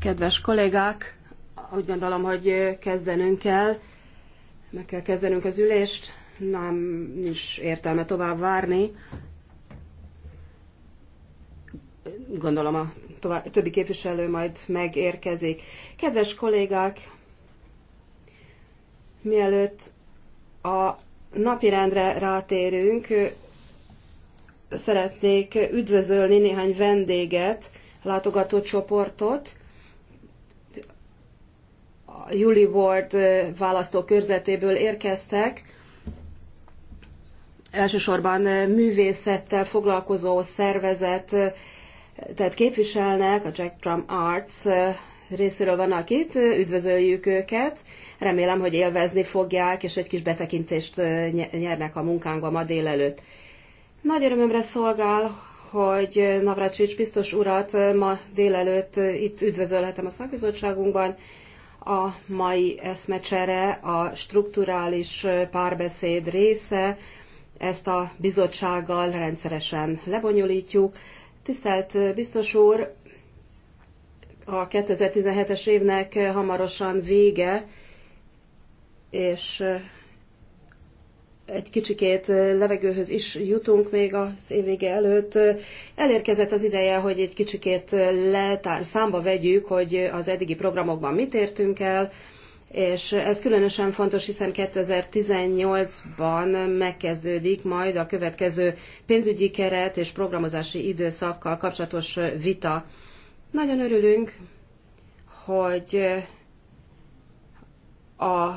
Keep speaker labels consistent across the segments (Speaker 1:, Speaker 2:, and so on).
Speaker 1: Kedves kollégák, úgy gondolom, hogy kezdenünk kell. Meg kell kezdenünk az ülést. Nem nincs értelme tovább várni. Gondolom a tovább, többi képviselő majd megérkezik. Kedves kollégák, mielőtt a napirendre rátérünk, szeretnék üdvözölni néhány vendéget, látogatócsoportot, Julie Ward választókörzetéből érkeztek, elsősorban művészettel foglalkozó szervezet, tehát képviselnek, a Jack Drum Arts részéről vannak itt, üdvözöljük őket, remélem, hogy élvezni fogják, és egy kis betekintést nyernek a munkánkba ma délelőtt. Nagy örömömre szolgál, hogy Navracsics biztos urat ma délelőtt itt üdvözölhetem a szakbizottságunkban. A mai eszmecsere a strukturális párbeszéd része, ezt a bizottsággal rendszeresen lebonyolítjuk. Tisztelt biztos úr, a 2017-es évnek hamarosan vége, és egy kicsikét levegőhöz is jutunk még az évvége előtt. Elérkezett az ideje, hogy egy kicsikét letár, számba vegyük, hogy az eddigi programokban mit értünk el, és ez különösen fontos, hiszen 2018-ban megkezdődik majd a következő pénzügyi keret és programozási időszakkal kapcsolatos vita. Nagyon örülünk, hogy a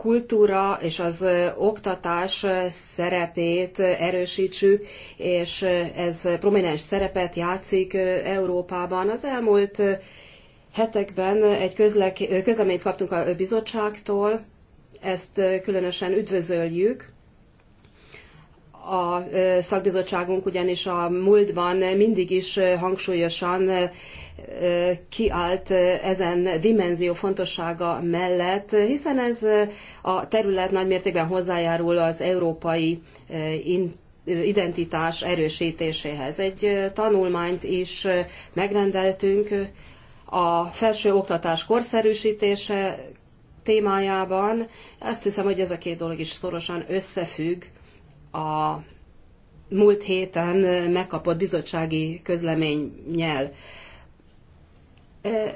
Speaker 1: kultúra és az oktatás szerepét erősítsük, és ez prominens szerepet játszik Európában. Az elmúlt hetekben egy közleményt kaptunk a bizottságtól, ezt különösen üdvözöljük. A szakbizottságunk ugyanis a múltban mindig is hangsúlyosan kiállt ezen dimenzió fontossága mellett, hiszen ez a terület nagymértékben hozzájárul az európai identitás erősítéséhez. Egy tanulmányt is megrendeltünk a felső oktatás korszerűsítése témájában. Azt hiszem, hogy ez a két dolog is szorosan összefügg a múlt héten megkapott bizottsági közleménynyel.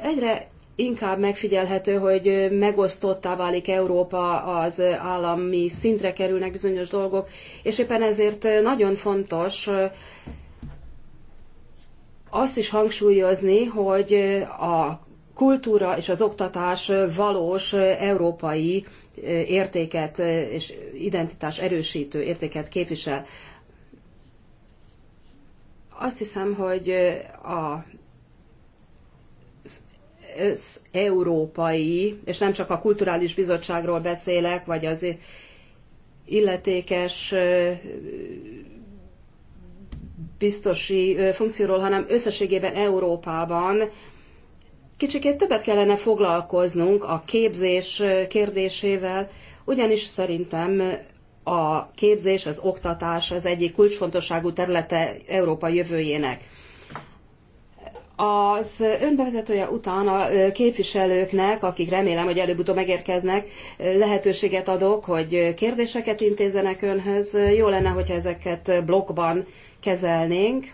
Speaker 1: Egyre inkább megfigyelhető, hogy megosztottá válik Európa, az állami szintre kerülnek bizonyos dolgok, és éppen ezért nagyon fontos azt is hangsúlyozni, hogy a kultúra és az oktatás valós európai értéket és identitás erősítő értéket képvisel. Azt hiszem, hogy a az európai, és nem csak a kulturális bizottságról beszélek, vagy az illetékes biztosi funkcióról, hanem összességében Európában kicsikét többet kellene foglalkoznunk a képzés kérdésével, ugyanis szerintem a képzés, az oktatás az egyik kulcsfontosságú területe Európa jövőjének. Az önbevezetője után a képviselőknek, akik remélem, hogy előbb-utóbb megérkeznek, lehetőséget adok, hogy kérdéseket intézenek önhöz. Jó lenne, hogyha ezeket blokkban kezelnénk,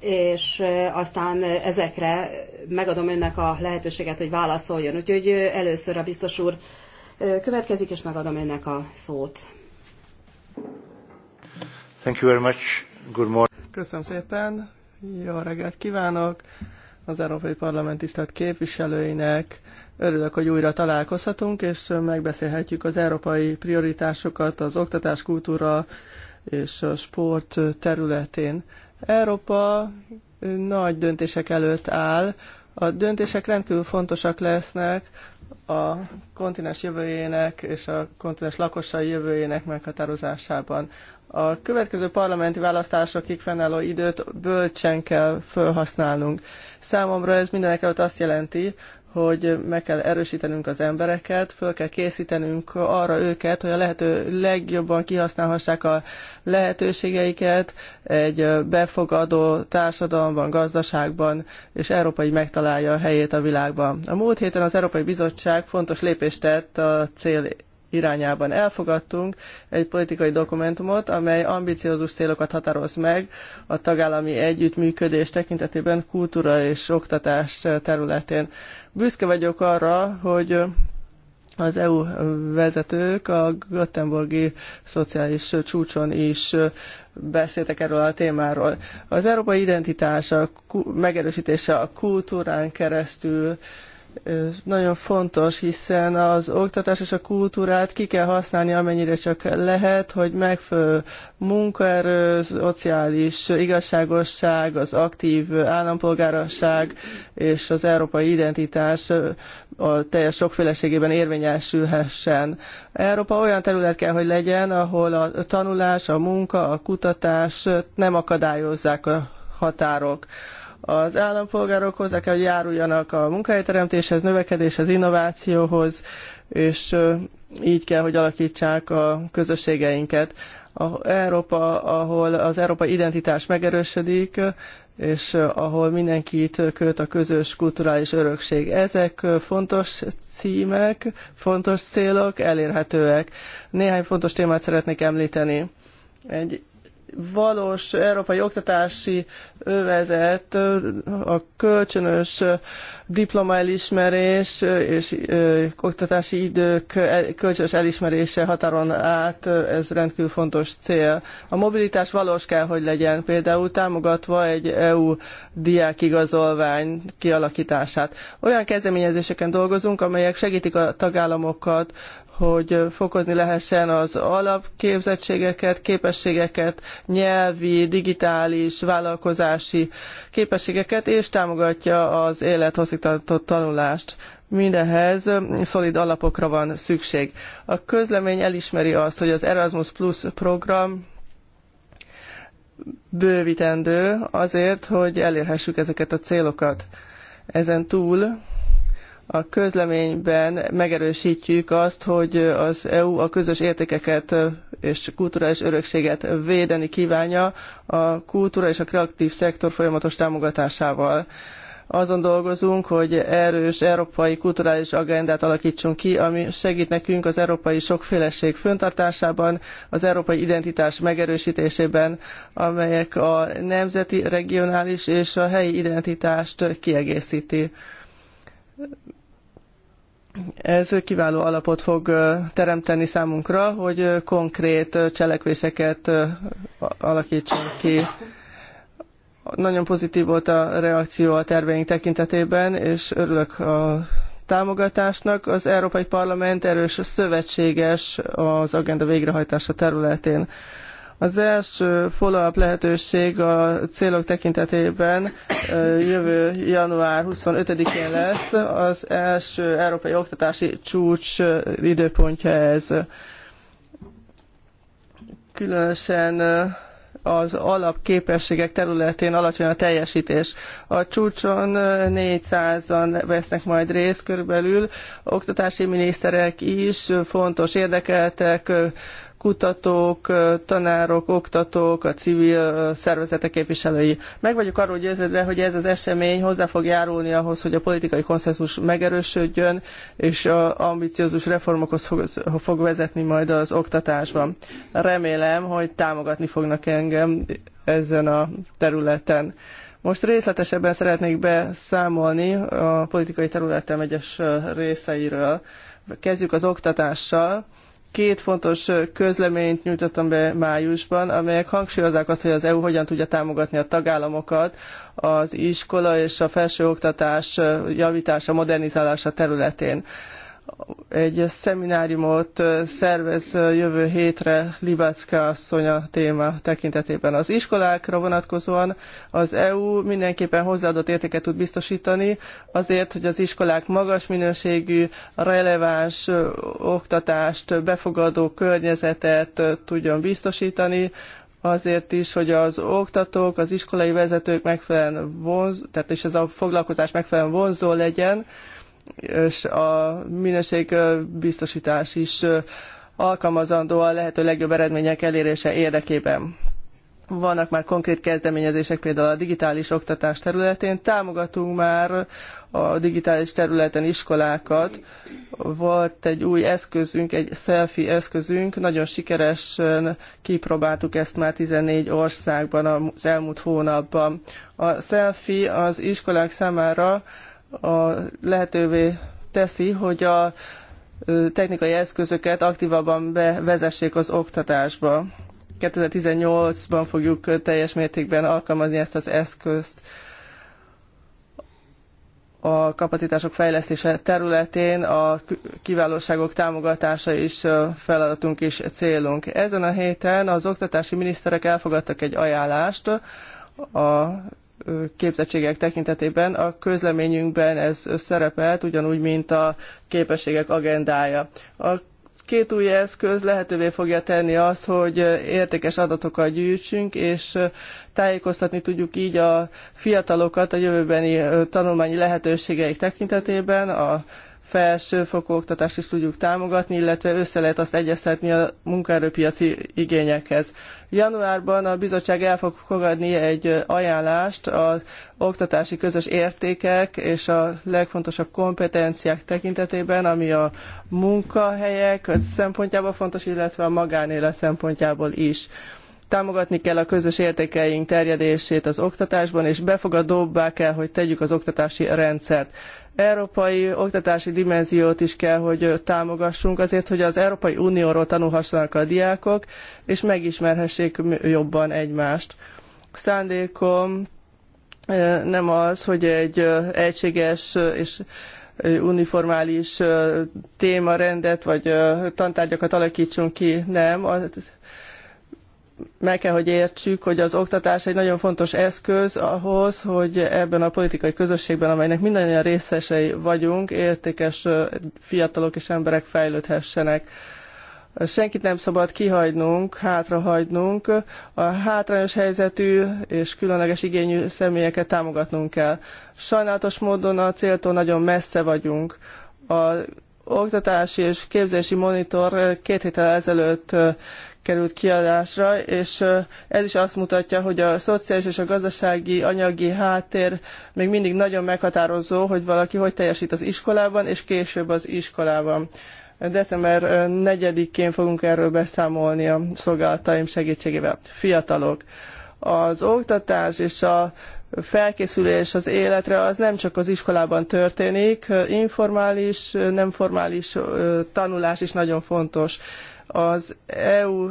Speaker 1: és aztán ezekre megadom önnek a lehetőséget, hogy válaszoljon. Úgyhogy először a biztos úr következik, és megadom önnek a szót.
Speaker 2: Thank you very much. Good morning.
Speaker 3: Köszönöm szépen. Jó reggelt kívánok az Európai Parlament tisztelt képviselőinek. Örülök, hogy újra találkozhatunk, és megbeszélhetjük az európai prioritásokat az oktatás, kultúra és a sport területén. Európa nagy döntések előtt áll. A döntések rendkívül fontosak lesznek a kontinens jövőjének és a kontinens lakosai jövőjének meghatározásában. A következő parlamenti választásokig fennálló időt bölcsen kell felhasználnunk. Számomra ez mindenek előtt azt jelenti, hogy meg kell erősítenünk az embereket, föl kell készítenünk arra őket, hogy a lehető legjobban kihasználhassák a lehetőségeiket egy befogadó társadalomban, gazdaságban, és Európai megtalálja a helyét a világban. A múlt héten az Európai Bizottság fontos lépést tett a cél irányában elfogadtunk egy politikai dokumentumot, amely ambiciózus célokat határoz meg a tagállami együttműködés tekintetében kultúra és oktatás területén. Büszke vagyok arra, hogy az EU vezetők a Göteborgi Szociális Csúcson is beszéltek erről a témáról. Az európai identitás a megerősítése a kultúrán keresztül, nagyon fontos, hiszen az oktatás és a kultúrát ki kell használni amennyire csak lehet, hogy megfelelő munkaerő, szociális igazságosság, az aktív állampolgárosság és az európai identitás a teljes sokféleségében érvényesülhessen. Európa olyan terület kell, hogy legyen, ahol a tanulás, a munka, a kutatás nem akadályozzák a határok az állampolgárok hozzá kell, hogy járuljanak a munkahelyteremtéshez, növekedéshez, innovációhoz, és így kell, hogy alakítsák a közösségeinket. A Európa, ahol az európai identitás megerősödik, és ahol mindenkit köt a közös kulturális örökség. Ezek fontos címek, fontos célok, elérhetőek. Néhány fontos témát szeretnék említeni. Egy valós európai oktatási övezet, a kölcsönös diploma elismerés és oktatási idők e, kölcsönös elismerése határon át, ez rendkívül fontos cél. A mobilitás valós kell, hogy legyen, például támogatva egy EU diákigazolvány kialakítását. Olyan kezdeményezéseken dolgozunk, amelyek segítik a tagállamokat hogy fokozni lehessen az alapképzettségeket, képességeket, nyelvi, digitális, vállalkozási képességeket, és támogatja az élethosszígtartó tanulást. Mindehhez szolid alapokra van szükség. A közlemény elismeri azt, hogy az Erasmus Plus program bővítendő azért, hogy elérhessük ezeket a célokat. Ezen túl a közleményben megerősítjük azt, hogy az EU a közös értékeket és kulturális örökséget védeni kívánja a kultúra és a kreatív szektor folyamatos támogatásával azon dolgozunk, hogy erős európai kulturális agendát alakítsunk ki, ami segít nekünk az európai sokféleség föntartásában, az európai identitás megerősítésében, amelyek a nemzeti, regionális és a helyi identitást kiegészíti. Ez kiváló alapot fog teremteni számunkra, hogy konkrét cselekvéseket alakítsunk ki. Nagyon pozitív volt a reakció a terveink tekintetében, és örülök a támogatásnak. Az Európai Parlament erős szövetséges az agenda végrehajtása területén. Az első follow-up lehetőség a célok tekintetében jövő január 25-én lesz. Az első európai oktatási csúcs időpontja ez. Különösen az alapképességek területén alacsony a teljesítés. A csúcson 400-an vesznek majd részt körülbelül, oktatási miniszterek is, fontos érdekeltek, kutatók, tanárok, oktatók, a civil szervezetek képviselői. Meg vagyok arról győződve, hogy ez az esemény hozzá fog járulni ahhoz, hogy a politikai konszenzus megerősödjön, és a ambiciózus reformokhoz fog vezetni majd az oktatásban. Remélem, hogy támogatni fognak engem ezen a területen. Most részletesebben szeretnék beszámolni a politikai területem egyes részeiről. Kezdjük az oktatással. Két fontos közleményt nyújtottam be májusban, amelyek hangsúlyozzák azt, hogy az EU hogyan tudja támogatni a tagállamokat az iskola és a felsőoktatás javítása, modernizálása területén egy szemináriumot szervez jövő hétre Libacka asszony a téma tekintetében. Az iskolákra vonatkozóan az EU mindenképpen hozzáadott értéket tud biztosítani azért, hogy az iskolák magas minőségű, releváns oktatást, befogadó környezetet tudjon biztosítani, azért is, hogy az oktatók, az iskolai vezetők megfelelően vonz, tehát és ez a foglalkozás megfelelően vonzó legyen, és a biztosítás is alkalmazandó a lehető legjobb eredmények elérése érdekében. Vannak már konkrét kezdeményezések például a digitális oktatás területén. Támogatunk már a digitális területen iskolákat. Volt egy új eszközünk, egy selfie eszközünk. Nagyon sikeresen kipróbáltuk ezt már 14 országban az elmúlt hónapban. A selfie az iskolák számára a lehetővé teszi, hogy a technikai eszközöket aktívabban bevezessék az oktatásba. 2018-ban fogjuk teljes mértékben alkalmazni ezt az eszközt a kapacitások fejlesztése területén a kiválóságok támogatása is feladatunk és célunk. Ezen a héten az oktatási miniszterek elfogadtak egy ajánlást a képzettségek tekintetében. A közleményünkben ez szerepelt, ugyanúgy, mint a képességek agendája. A két új eszköz lehetővé fogja tenni azt, hogy értékes adatokat gyűjtsünk, és tájékoztatni tudjuk így a fiatalokat a jövőbeni tanulmányi lehetőségeik tekintetében, a felsőfokú oktatást is tudjuk támogatni, illetve össze lehet azt egyeztetni a munkaerőpiaci igényekhez. Januárban a bizottság el fog fogadni egy ajánlást az oktatási közös értékek és a legfontosabb kompetenciák tekintetében, ami a munkahelyek szempontjából fontos, illetve a magánélet szempontjából is támogatni kell a közös értékeink terjedését az oktatásban, és befogadóbbá kell, hogy tegyük az oktatási rendszert európai oktatási dimenziót is kell, hogy támogassunk azért, hogy az Európai Unióról tanulhassanak a diákok, és megismerhessék jobban egymást. Szándékom eh, nem az, hogy egy eh, egységes eh, és uniformális témarendet vagy tantárgyakat alakítsunk ki, nem. Az, meg kell, hogy értsük, hogy az oktatás egy nagyon fontos eszköz ahhoz, hogy ebben a politikai közösségben, amelynek mindannyian részesei vagyunk, értékes fiatalok és emberek fejlődhessenek. Senkit nem szabad kihagynunk, hátrahagynunk. A hátrányos helyzetű és különleges igényű személyeket támogatnunk kell. Sajnálatos módon a céltól nagyon messze vagyunk. A oktatási és képzési monitor két héttel ezelőtt került kiadásra, és ez is azt mutatja, hogy a szociális és a gazdasági, anyagi háttér még mindig nagyon meghatározó, hogy valaki hogy teljesít az iskolában, és később az iskolában. December 4-én fogunk erről beszámolni a szolgálataim segítségével. Fiatalok. Az oktatás és a felkészülés az életre az nem csak az iskolában történik, informális, nem formális tanulás is nagyon fontos. Az EU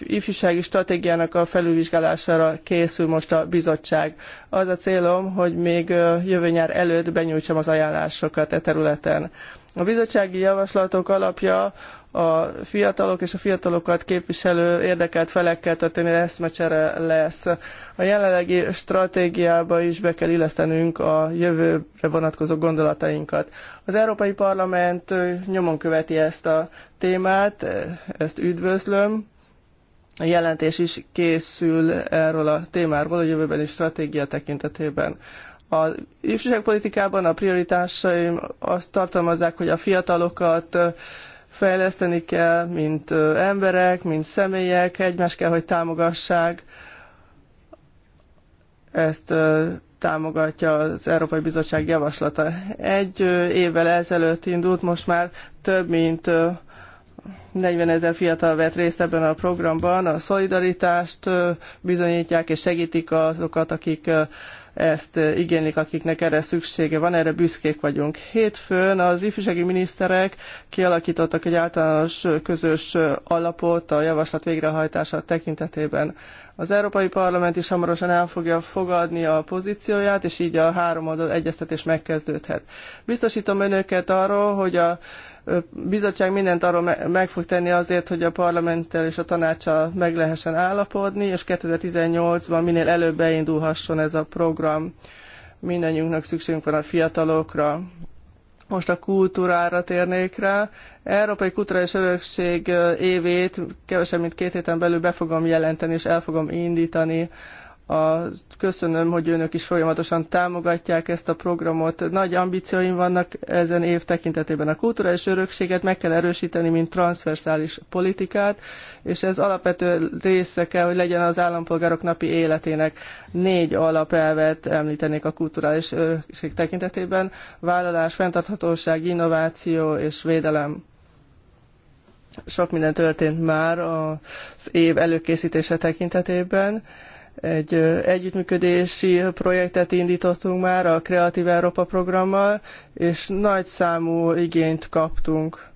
Speaker 3: ifjúsági stratégiának a felülvizsgálására készül most a bizottság. Az a célom, hogy még jövő nyár előtt benyújtsam az ajánlásokat e területen. A bizottsági javaslatok alapja a fiatalok és a fiatalokat képviselő érdekelt felekkel történő eszmecsere lesz. A jelenlegi stratégiába is be kell illesztenünk a jövőre vonatkozó gondolatainkat. Az Európai Parlament nyomon követi ezt a témát, ezt üdvözlöm. A jelentés is készül erről a témáról a jövőbeni stratégia tekintetében. A ifjúságpolitikában a prioritásaim azt tartalmazzák, hogy a fiatalokat fejleszteni kell, mint emberek, mint személyek, egymást kell, hogy támogassák. Ezt támogatja az Európai Bizottság javaslata. Egy évvel ezelőtt indult, most már több mint 40 ezer fiatal vett részt ebben a programban, a szolidaritást bizonyítják és segítik azokat, akik ezt eh, igénylik, akiknek erre szüksége van, erre büszkék vagyunk. Hétfőn az ifjúsági miniszterek kialakítottak egy általános eh, közös eh, alapot a javaslat végrehajtása tekintetében. Az Európai Parlament is hamarosan el fogja fogadni a pozícióját, és így a három oldal egyeztetés megkezdődhet. Biztosítom önöket arról, hogy a bizottság mindent arról meg fog tenni azért, hogy a parlamenttel és a tanácssal meg lehessen állapodni, és 2018-ban minél előbb beindulhasson ez a program. Mindennyiunknak szükségünk van a fiatalokra. Most a kultúrára térnék rá. Európai Kultúra és Örökség évét kevesebb, mint két héten belül be fogom jelenteni, és el fogom indítani a, köszönöm, hogy önök is folyamatosan támogatják ezt a programot. Nagy ambícióim vannak ezen év tekintetében. A kulturális örökséget meg kell erősíteni, mint transversális politikát, és ez alapvető része kell, hogy legyen az állampolgárok napi életének. Négy alapelvet említenék a kulturális örökség tekintetében. Vállalás, fenntarthatóság, innováció és védelem sok minden történt már az év előkészítése tekintetében, egy együttműködési projektet indítottunk már a Kreatív Európa programmal, és nagy számú igényt kaptunk.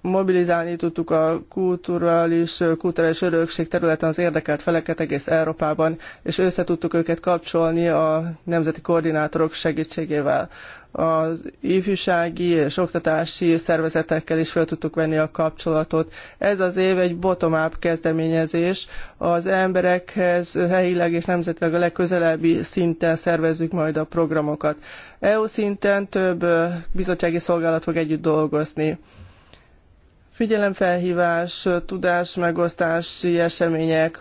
Speaker 3: Mobilizálni tudtuk a kulturális, kulturális örökség területen az érdekelt feleket egész Európában, és össze tudtuk őket kapcsolni a nemzeti koordinátorok segítségével az ifjúsági és oktatási szervezetekkel is fel tudtuk venni a kapcsolatot. Ez az év egy bottom-up kezdeményezés. Az emberekhez helyileg és nemzetileg a legközelebbi szinten szervezzük majd a programokat. EU szinten több bizottsági szolgálat fog együtt dolgozni. Figyelemfelhívás, tudásmegosztási események,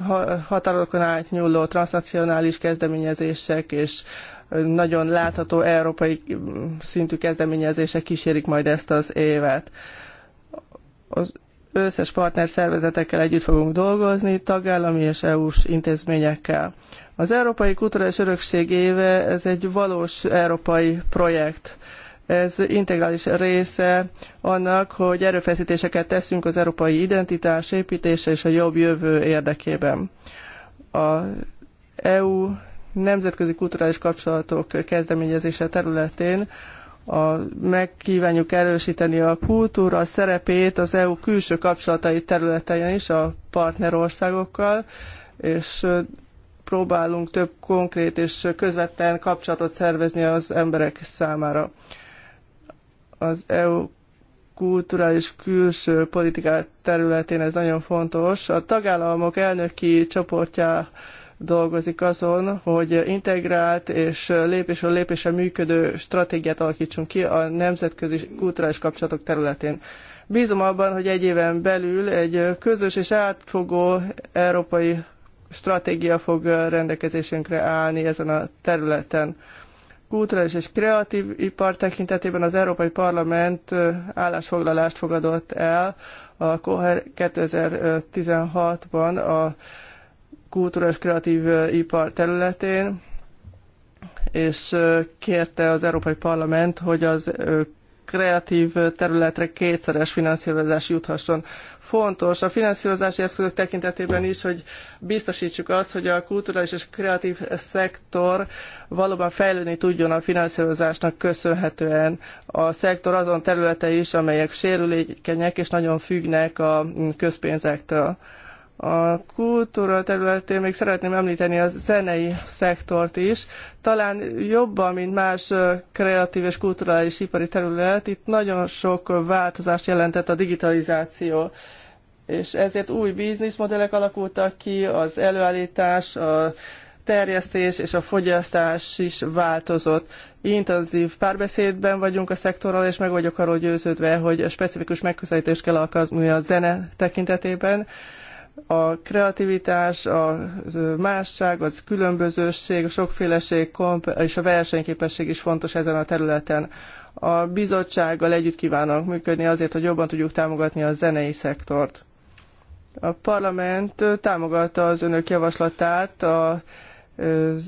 Speaker 3: határokon átnyúló transnacionális kezdeményezések és nagyon látható európai mm, szintű kezdeményezések kísérik majd ezt az évet. Az összes partner szervezetekkel együtt fogunk dolgozni, tagállami és EU-s intézményekkel. Az Európai Kulturális Örökség éve, ez egy valós európai projekt. Ez integrális része annak, hogy erőfeszítéseket teszünk az európai identitás építése és a jobb jövő érdekében. A EU nemzetközi kulturális kapcsolatok kezdeményezése területén a, megkívánjuk erősíteni a kultúra szerepét az EU külső kapcsolatai területein is a partnerországokkal, és próbálunk több konkrét és közvetlen kapcsolatot szervezni az emberek számára. Az EU kulturális külső politikák területén ez nagyon fontos. A tagállamok elnöki csoportja dolgozik azon, hogy integrált és lépésről lépésre működő stratégiát alakítsunk ki a nemzetközi kulturális kapcsolatok területén. Bízom abban, hogy egy éven belül egy közös és átfogó európai stratégia fog rendelkezésünkre állni ezen a területen. Kulturális és kreatív ipar tekintetében az Európai Parlament állásfoglalást fogadott el a 2016-ban a kulturális kreatív ipar területén, és kérte az Európai Parlament, hogy az kreatív területre kétszeres finanszírozás juthasson. Fontos a finanszírozási eszközök tekintetében is, hogy biztosítsuk azt, hogy a kulturális és kreatív szektor valóban fejlődni tudjon a finanszírozásnak köszönhetően. A szektor azon területe is, amelyek sérülékenyek és nagyon függnek a közpénzektől. A kultúra területén még szeretném említeni a zenei szektort is. Talán jobban, mint más kreatív és kulturális ipari terület, itt nagyon sok változást jelentett a digitalizáció. És ezért új bizniszmodellek alakultak ki, az előállítás, a terjesztés és a fogyasztás is változott. Intenzív párbeszédben vagyunk a szektorral, és meg vagyok arról győződve, hogy specifikus megközelítést kell alkalmazni a zene tekintetében, a kreativitás, a másság, az különbözőség, a sokféleség és a versenyképesség is fontos ezen a területen. A bizottsággal együtt kívánok működni azért, hogy jobban tudjuk támogatni a zenei szektort. A parlament támogatta az önök javaslatát, a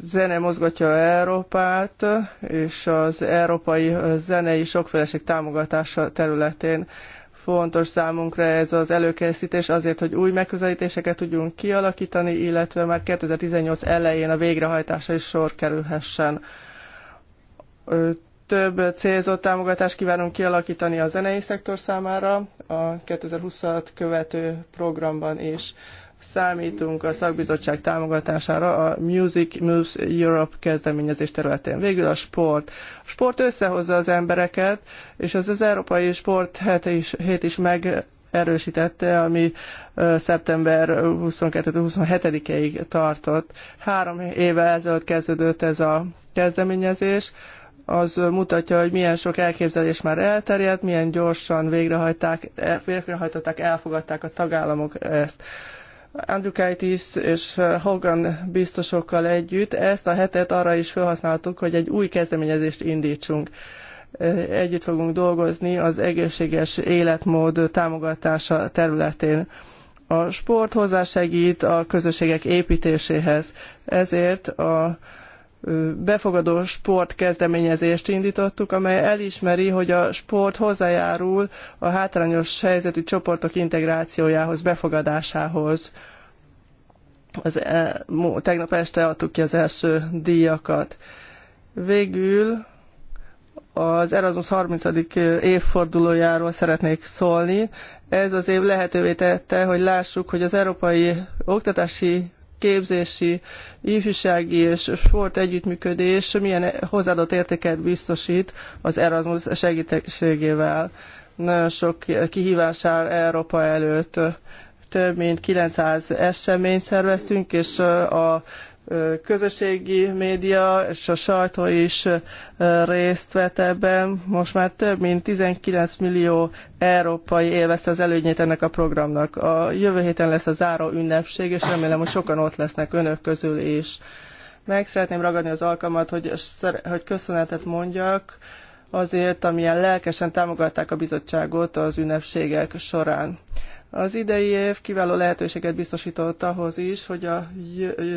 Speaker 3: zene mozgatja Európát, és az európai zenei sokféleség támogatása területén fontos számunkra ez az előkészítés azért, hogy új megközelítéseket tudjunk kialakítani, illetve már 2018 elején a végrehajtása is sor kerülhessen. Több célzott támogatást kívánunk kialakítani a zenei szektor számára a 2020 követő programban is. Számítunk a szakbizottság támogatására a Music Moves Europe kezdeményezés területén. Végül a sport. A sport összehozza az embereket, és az az Európai Sport hét is, hét is meg erősítette, ami szeptember 22-27-ig tartott. Három éve ezelőtt kezdődött ez a kezdeményezés. Az mutatja, hogy milyen sok elképzelés már elterjedt, milyen gyorsan végrehajták, végrehajtották, elfogadták a tagállamok ezt. Andrukaitis és eh, Hogan biztosokkal együtt ezt a hetet arra is felhasználtuk, hogy egy új kezdeményezést indítsunk. Eh, együtt fogunk dolgozni az egészséges életmód támogatása területén. A sport hozzásegít a közösségek építéséhez, ezért a befogadó sport kezdeményezést indítottuk, amely elismeri, hogy a sport hozzájárul a hátrányos helyzetű csoportok integrációjához, befogadásához. Az, e, tegnap este adtuk ki az első díjakat. Végül az Erasmus 30. évfordulójáról szeretnék szólni. Ez az év lehetővé tette, hogy lássuk, hogy az európai oktatási képzési, ifjúsági és sport együttműködés milyen hozzáadott értéket biztosít az Erasmus segítségével. Nagyon sok kihívás áll Európa előtt több mint 900 eseményt szerveztünk, és a közösségi média és a sajtó is részt vett ebben. Most már több mint 19 millió európai élvezte az előnyét ennek a programnak. A jövő héten lesz a záró ünnepség, és remélem, hogy sokan ott lesznek önök közül is. Meg szeretném ragadni az alkalmat, hogy, hogy köszönetet mondjak azért, amilyen lelkesen támogatták a bizottságot az ünnepségek során. Az idei év kiváló lehetőséget biztosított ahhoz is, hogy a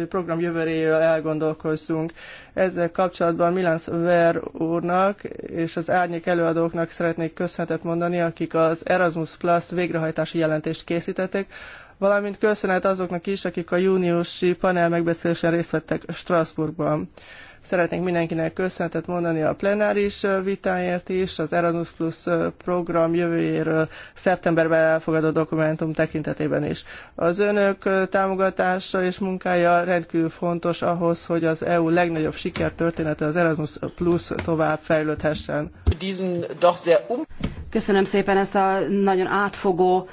Speaker 3: program jövőjéről elgondolkozzunk. Ezzel kapcsolatban Milánz Ver úrnak és az árnyék előadóknak szeretnék köszönetet mondani, akik az Erasmus Plus végrehajtási jelentést készítettek, valamint köszönet azoknak is, akik a júniusi panel megbeszélésen részt vettek Strasbourgban. Szeretnénk mindenkinek köszönetet mondani a plenáris vitáért is, az Erasmus Plus program jövőjéről szeptemberben elfogadott dokumentum tekintetében is. Az önök támogatása és munkája rendkívül fontos ahhoz, hogy az EU legnagyobb sikertörténete az Erasmus Plus tovább fejlődhessen. Um-
Speaker 1: Köszönöm szépen ezt a nagyon átfogó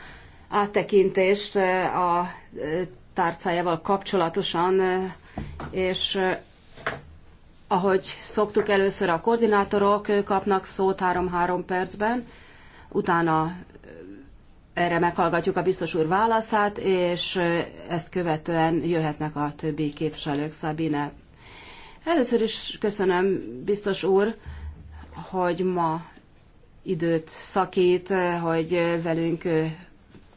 Speaker 1: áttekintést a tárcájával kapcsolatosan, és ahogy szoktuk, először a koordinátorok kapnak szót 3-3 percben, utána erre meghallgatjuk a biztos úr válaszát, és ezt követően jöhetnek a többi képviselők, Szabine. Először is köszönöm, biztos úr, hogy ma időt szakít, hogy velünk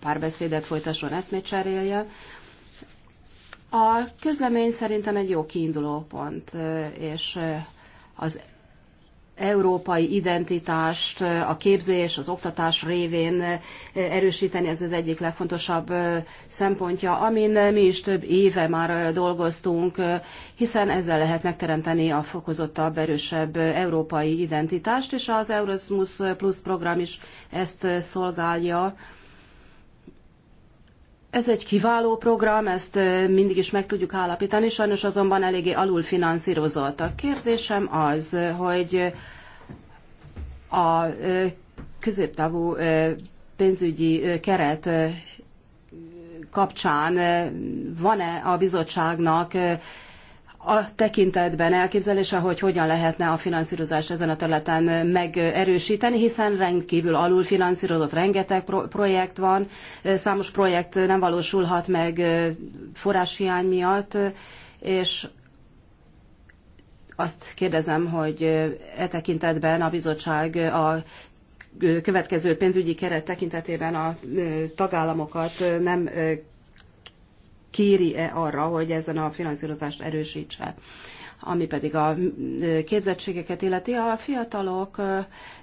Speaker 1: párbeszédet folytasson, eszmét cseréljen. A közlemény szerintem egy jó kiinduló pont, és az európai identitást a képzés, az oktatás révén erősíteni, ez az egyik legfontosabb szempontja, amin mi is több éve már dolgoztunk, hiszen ezzel lehet megteremteni a fokozottabb, erősebb európai identitást, és az Erasmus Plus program is ezt szolgálja ez egy kiváló program, ezt mindig is meg tudjuk állapítani, sajnos azonban eléggé alulfinanszírozott. A kérdésem az, hogy a középtávú pénzügyi keret kapcsán van-e a bizottságnak a tekintetben elképzelése, hogy hogyan lehetne a finanszírozást ezen a területen megerősíteni, hiszen rendkívül alulfinanszírozott rengeteg projekt van, számos projekt nem valósulhat meg forráshiány miatt, és azt kérdezem, hogy e tekintetben a bizottság a következő pénzügyi keret tekintetében a tagállamokat nem kéri-e arra, hogy ezen a finanszírozást erősítse. Ami pedig a képzettségeket illeti, a fiatalok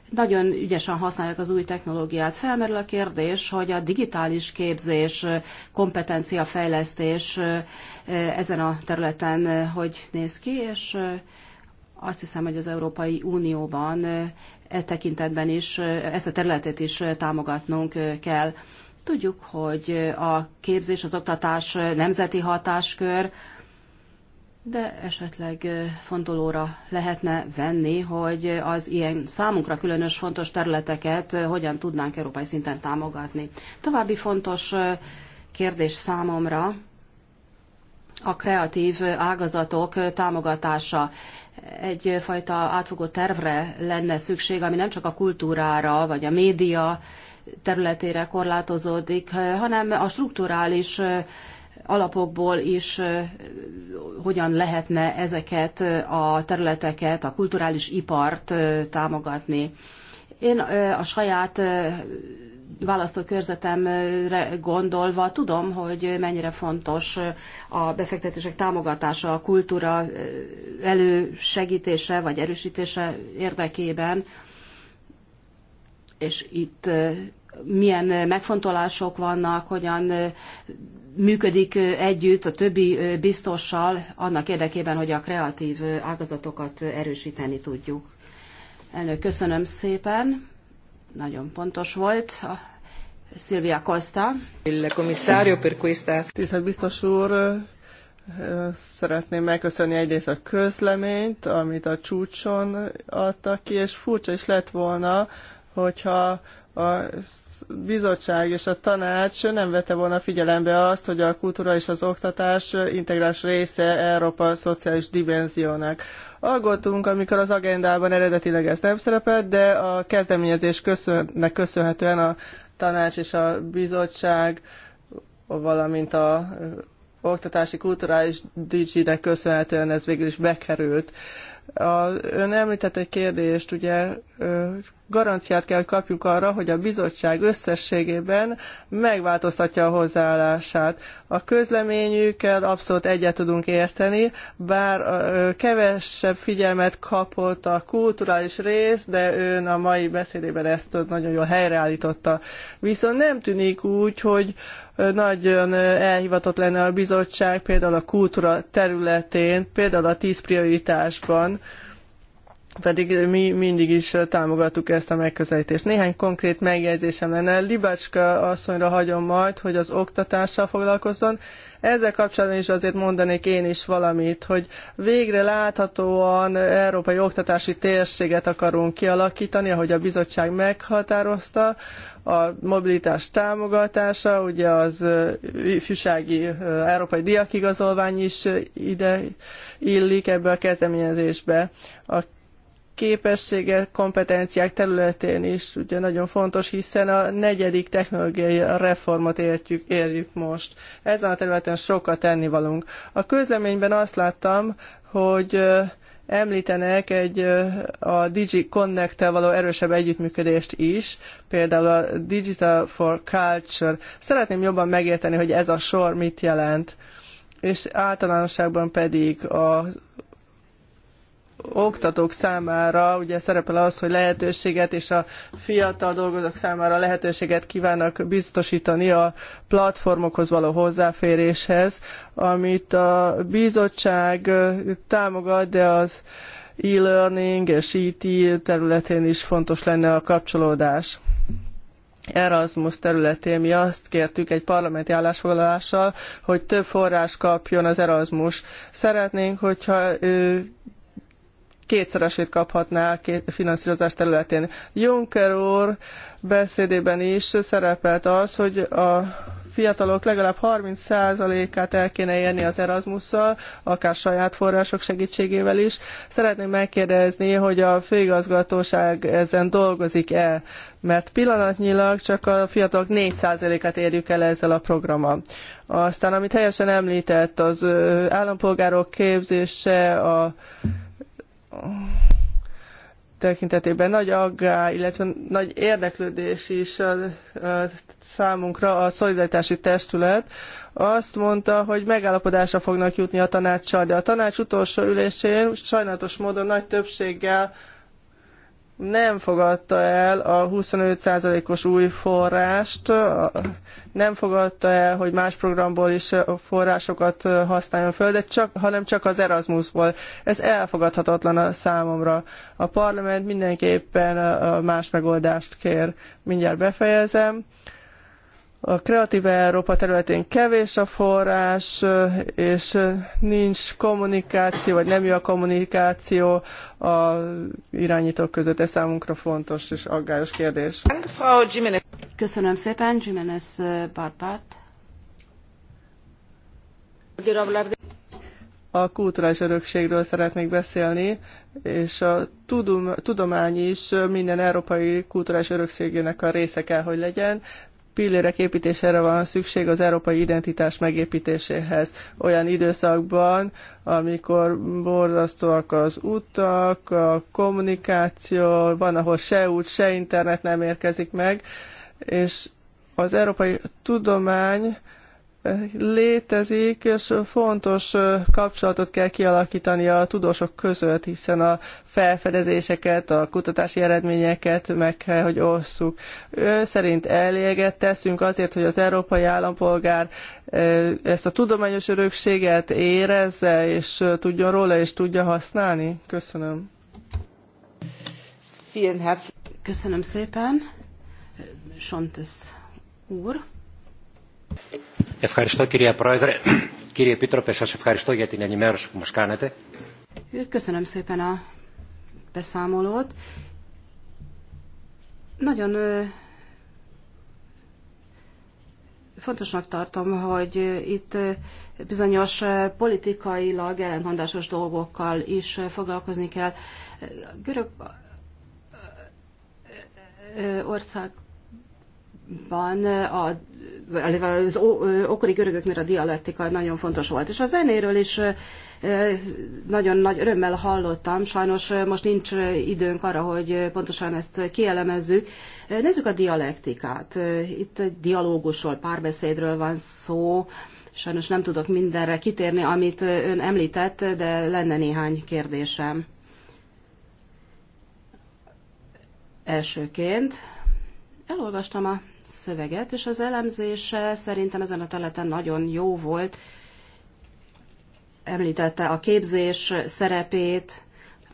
Speaker 1: nagyon ügyesen használják az új technológiát. Felmerül a kérdés, hogy a digitális képzés, kompetenciafejlesztés ezen a területen hogy néz ki, és azt hiszem, hogy az Európai Unióban e tekintetben is ezt a területet is támogatnunk kell. Tudjuk, hogy a képzés, az oktatás nemzeti hatáskör, de esetleg fontolóra lehetne venni, hogy az ilyen számunkra különös fontos területeket hogyan tudnánk európai szinten támogatni. További fontos kérdés számomra a kreatív ágazatok támogatása. Egyfajta átfogó tervre lenne szükség, ami nem csak a kultúrára vagy a média területére korlátozódik, hanem a strukturális alapokból is hogyan lehetne ezeket a területeket, a kulturális ipart támogatni. Én a saját választókörzetemre gondolva tudom, hogy mennyire fontos a befektetések támogatása, a kultúra elősegítése vagy erősítése érdekében, és itt milyen megfontolások vannak, hogyan működik együtt a többi biztossal annak érdekében, hogy a kreatív ágazatokat erősíteni tudjuk. Elnök, köszönöm szépen. Nagyon
Speaker 3: pontos volt. Szilvia Costa. Il commissario per questa. Tisztelt biztos úr, szeretném megköszönni egyrészt a közleményt, amit a csúcson adtak ki, és furcsa is lett volna, hogyha a bizottság és a tanács nem vette volna figyelembe azt, hogy a kultúra és az oktatás integráns része Európa szociális dimenziónak. Aggódtunk, amikor az agendában eredetileg ez nem szerepelt, de a kezdeményezés köszönnek köszönhetően a tanács és a bizottság, valamint a oktatási kulturális DG-nek köszönhetően ez végül is bekerült. A, ön említett egy kérdést, ugye garanciát kell, hogy kapjunk arra, hogy a bizottság összességében megváltoztatja a hozzáállását. A közleményükkel abszolút egyet tudunk érteni, bár kevesebb figyelmet kapott a kulturális rész, de ön a mai beszédében ezt nagyon jól helyreállította. Viszont nem tűnik úgy, hogy nagyon elhivatott lenne a bizottság például a kultúra területén, például a tíz prioritásban, pedig mi mindig is támogattuk ezt a megközelítést. Néhány konkrét megjegyzésem lenne. Libácska asszonyra hagyom majd, hogy az oktatással foglalkozzon. Ezzel kapcsolatban is azért mondanék én is valamit, hogy végre láthatóan európai oktatási térséget akarunk kialakítani, ahogy a bizottság meghatározta, a mobilitás támogatása, ugye az ifjúsági európai diakigazolvány is ide illik ebbe a kezdeményezésbe. A képességek, kompetenciák területén is ugye nagyon fontos, hiszen a negyedik technológiai reformot értjük, érjük most. Ezen a területen sokat tennivalunk. A közleményben azt láttam, hogy említenek egy a Digi connect való erősebb együttműködést is, például a Digital for Culture. Szeretném jobban megérteni, hogy ez a sor mit jelent, és általánosságban pedig a oktatók számára ugye szerepel az, hogy lehetőséget és a fiatal dolgozók számára lehetőséget kívánnak biztosítani a platformokhoz való hozzáféréshez, amit a bizottság támogat, de az e-learning és IT területén is fontos lenne a kapcsolódás. Erasmus területén mi azt kértük egy parlamenti állásfoglalással, hogy több forrás kapjon az Erasmus. Szeretnénk, hogyha ő kétszeresét kaphatná a két finanszírozás területén. Juncker úr beszédében is szerepelt az, hogy a fiatalok legalább 30%-át el kéne érni az erasmus akár saját források segítségével is. Szeretném megkérdezni, hogy a főigazgatóság ezen dolgozik-e, mert pillanatnyilag csak a fiatalok 4%-át érjük el ezzel a programmal. Aztán, amit helyesen említett, az állampolgárok képzése, a tekintetében nagy aggály, illetve nagy érdeklődés is a, a számunkra a szolidaritási testület azt mondta, hogy megállapodásra fognak jutni a tanácssal, de a tanács utolsó ülésén sajnálatos módon nagy többséggel nem fogadta el a 25%-os új forrást, nem fogadta el, hogy más programból is forrásokat használjon föl, de csak, hanem csak az Erasmusból. Ez elfogadhatatlan a számomra. A parlament mindenképpen más megoldást kér. Mindjárt befejezem. A Kreatív Európa területén kevés a forrás, és nincs kommunikáció, vagy nem jó a kommunikáció a irányítók között. Ez számunkra fontos és aggályos kérdés. Köszönöm szépen, Jiménez Barbát. A kulturális örökségről szeretnék beszélni, és a tudomány is minden európai kulturális örökségének a része kell, hogy legyen, pillérek építésére van szükség az európai identitás megépítéséhez. Olyan időszakban, amikor borzasztóak az utak, a kommunikáció, van, ahol se út, se internet nem érkezik meg, és az európai tudomány létezik, és fontos kapcsolatot kell kialakítani a tudósok között, hiszen a felfedezéseket, a kutatási eredményeket meg kell, hogy osszuk. Ön szerint eléget teszünk azért, hogy az európai állampolgár ezt a tudományos örökséget érezze, és tudjon róla, és tudja használni? Köszönöm.
Speaker 1: Köszönöm szépen. Sontes úr.
Speaker 2: Ευχαριστώ κυρία Πρόεδρε. Κύριε Επίτροπε, σας ευχαριστώ για την ενημέρωση που μας κάνετε.
Speaker 1: Köszönöm szépen a beszámolót. Nagyon fontosnak tartom, hogy itt bizonyos politikailag ellentmondásos dolgokkal is foglalkozni kell. Görög ország Ban a, az okori görögöknél a dialektika nagyon fontos volt. És a zenéről is nagyon nagy örömmel hallottam, sajnos most nincs időnk arra, hogy pontosan ezt kielemezzük. Nézzük a dialektikát. Itt egy dialógusról, párbeszédről van szó. Sajnos nem tudok mindenre kitérni, amit ön említett, de lenne néhány kérdésem. Elsőként elolvastam a szöveget, és az elemzése szerintem ezen a területen nagyon jó volt. Említette a képzés szerepét,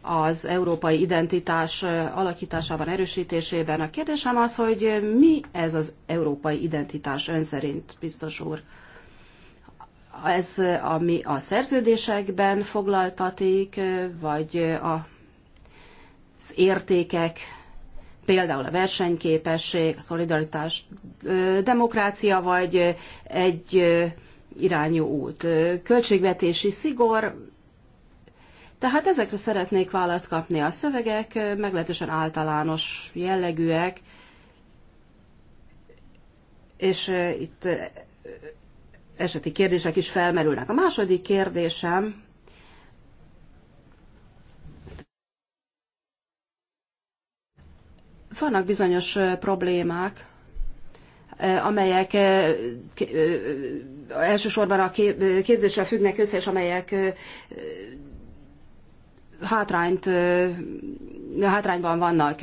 Speaker 1: az európai identitás alakításában, erősítésében. A kérdésem az, hogy mi ez az európai identitás ön szerint, biztos úr? Ez, ami a szerződésekben foglaltatik, vagy az értékek például a versenyképesség, a szolidaritás, demokrácia vagy egy irányú út, költségvetési szigor, tehát ezekre szeretnék választ kapni. A szövegek meglehetősen általános jellegűek, és itt eseti kérdések is felmerülnek. A második kérdésem vannak bizonyos problémák, amelyek elsősorban a képzéssel függnek össze, és amelyek hátrányt, hátrányban vannak.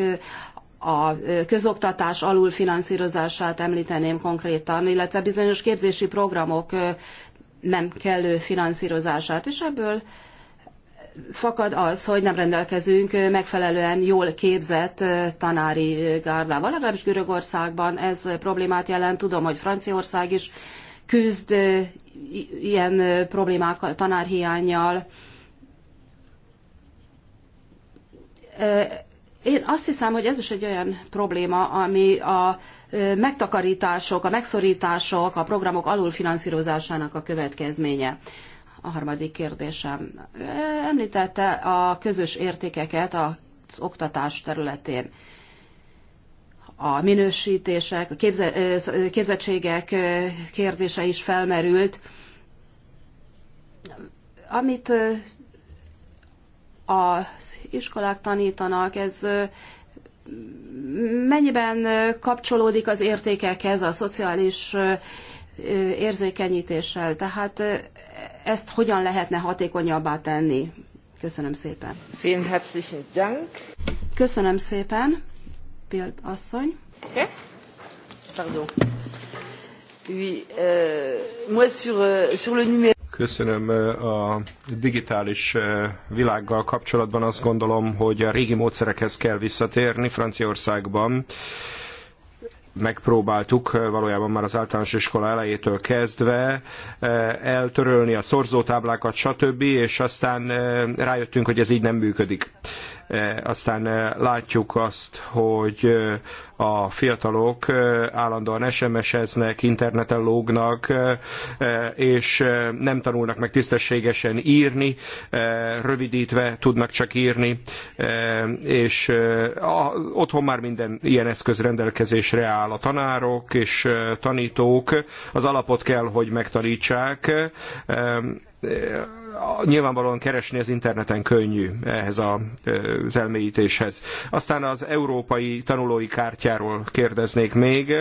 Speaker 1: A közoktatás alulfinanszírozását említeném konkrétan, illetve bizonyos képzési programok nem kellő finanszírozását, és ebből fakad az, hogy nem rendelkezünk megfelelően jól képzett tanári gárdával. Legalábbis Görögországban ez problémát jelent. Tudom, hogy Franciaország is küzd ilyen problémákkal, tanárhiányjal. Én azt hiszem, hogy ez is egy olyan probléma, ami a megtakarítások, a megszorítások, a programok alulfinanszírozásának a következménye a harmadik kérdésem. Említette a közös értékeket az oktatás területén. A minősítések, a képzettségek kérdése is felmerült. Amit az iskolák tanítanak, ez mennyiben kapcsolódik az értékekhez, a szociális érzékenyítéssel. Tehát ezt hogyan lehetne hatékonyabbá tenni? Köszönöm szépen. Vielen herzlichen Dank. Köszönöm szépen, Pilt asszony.
Speaker 3: Pardon. Euh, sur, euh, sur le
Speaker 4: Köszönöm. A digitális világgal kapcsolatban azt gondolom, hogy a régi módszerekhez kell visszatérni Franciaországban megpróbáltuk eh, valójában már az általános iskola elejétől kezdve eh, eltörölni a szorzótáblákat, stb., és aztán eh, rájöttünk, hogy ez így nem működik. Eh, aztán eh, látjuk azt, hogy eh, a fiatalok állandóan SMS-eznek, interneten lógnak, és nem tanulnak meg tisztességesen írni, rövidítve tudnak csak írni, és otthon már minden ilyen eszköz rendelkezésre áll. A tanárok és tanítók az alapot kell, hogy megtanítsák, nyilvánvalóan keresni az interneten könnyű ehhez a, az elmélyítéshez. Aztán az európai tanulói kártyáról kérdeznék még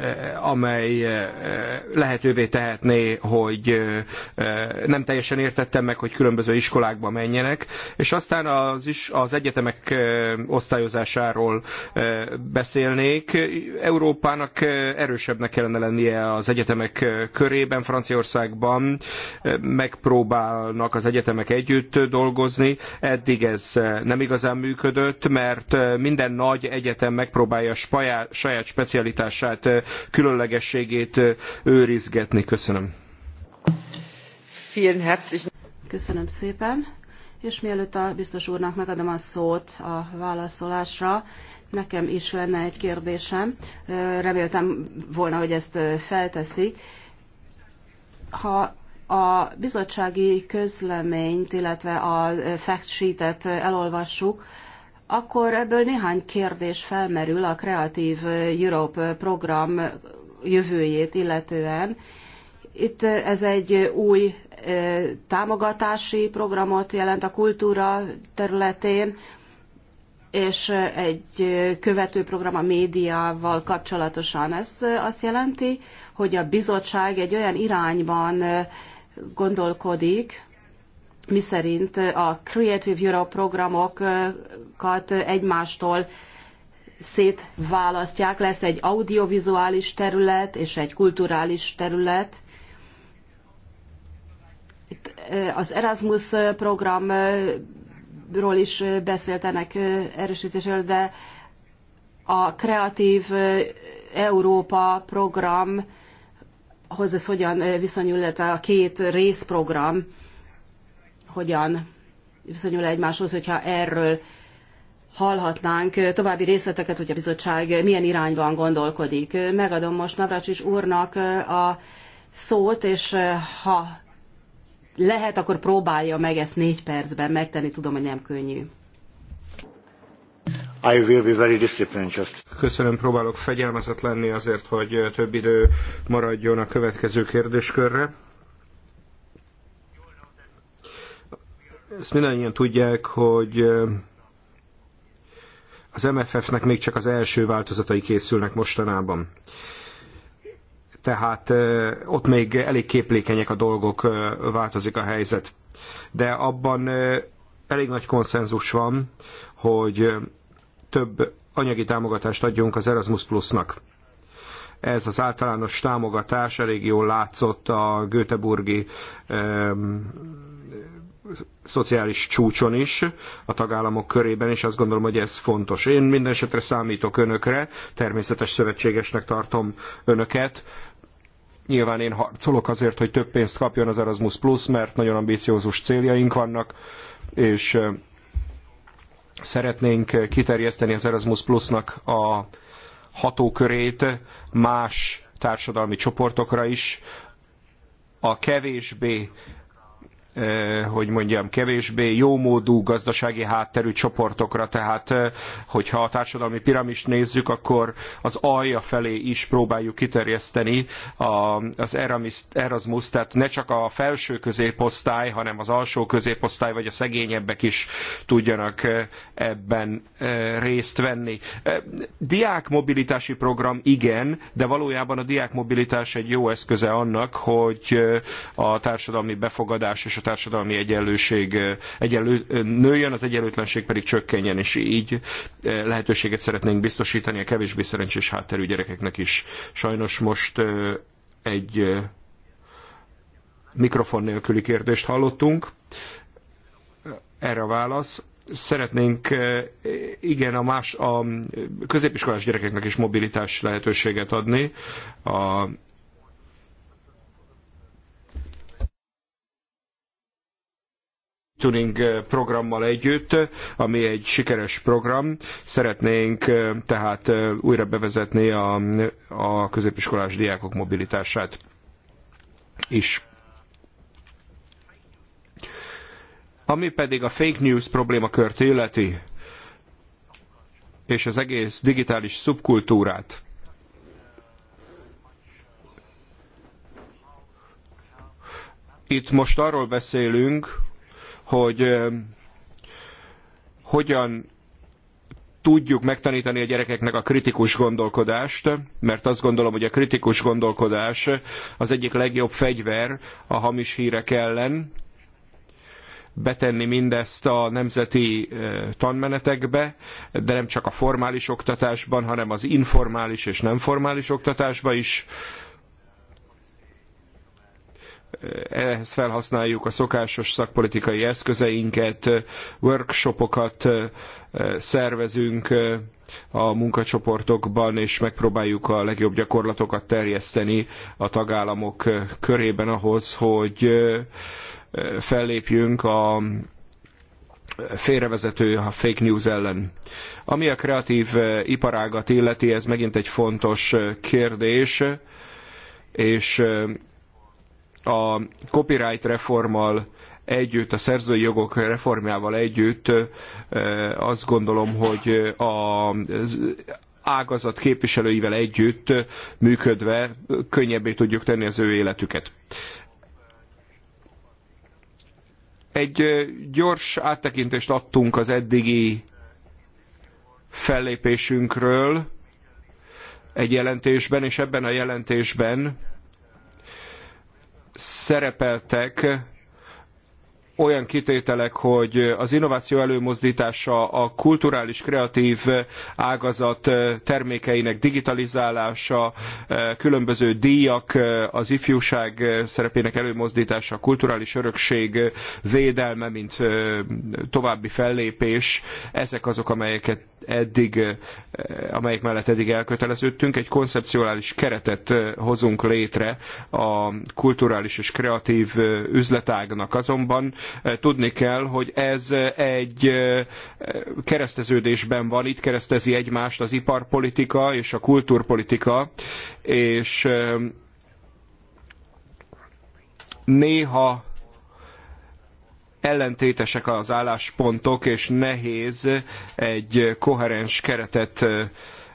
Speaker 4: Eh, amely eh, eh, lehetővé tehetné, hogy nem teljesen értettem meg, hogy különböző iskolákba menjenek, és aztán az, is, az egyetemek osztályozásáról beszélnék. Európának erősebbnek kellene lennie az egyetemek körében, Franciaországban megpróbálnak az egyetemek együtt dolgozni. Eddig ez nem igazán működött, mert minden nagy egyetem megpróbálja saját specialitását különlegességét őrizgetni. Köszönöm.
Speaker 1: Köszönöm szépen. És mielőtt a biztos úrnak megadom a szót a válaszolásra, nekem is lenne egy kérdésem. Reméltem volna, hogy ezt felteszi. Ha a bizottsági közleményt, illetve a fact sheetet elolvassuk, akkor ebből néhány kérdés felmerül a Kreatív Europe program jövőjét illetően. Itt ez egy új támogatási programot jelent a kultúra területén, és egy követő program a médiával kapcsolatosan. Ez azt jelenti, hogy a bizottság egy olyan irányban gondolkodik, miszerint a Creative Europe programokat egymástól szétválasztják, lesz egy audiovizuális terület és egy kulturális terület. Itt az Erasmus programról is beszélt ennek erősítésről, de a Kreatív Európa programhoz ez hogyan viszonyul, illetve a két részprogram hogyan viszonyul egymáshoz, hogyha erről hallhatnánk további részleteket, hogy a bizottság milyen irányban gondolkodik. Megadom most Navracsis úrnak a szót, és eh, ha lehet, akkor próbálja meg ezt négy percben megtenni, tudom, hogy nem könnyű.
Speaker 2: I will be very disciplined just.
Speaker 4: Köszönöm, próbálok fegyelmezett lenni azért, hogy eh, több idő maradjon a következő kérdéskörre. Ezt mindannyian tudják, hogy az MFF-nek még csak az első változatai készülnek mostanában. Tehát ott még elég képlékenyek a dolgok, változik a helyzet. De abban elég nagy konszenzus van, hogy több anyagi támogatást adjunk az Erasmus Plusnak. Ez az általános támogatás elég jól látszott a Göteborgi szociális csúcson is, a tagállamok körében, és azt gondolom, hogy ez fontos. Én minden esetre számítok önökre, természetes szövetségesnek tartom önöket. Nyilván én harcolok azért, hogy több pénzt kapjon az Erasmus Plus, mert nagyon ambiciózus céljaink vannak, és szeretnénk kiterjeszteni az Erasmus Plusnak a hatókörét más társadalmi csoportokra is, a kevésbé hogy mondjam, kevésbé jómódú gazdasági hátterű csoportokra, tehát hogyha a társadalmi piramist nézzük, akkor az alja felé is próbáljuk kiterjeszteni az Erasmus, tehát ne csak a felső középosztály, hanem az alsó középosztály vagy a szegényebbek is tudjanak ebben részt venni. Diákmobilitási program igen, de valójában a diákmobilitás egy jó eszköze annak, hogy a társadalmi befogadás és a társadalmi egyenlőség egyenlő, nőjön, az egyenlőtlenség pedig csökkenjen, és így lehetőséget szeretnénk biztosítani a kevésbé szerencsés hátterű gyerekeknek is. Sajnos most egy mikrofon nélküli kérdést hallottunk. Erre a válasz szeretnénk igen a más a középiskolás gyerekeknek is mobilitás lehetőséget adni a tuning eh, programmal együtt, ami egy sikeres program. Szeretnénk eh, tehát eh, újra bevezetni a, a középiskolás diákok mobilitását is. Ami pedig a fake news problémakört illeti, és az egész digitális szubkultúrát, itt most arról beszélünk, hogy hogyan tudjuk megtanítani a gyerekeknek a kritikus gondolkodást, mert azt gondolom, hogy a kritikus gondolkodás az egyik legjobb fegyver a hamis hírek ellen, betenni mindezt a nemzeti tanmenetekbe, de nem csak a formális oktatásban, hanem az informális és nem formális oktatásban is ehhez felhasználjuk a szokásos szakpolitikai eszközeinket, workshopokat eh, szervezünk eh, a munkacsoportokban, és megpróbáljuk a legjobb gyakorlatokat terjeszteni a tagállamok eh, körében ahhoz, hogy fellépjünk a félrevezető a fake news ellen. Ami a kreatív iparágat illeti, ez megint egy fontos kérdés, és a copyright reformmal együtt, a szerzői jogok reformjával együtt azt gondolom, hogy a ágazat képviselőivel együtt működve könnyebbé tudjuk tenni az ő életüket. Egy gyors áttekintést adtunk az eddigi fellépésünkről egy jelentésben, és ebben a jelentésben szerepeltek olyan kitételek, hogy az innováció előmozdítása, a kulturális kreatív ágazat termékeinek digitalizálása, különböző díjak, az ifjúság szerepének előmozdítása, a kulturális örökség védelme, mint további fellépés, ezek azok, amelyeket eddig, eh, amelyik mellett eddig elköteleződtünk. Egy koncepcionális keretet eh, hozunk létre a kulturális és kreatív eh, üzletágnak. Azonban tudni kell, hogy ez egy kereszteződésben van, itt keresztezi egymást az iparpolitika és a kulturpolitika, és néha ellentétesek az álláspontok, és nehéz egy koherens keretet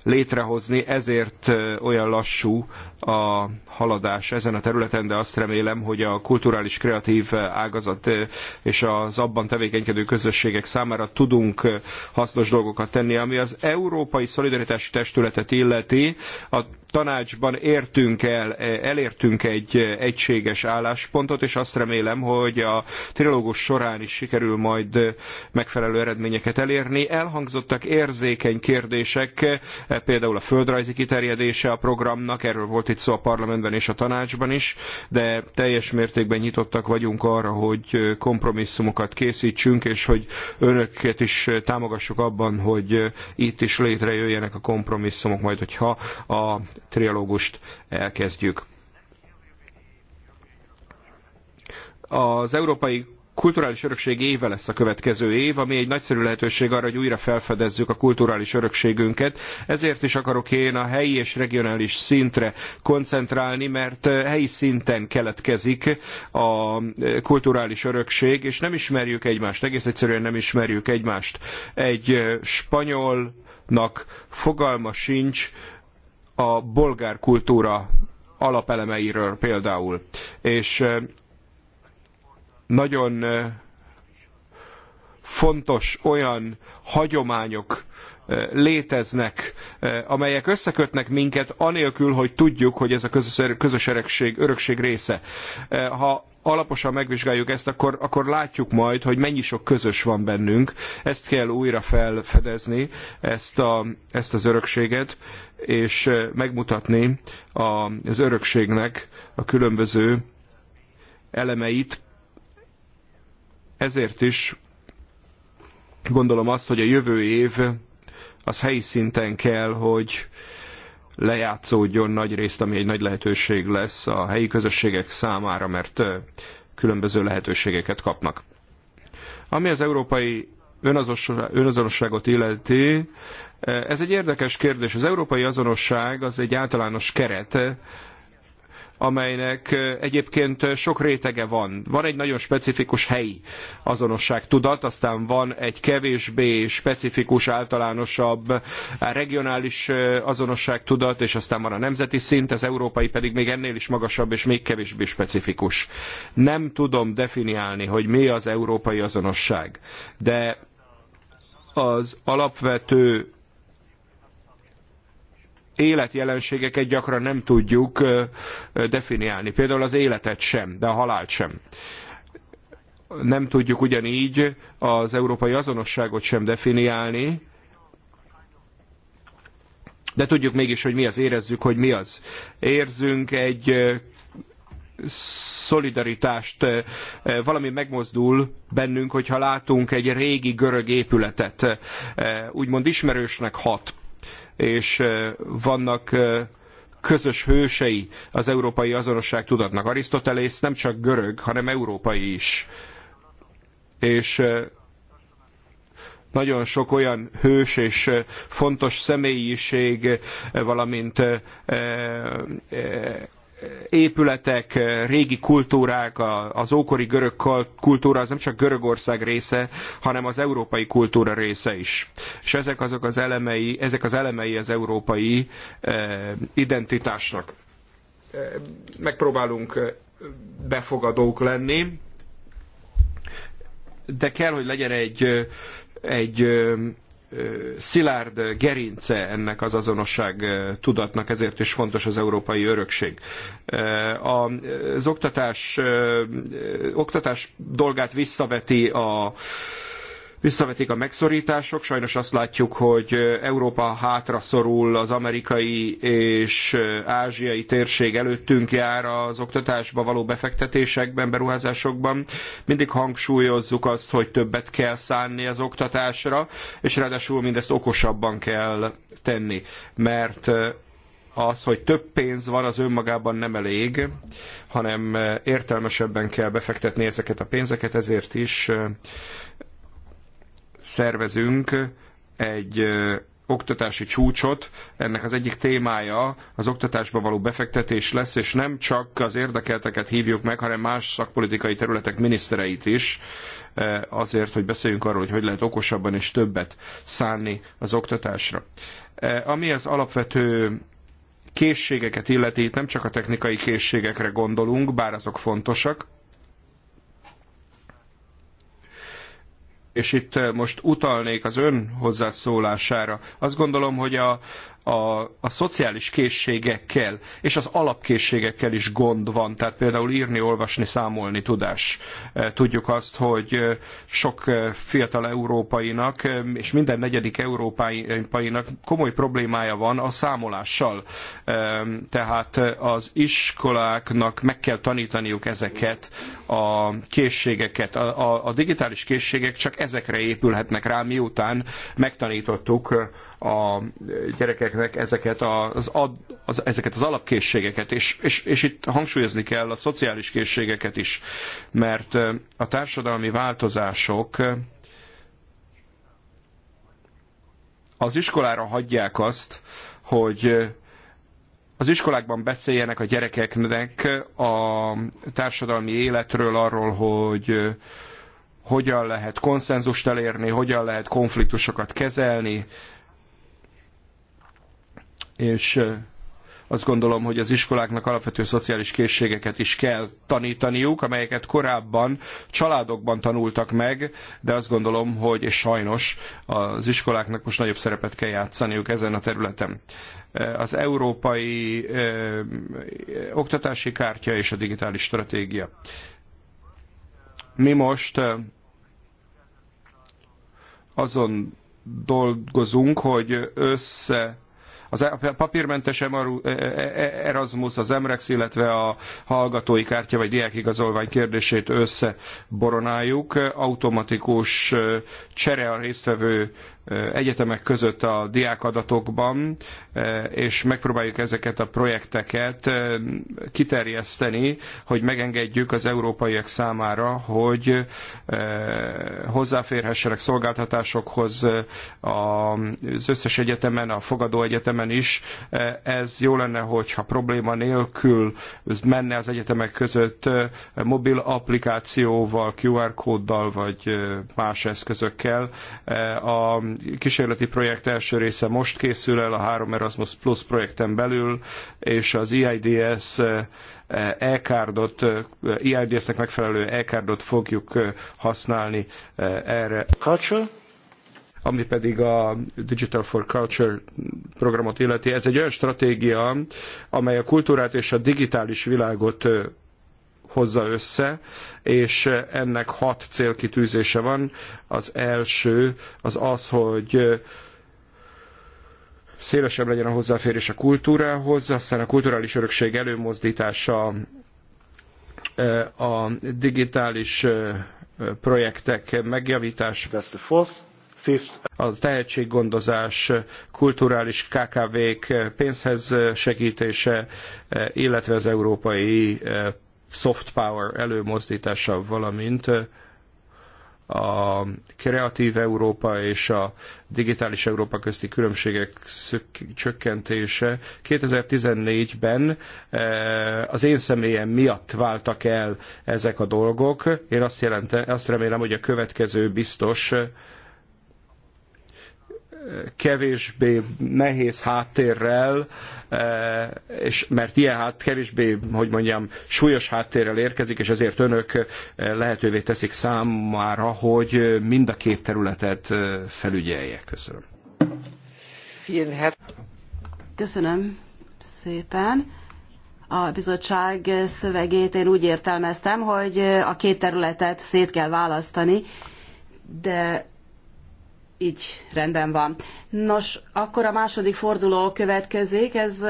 Speaker 4: létrehozni, ezért olyan lassú a haladás ezen a területen, de azt remélem, hogy a kulturális kreatív ágazat és az abban tevékenykedő közösségek számára tudunk hasznos dolgokat tenni. Ami az Európai Szolidaritási Testületet illeti, a tanácsban értünk el, elértünk egy egységes álláspontot, és azt remélem, hogy a trilógus során is sikerül majd megfelelő eredményeket elérni. Elhangzottak érzékeny kérdések, például a földrajzi kiterjedése a programnak, erről volt itt szó a parlamentben és a tanácsban is, de teljes mértékben nyitottak vagyunk arra, hogy kompromisszumokat készítsünk, és hogy önöket is támogassuk abban, hogy itt is létrejöjjenek a kompromisszumok, majd hogyha a trialógust elkezdjük. Az Európai Kulturális Örökség éve lesz a következő év, ami egy nagyszerű lehetőség arra, hogy újra felfedezzük a kulturális örökségünket. Ezért is akarok én a helyi és regionális szintre koncentrálni, mert helyi szinten keletkezik a kulturális örökség, és nem ismerjük egymást, egész egyszerűen nem ismerjük egymást. Egy spanyolnak fogalma sincs, a bolgár kultúra alapelemeiről például. És nagyon fontos olyan hagyományok léteznek, amelyek összekötnek minket, anélkül, hogy tudjuk, hogy ez a közös, örökség része. Ha alaposan megvizsgáljuk ezt, akkor, akkor látjuk majd, hogy mennyi sok közös van bennünk. Ezt kell újra felfedezni, ezt, a, ezt az örökséget, és eh, megmutatni a, az örökségnek a különböző elemeit. Ezért is gondolom azt, hogy a jövő év az helyi szinten kell, hogy lejátszódjon nagy részt, ami egy nagy lehetőség lesz a helyi közösségek számára, mert különböző lehetőségeket kapnak. Ami az európai önazonosságot illeti, ez egy érdekes kérdés. Az európai azonosság az egy általános keret, amelynek egyébként sok rétege van. Van egy nagyon specifikus helyi tudat, aztán van egy kevésbé specifikus, általánosabb regionális azonosság tudat és aztán van a nemzeti szint, az európai pedig még ennél is magasabb, és még kevésbé specifikus. Nem tudom definiálni, hogy mi az európai azonosság, de az alapvető életjelenségeket gyakran nem tudjuk definiálni. Például az életet sem, de a halált sem. Nem tudjuk ugyanígy az európai azonosságot sem definiálni, de tudjuk mégis, hogy mi az érezzük, hogy mi az. Érzünk egy szolidaritást, valami megmozdul bennünk, hogyha látunk egy régi görög épületet, úgymond ismerősnek hat és vannak közös hősei az európai azonosság tudatnak. Arisztotelész nem csak görög, hanem európai is. És nagyon sok olyan hős és fontos személyiség, valamint épületek, régi kultúrák, az ókori görög kultúra az nem csak Görögország része, hanem az európai kultúra része is. És ezek azok az elemei, ezek az elemei az európai eh, identitásnak. Eh, megpróbálunk eh, befogadók lenni, de kell, hogy legyen egy, egy szilárd gerince ennek az azonosság tudatnak, ezért is fontos az európai örökség. Az oktatás, oktatás dolgát visszaveti a visszavetik a megszorítások, sajnos azt látjuk, hogy Európa hátra szorul, az amerikai és ázsiai térség előttünk jár az oktatásba való befektetésekben, beruházásokban. Mindig hangsúlyozzuk azt, hogy többet kell szánni az oktatásra, és ráadásul mindezt okosabban kell tenni, mert az, hogy több pénz van, az önmagában nem elég, hanem értelmesebben kell befektetni ezeket a pénzeket, ezért is szervezünk egy oktatási csúcsot. Ennek az egyik témája az oktatásba való befektetés lesz, és nem csak az érdekelteket hívjuk meg, hanem más szakpolitikai területek minisztereit is, azért, hogy beszéljünk arról, hogy hogy lehet okosabban és többet szánni az oktatásra. Ami az alapvető készségeket illeti, itt nem csak a technikai készségekre gondolunk, bár azok fontosak, és itt eh, most utalnék az ön hozzászólására. Azt gondolom, hogy a a, a szociális készségekkel és az alapkészségekkel is gond van. Tehát például írni, olvasni, számolni tudás. E, tudjuk azt, hogy e, sok e, fiatal európainak és minden negyedik európainak komoly problémája van a számolással. Tehát az iskoláknak meg kell tanítaniuk ezeket a készségeket. A, a, a digitális készségek csak ezekre épülhetnek rá, miután megtanítottuk a gyerekeknek ezeket az, ad, az, ezeket az alapkészségeket, és, és, és itt hangsúlyozni kell a szociális készségeket is, mert a társadalmi változások az iskolára hagyják azt, hogy az iskolákban beszéljenek a gyerekeknek a társadalmi életről, arról, hogy hogyan lehet konszenzust elérni, hogyan lehet konfliktusokat kezelni, és azt gondolom, hogy az iskoláknak alapvető szociális készségeket is kell tanítaniuk, amelyeket korábban családokban tanultak meg, de azt gondolom, hogy és sajnos az iskoláknak most nagyobb szerepet kell játszaniuk ezen a területen. Az európai ö, oktatási kártya és a digitális stratégia. Mi most azon dolgozunk, hogy össze az e- papírmentes e- e- Erasmus, az Emrex, illetve a hallgatói kártya vagy diákigazolvány kérdését összeboronáljuk. Automatikus csere a résztvevő egyetemek között a diákadatokban, és megpróbáljuk ezeket a projekteket kiterjeszteni, hogy megengedjük az európaiak számára, hogy hozzáférhessenek szolgáltatásokhoz az összes egyetemen, a fogadó egyetemen is. Ez jó lenne, hogyha probléma nélkül menne az egyetemek között mobil applikációval, QR kóddal vagy más eszközökkel a kísérleti projekt első része most készül el a három Erasmus Plus projekten belül, és az EIDS eh, e-kárdot, EIDS-nek eh, e megfelelő e-kárdot fogjuk eh, használni erre. Culture? ami pedig a Digital for Culture programot illeti. Ez egy olyan stratégia, amely a kultúrát és a digitális világot hozza össze, és ennek hat célkitűzése van. Az első az az, hogy szélesebb legyen a hozzáférés a kultúrához, aztán a kulturális örökség előmozdítása a digitális projektek megjavítása. That's the fourth. A tehetséggondozás, kulturális KKV-k pénzhez segítése, illetve az európai soft power előmozdítása, valamint a kreatív Európa és a digitális Európa közti különbségek csökkentése 2014-ben az én személyem miatt váltak el ezek a dolgok. Én azt, jelente, azt remélem, hogy a következő biztos kevésbé nehéz háttérrel, eh, és mert ilyen hát kevésbé, hogy mondjam, súlyos háttérrel érkezik, és ezért önök eh, lehetővé teszik számára, hogy eh, mind a két területet felügyelje. Köszönöm.
Speaker 1: Köszönöm szépen. A bizottság szövegét én úgy értelmeztem, hogy a két területet szét kell választani, de így rendben van. Nos, akkor a második forduló következik. Ez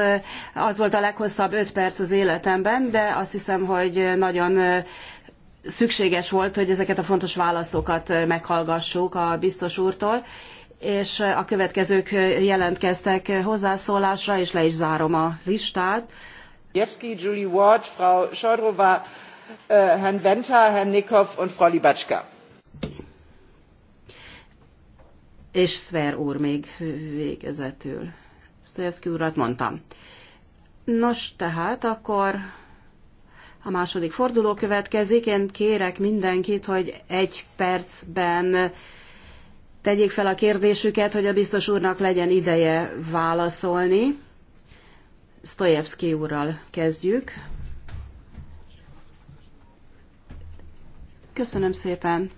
Speaker 1: az volt a leghosszabb 5 perc az életemben, de azt hiszem, hogy nagyon szükséges volt, hogy ezeket a fontos válaszokat meghallgassuk a biztos úrtól, és a következők jelentkeztek hozzászólásra, és le is zárom a listát.
Speaker 5: Jevski, Julie Ward, Frau Sodrova, Herrn Benta, Herrn Nikov und Frau Libacska.
Speaker 1: és Szver úr még végezetül. Sztajevszki urat mondtam. Nos, tehát akkor a második forduló következik. Én kérek mindenkit, hogy egy percben tegyék fel a kérdésüket, hogy a biztos úrnak legyen ideje válaszolni. Sztajevszki úrral kezdjük. Köszönöm szépen.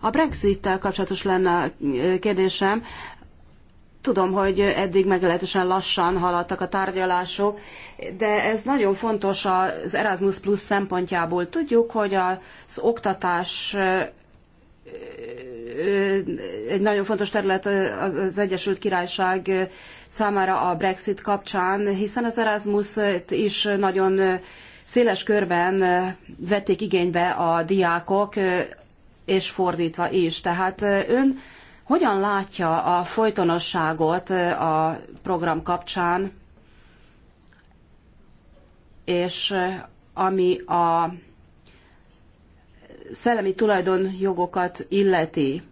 Speaker 1: A Brexit-tel kapcsolatos lenne a kérdésem. Tudom, hogy eddig meglehetősen lassan haladtak a tárgyalások, de ez nagyon fontos az Erasmus Plus szempontjából. Tudjuk, hogy az oktatás egy nagyon fontos terület az Egyesült Királyság számára a Brexit kapcsán, hiszen az Erasmus is nagyon széles körben vették igénybe a diákok és fordítva is. Tehát ön hogyan látja a folytonosságot a program kapcsán, és ami a szellemi tulajdonjogokat illeti.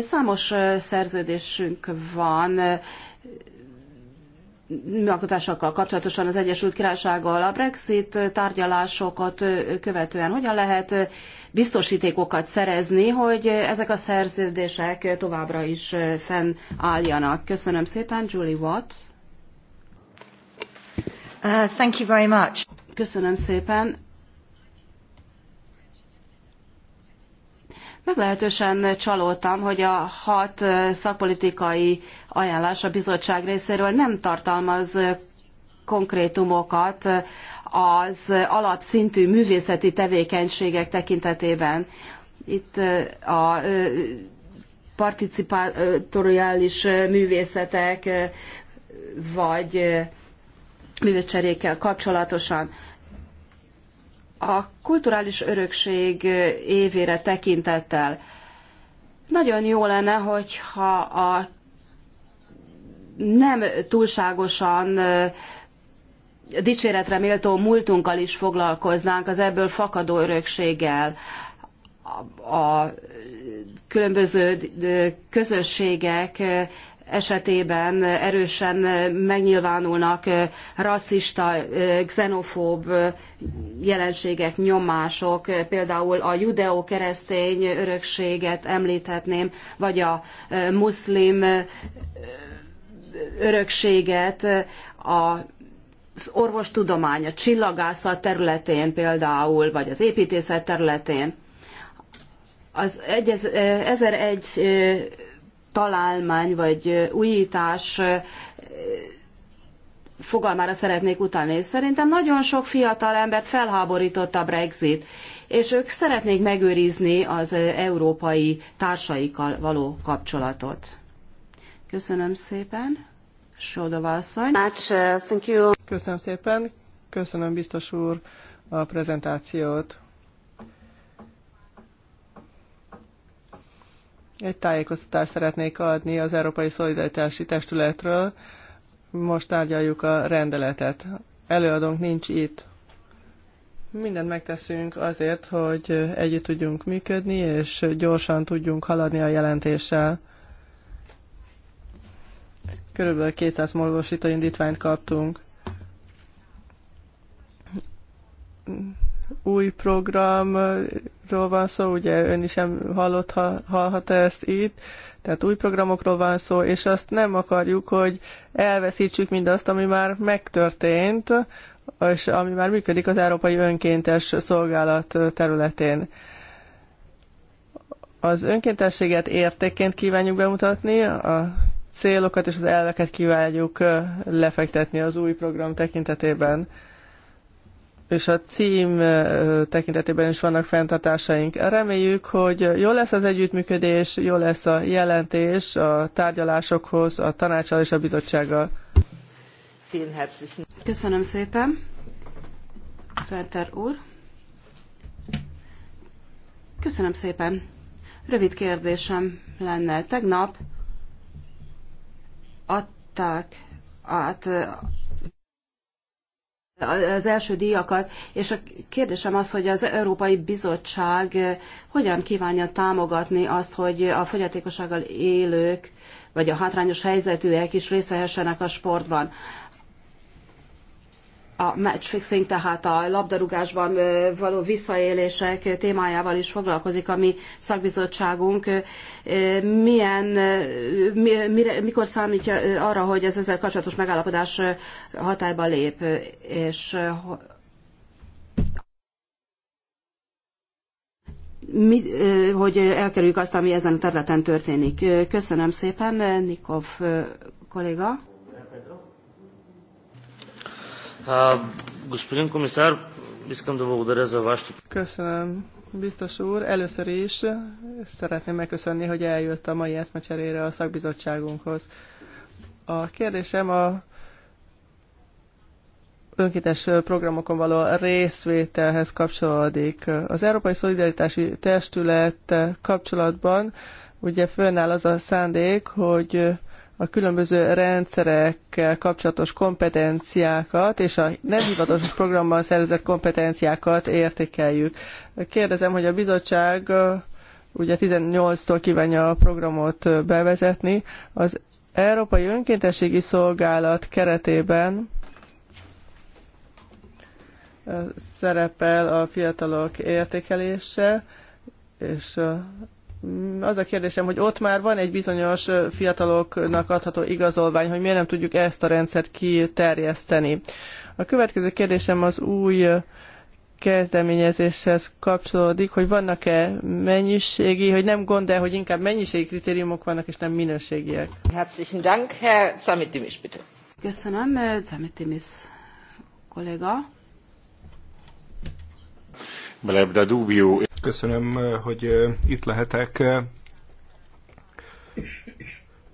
Speaker 1: Számos szerződésünk van műalkotásokkal kapcsolatosan az Egyesült Királysággal a Brexit tárgyalásokat követően. Hogyan lehet biztosítékokat szerezni, hogy ezek a szerződések továbbra is fennálljanak. Köszönöm szépen, Julie Watt. Uh, thank you very much. Köszönöm szépen. Meglehetősen csalódtam, hogy a hat szakpolitikai ajánlás a bizottság részéről nem tartalmaz konkrétumokat az alapszintű művészeti tevékenységek tekintetében. Itt a participatoriális művészetek vagy művészcserékkel kapcsolatosan. A kulturális örökség évére tekintettel nagyon jó lenne, hogyha a nem túlságosan dicséretre méltó múltunkkal is foglalkoznánk, az ebből fakadó örökséggel, a különböző közösségek esetében erősen megnyilvánulnak rasszista, xenofób jelenségek, nyomások, például a judeo-keresztény örökséget említhetném, vagy a muszlim örökséget, a az orvostudomány, a csillagászat területén például, vagy az építészet területén. Az egy, találmány vagy újítás fogalmára szeretnék utalni. Szerintem nagyon sok fiatal embert felháborított a Brexit, és ők szeretnék megőrizni az európai társaikkal való kapcsolatot. Köszönöm
Speaker 3: szépen. Sodova asszony. Uh, köszönöm szépen, köszönöm biztos úr a prezentációt. Egy tájékoztatást szeretnék adni az Európai Szolidaritási Testületről. Most tárgyaljuk a rendeletet. Előadónk nincs itt. Mindent megteszünk azért, hogy együtt tudjunk működni, és gyorsan tudjunk haladni a jelentéssel. Körülbelül 200 módosító indítványt kaptunk. Új programról van szó, ugye ön is nem hallott, ha, hallhat ezt itt, tehát új programokról van szó, és azt nem akarjuk, hogy elveszítsük mindazt, ami már megtörtént, és ami már működik az Európai Önkéntes Szolgálat területén. Az önkéntességet értékként kívánjuk bemutatni, a célokat és az elveket kívánjuk lefektetni az új program tekintetében. És a cím tekintetében is vannak fenntartásaink. Reméljük, hogy jó lesz az együttműködés, jó lesz a jelentés a tárgyalásokhoz, a tanácsal és a bizottsággal. Köszönöm szépen. Felter úr. Köszönöm szépen.
Speaker 1: Rövid kérdésem lenne. Tegnap adták át az első díjakat, és a kérdésem az, hogy az Európai Bizottság hogyan kívánja támogatni azt, hogy a fogyatékossággal élők, vagy a hátrányos helyzetűek is részehessenek a sportban a matchfixing, tehát a labdarúgásban való visszaélések témájával is foglalkozik a mi szakbizottságunk. Milyen, mire, mikor számítja arra, hogy ez ezzel kapcsolatos megállapodás hatályba lép, és mi, hogy elkerüljük azt, ami ezen a területen történik. Köszönöm szépen, Nikov
Speaker 3: kolléga.
Speaker 2: Господин комисар, искам да благодаря за вашето...
Speaker 3: Köszönöm, biztos úr. Először is szeretném megköszönni, hogy eljött a mai eszmecserére a szakbizottságunkhoz. A kérdésem a önkéntes programokon való részvételhez kapcsolódik. Az Európai Szolidaritási Testület kapcsolatban ugye fönnáll az a szándék, hogy a különböző rendszerekkel kapcsolatos kompetenciákat és a nem hivatalos programban szerzett kompetenciákat értékeljük. Kérdezem, hogy a bizottság ugye 18-tól kívánja a programot bevezetni. Az Európai Önkéntességi Szolgálat keretében szerepel a fiatalok értékelése, és az a kérdésem, hogy ott már van egy bizonyos fiataloknak adható igazolvány, hogy miért nem tudjuk ezt a rendszert kiterjeszteni. A következő kérdésem az új kezdeményezéshez kapcsolódik, hogy vannak-e mennyiségi, hogy nem gond -e, hogy inkább mennyiségi kritériumok vannak, és nem minőségiek.
Speaker 1: Herzlichen Dank, Herr Zamitimis, bitte. Köszönöm, Zamitimis kolléga.
Speaker 4: Köszönöm, hogy itt lehetek.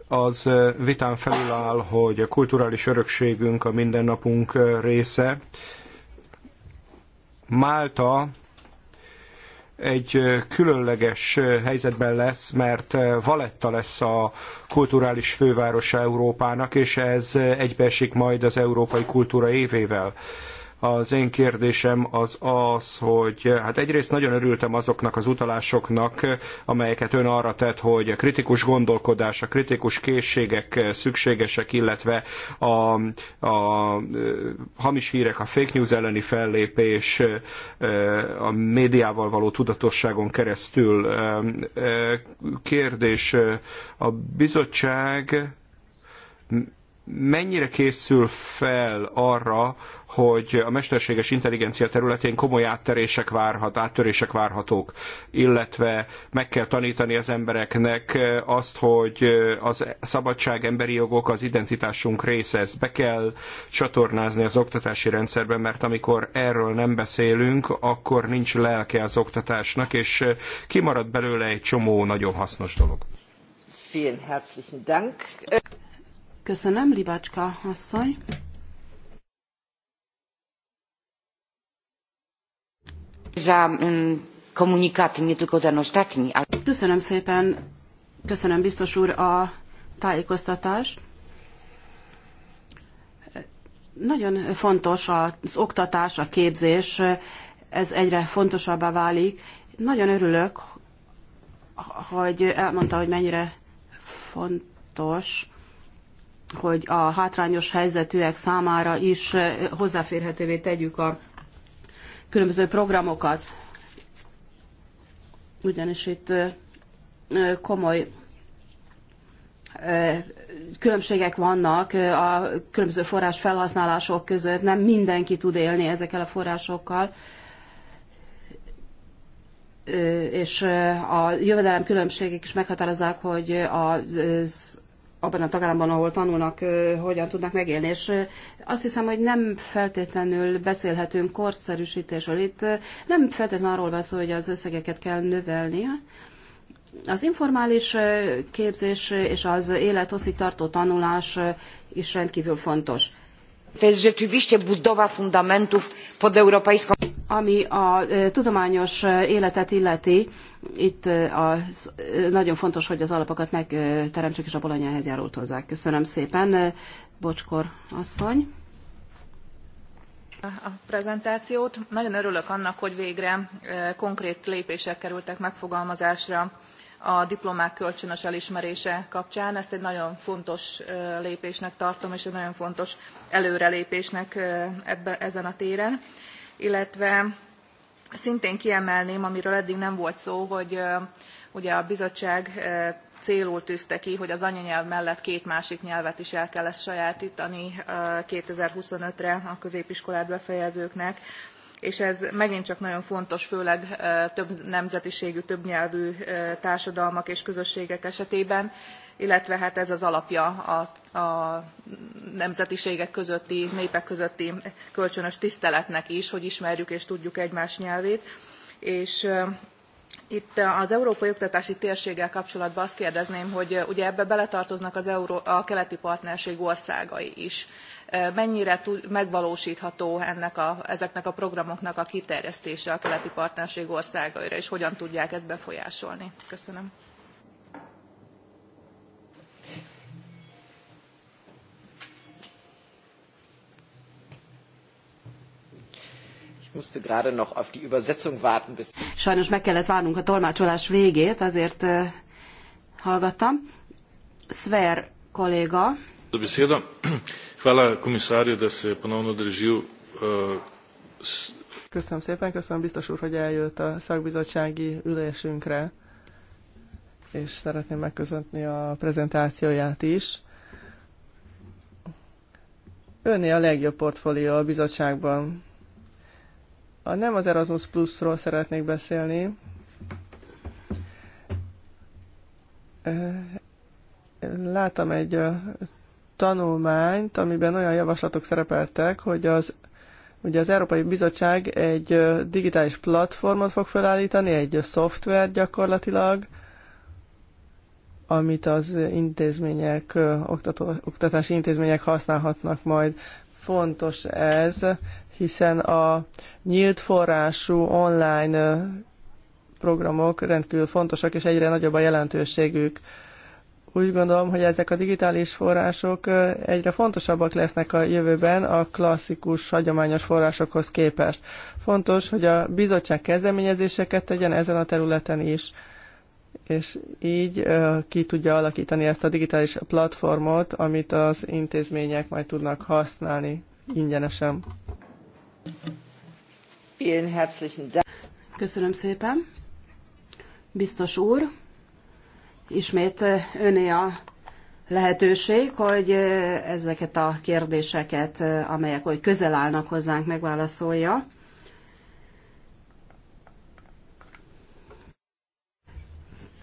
Speaker 4: Az vitán felül áll, hogy a kulturális örökségünk a mindennapunk része. Málta egy különleges helyzetben lesz, mert Valetta lesz a kulturális fővárosa Európának, és ez egybeesik majd az Európai Kultúra évével. Az én kérdésem az az, hogy hát egyrészt nagyon örültem azoknak az utalásoknak, amelyeket ön arra tett, hogy a kritikus gondolkodás, a kritikus készségek szükségesek, illetve a, a hamis hírek, a fake news elleni fellépés, a médiával való tudatosságon keresztül. Kérdés, a bizottság mennyire készül fel arra, hogy a mesterséges intelligencia területén komoly áttörések, várhat, áttörések várhatók, illetve meg kell tanítani az embereknek azt, hogy az szabadság, emberi jogok az identitásunk része, ezt be kell csatornázni az oktatási rendszerbe, mert amikor erről nem beszélünk, akkor nincs lelke az oktatásnak, és kimarad belőle egy csomó nagyon hasznos dolog.
Speaker 1: Köszönöm, Libacska asszony. Za mm, komunikaty, nie tylko ten ostatni. Köszönöm szépen, köszönöm biztos úr a tájékoztatást. Nagyon fontos az oktatás, a képzés, ez egyre fontosabbá válik. Nagyon örülök, hogy elmondta, hogy mennyire fontos hogy a hátrányos helyzetűek számára is hozzáférhetővé tegyük a különböző programokat. Ugyanis itt komoly különbségek vannak a különböző forrás felhasználások között, nem mindenki tud élni ezekkel a forrásokkal, és a jövedelem különbségek is meghatározzák, hogy az abban a tagállamban, ahol tanulnak, hogyan tudnak megélni. És azt hiszem, hogy nem feltétlenül beszélhetünk korszerűsítésről. Itt nem feltétlenül arról van szó, hogy az összegeket kell növelni. Az informális képzés és az élethosszig tartó tanulás is rendkívül fontos. To jest rzeczywiście budowa fundamentów pod europejską ami a tudományos életet illeti, itt az, nagyon fontos, hogy az alapokat megteremtsük, és a bolonyához járult hozzá. Köszönöm szépen, Bocskor asszony.
Speaker 5: A prezentációt. Nagyon örülök annak, hogy végre konkrét lépések kerültek megfogalmazásra a diplomák kölcsönös elismerése kapcsán. Ezt egy nagyon fontos lépésnek tartom, és egy nagyon fontos előrelépésnek ebbe, ezen a téren illetve szintén kiemelném, amiről eddig nem volt szó, hogy ugye a bizottság célul tűzte ki, hogy az anyanyelv mellett két másik nyelvet is el kell ezt sajátítani 2025-re a középiskolát befejezőknek és ez megint csak nagyon fontos, főleg több nemzetiségű, többnyelvű társadalmak és közösségek esetében, illetve hát ez az alapja a a nemzetiségek közötti, népek közötti kölcsönös tiszteletnek is, hogy ismerjük és tudjuk egymás nyelvét. És itt az európai oktatási térséggel kapcsolatban azt kérdezném, hogy ugye ebbe beletartoznak az Euró- a keleti partnerség országai is. Mennyire tud, megvalósítható ennek a, ezeknek a programoknak a kiterjesztése a keleti partnerség országaira, és hogyan tudják ezt befolyásolni? Köszönöm.
Speaker 2: musste gerade noch auf die Übersetzung warten, bis...
Speaker 1: Sajnos meg kellett várnunk a tolmácsolás végét, azért uh, hallgattam. Sver kolléga.
Speaker 2: Za besedo. Hvala komisarju, da se ponovno držil
Speaker 3: Köszönöm szépen, köszönöm biztos úr, hogy eljött a szakbizottsági ülésünkre, és szeretném megköszönni a prezentációját is. Önné a legjobb portfólió a bizottságban. A, nem az Erasmus Plus-ról szeretnék beszélni. Láttam egy tanulmányt, amiben olyan javaslatok szerepeltek, hogy az Ugye az Európai Bizottság egy digitális platformot fog felállítani, egy szoftver gyakorlatilag, amit az intézmények, oktató, oktatási intézmények használhatnak majd. Fontos ez, hiszen a nyílt forrású online programok rendkívül fontosak, és egyre nagyobb a jelentőségük. Úgy gondolom, hogy ezek a digitális források egyre fontosabbak lesznek a jövőben a klasszikus, hagyományos forrásokhoz képest. Fontos, hogy a bizottság kezdeményezéseket tegyen ezen a területen is, és így ki tudja alakítani ezt a digitális platformot, amit az intézmények majd tudnak használni ingyenesen.
Speaker 1: Köszönöm szépen. Biztos úr, ismét eh, öné a lehetőség, hogy eh, ezeket a kérdéseket, eh, amelyek hogy közel állnak hozzánk, megválaszolja.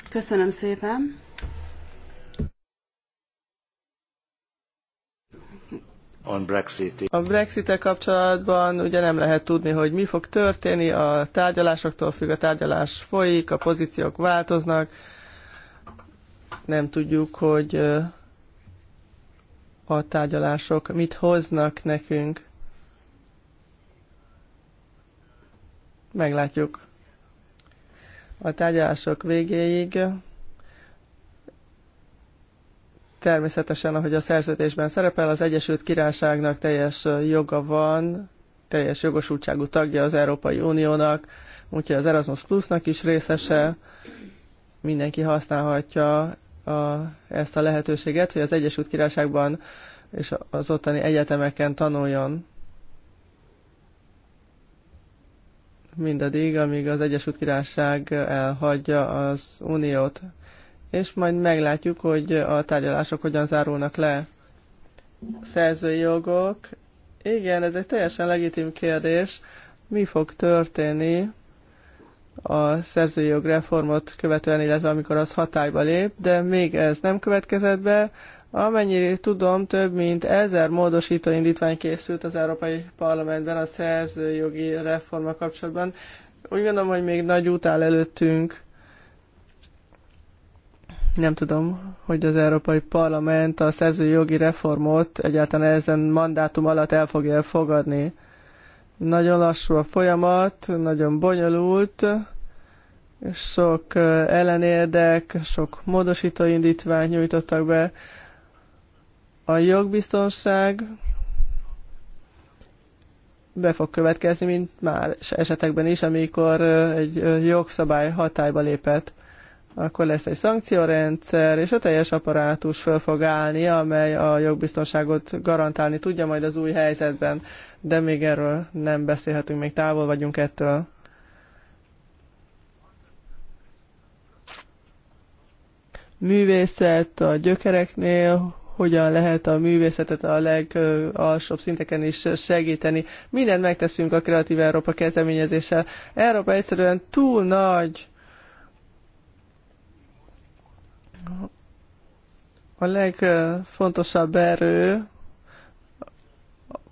Speaker 3: Köszönöm szépen.
Speaker 2: on Brexit.
Speaker 3: A brexit kapcsolatban ugye nem lehet tudni, hogy mi fog történni, a tárgyalásoktól függ, a tárgyalás folyik, a pozíciók változnak, nem tudjuk, hogy a tárgyalások mit hoznak nekünk. Meglátjuk. A tárgyalások végéig Természetesen, ahogy a szerződésben szerepel, az Egyesült Királyságnak teljes joga van, teljes jogosultságú tagja az Európai Uniónak, úgyhogy az Erasmus Plusnak is részese, mindenki használhatja a, ezt a lehetőséget, hogy az Egyesült Királyságban és az ottani egyetemeken tanuljon. Mindaddig, amíg az Egyesült Királyság elhagyja az Uniót és majd meglátjuk, hogy a tárgyalások hogyan zárulnak le. Szerzői jogok. Igen, ez egy teljesen legitim kérdés. Mi fog történni a szerzői jogreformot követően, illetve amikor az hatályba lép, de még ez nem következett be. Amennyire tudom, több mint ezer módosító indítvány készült az Európai Parlamentben a szerzői jogi reforma kapcsolatban. Úgy gondolom, hogy még nagy út áll előttünk nem tudom, hogy az Európai Parlament a szerzői jogi reformot egyáltalán ezen mandátum alatt el fogja elfogadni. Nagyon lassú a folyamat, nagyon bonyolult, sok ellenérdek, sok módosító indítványt nyújtottak be. A jogbiztonság be fog következni, mint már esetekben is, amikor egy jogszabály hatályba lépett akkor lesz egy szankciórendszer, és a teljes apparátus föl fog állni, amely a jogbiztonságot garantálni tudja majd az új helyzetben, de még erről nem beszélhetünk, még távol vagyunk ettől. Művészet a gyökereknél, hogyan lehet a művészetet a legalsóbb szinteken is segíteni. Mindent megteszünk a Kreatív Európa kezdeményezéssel. Európa egyszerűen túl nagy a legfontosabb erő,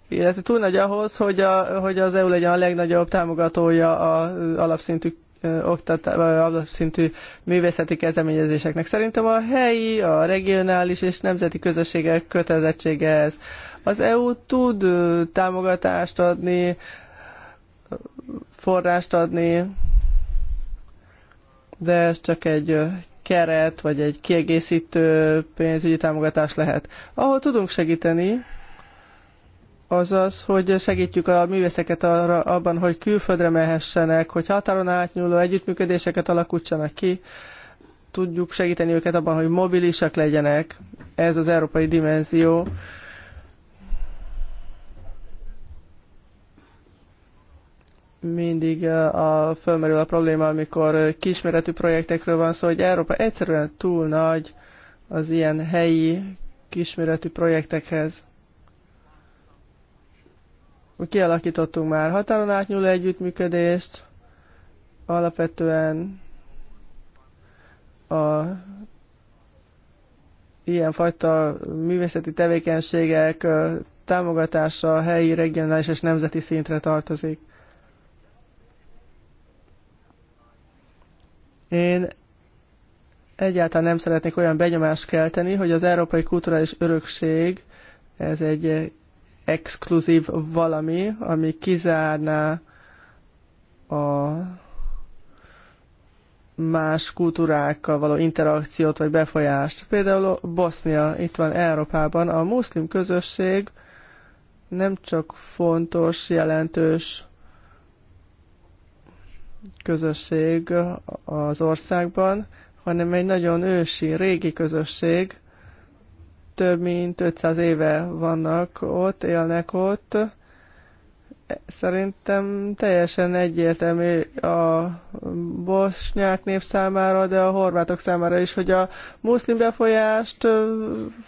Speaker 3: illetve túl nagy ahhoz, hogy, a, hogy az EU legyen a legnagyobb támogatója az alapszintű oktatás, alapszintű művészeti kezdeményezéseknek. Szerintem a helyi, a regionális és nemzeti közösségek kötelezettsége ez. Az EU tud támogatást adni, forrást adni, de ez csak egy keret, vagy egy kiegészítő pénzügyi támogatás lehet. Ahol tudunk segíteni, az az, hogy segítjük a művészeket arra, abban, hogy külföldre mehessenek, hogy határon átnyúló együttműködéseket alakítsanak ki, tudjuk segíteni őket abban, hogy mobilisak legyenek. Ez az európai dimenzió, mindig a, fölmerül a probléma, amikor kisméretű projektekről van szó, hogy Európa egyszerűen túl nagy az ilyen helyi kisméretű projektekhez. Kialakítottunk már határon átnyúló együttműködést, alapvetően a ilyenfajta művészeti tevékenységek támogatása helyi, regionális és nemzeti szintre tartozik. Én egyáltalán nem szeretnék olyan benyomást kelteni, hogy az európai kulturális örökség ez egy exkluzív valami, ami kizárná a más kultúrákkal való interakciót vagy befolyást. Például Bosznia itt van Európában, a muszlim közösség nem csak fontos, jelentős közösség az országban, hanem egy nagyon ősi, régi közösség. Több mint 500 éve vannak ott, élnek ott. Szerintem teljesen egyértelmű a bosnyák nép számára, de a horvátok számára is, hogy a muszlim befolyást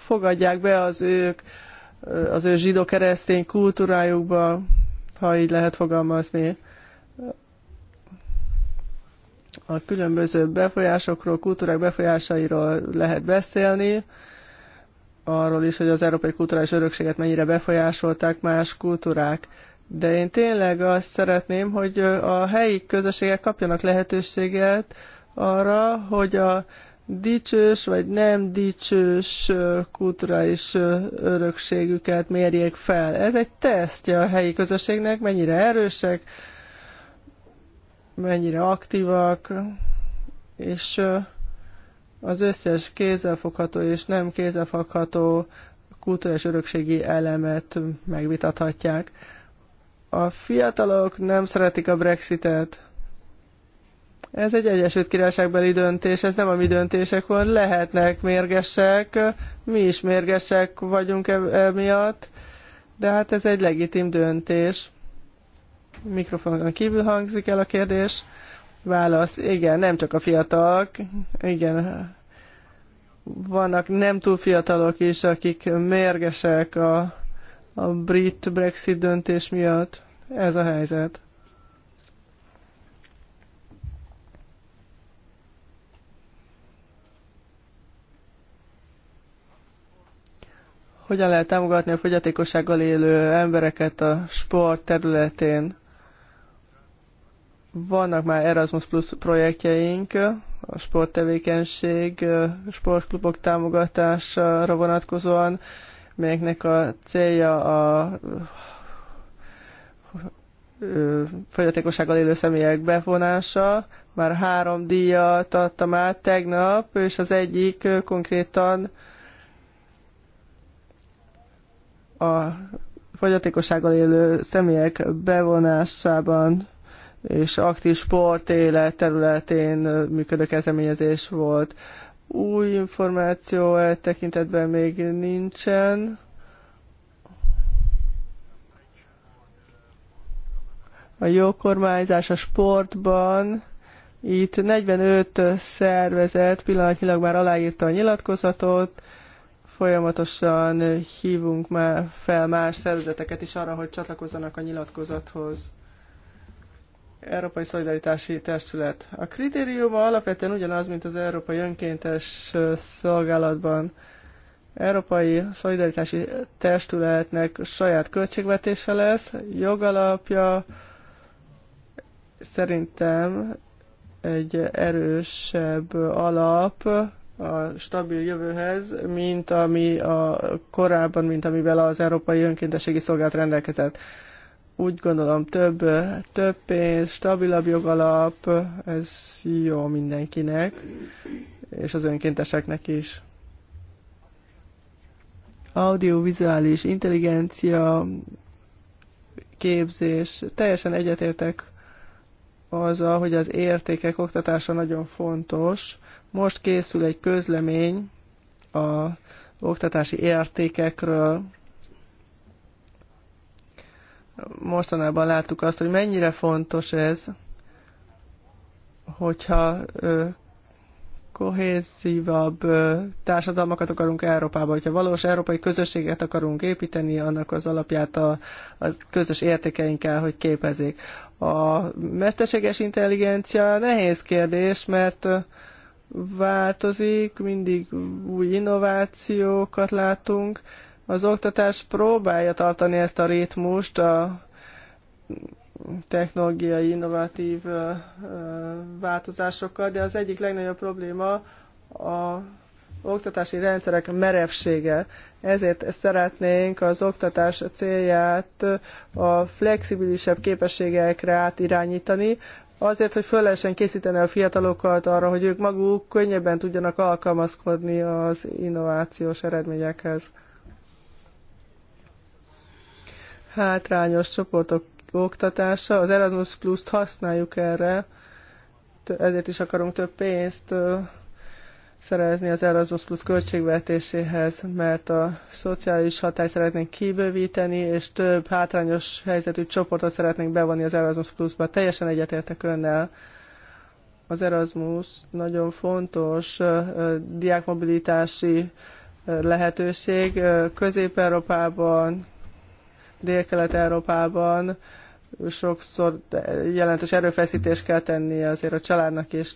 Speaker 3: fogadják be az ők, az ő zsidó-keresztény kultúrájukba, ha így lehet fogalmazni a különböző befolyásokról, kultúrák befolyásairól lehet beszélni, arról is, hogy az európai kulturális örökséget mennyire befolyásolták más kultúrák. De én tényleg azt szeretném, hogy a helyi közösségek kapjanak lehetőséget arra, hogy a dicsős vagy nem dicsős kulturális örökségüket mérjék fel. Ez egy tesztje a helyi közösségnek, mennyire erősek, mennyire aktívak, és az összes kézzelfogható és nem kézzelfogható kultúrás örökségi elemet megvitathatják. A fiatalok nem szeretik a Brexitet. Ez egy Egyesült Királyságbeli döntés, ez nem a mi döntések van. Lehetnek mérgesek, mi is mérgesek vagyunk e, emiatt, de hát ez egy legitim döntés. Mikrofonon kívül hangzik el a kérdés. Válasz, igen, nem csak a fiatalok, igen, vannak nem túl fiatalok is, akik mérgesek a, a brit Brexit döntés miatt. Ez a helyzet. hogyan lehet támogatni a fogyatékossággal élő embereket a sport területén. Vannak már Erasmus Plus projektjeink, a sporttevékenység, sportklubok támogatására vonatkozóan, melyeknek a célja a fogyatékossággal élő személyek bevonása. Már három díjat adtam át tegnap, és az egyik konkrétan a fogyatékossággal élő személyek bevonásában és aktív sport élet területén működő kezdeményezés volt. Új információ e tekintetben még nincsen. A jó kormányzás a sportban. Itt 45 szervezet pillanatnyilag már aláírta a nyilatkozatot, Folyamatosan hívunk már fel más szervezeteket is arra, hogy csatlakozzanak a nyilatkozathoz. Európai Szolidaritási Testület. A kritériuma alapvetően ugyanaz, mint az Európai Önkéntes Szolgálatban. Európai Szolidaritási Testületnek saját költségvetése lesz, jogalapja szerintem egy erősebb alap, a stabil jövőhez, mint ami a korábban, mint amivel az Európai Önkéntességi Szolgálat rendelkezett. Úgy gondolom több, több pénz, stabilabb jogalap, ez jó mindenkinek, és az önkénteseknek is. Audiovizuális intelligencia, képzés, teljesen egyetértek azzal, hogy az értékek oktatása nagyon fontos, most készül egy közlemény a oktatási értékekről. Mostanában láttuk azt, hogy mennyire fontos ez, hogyha kohézívabb társadalmakat akarunk Európába, hogyha valós európai közösséget akarunk építeni, annak az alapját a, a közös értékeinkkel, hogy képezik. A mesterséges intelligencia nehéz kérdés, mert változik, mindig új innovációkat látunk. Az oktatás próbálja tartani ezt a ritmust a technológiai innovatív változásokkal, de az egyik legnagyobb probléma a oktatási rendszerek merevsége. Ezért szeretnénk az oktatás célját a flexibilisebb képességekre átirányítani, azért, hogy föl lehessen készíteni a fiatalokat arra, hogy ők maguk könnyebben tudjanak alkalmazkodni az innovációs eredményekhez. Hátrányos csoportok oktatása, az Erasmus Plus-t használjuk erre, ezért is akarunk több pénzt szerezni az Erasmus Plus költségvetéséhez, mert a szociális hatály szeretnénk kibővíteni, és több hátrányos helyzetű csoportot szeretnénk bevonni az Erasmus Plus-ba. Teljesen egyetértek önnel. Az Erasmus nagyon fontos diákmobilitási lehetőség Közép-Európában, Dél-Kelet-Európában sokszor jelentős erőfeszítést kell tenni azért a családnak is.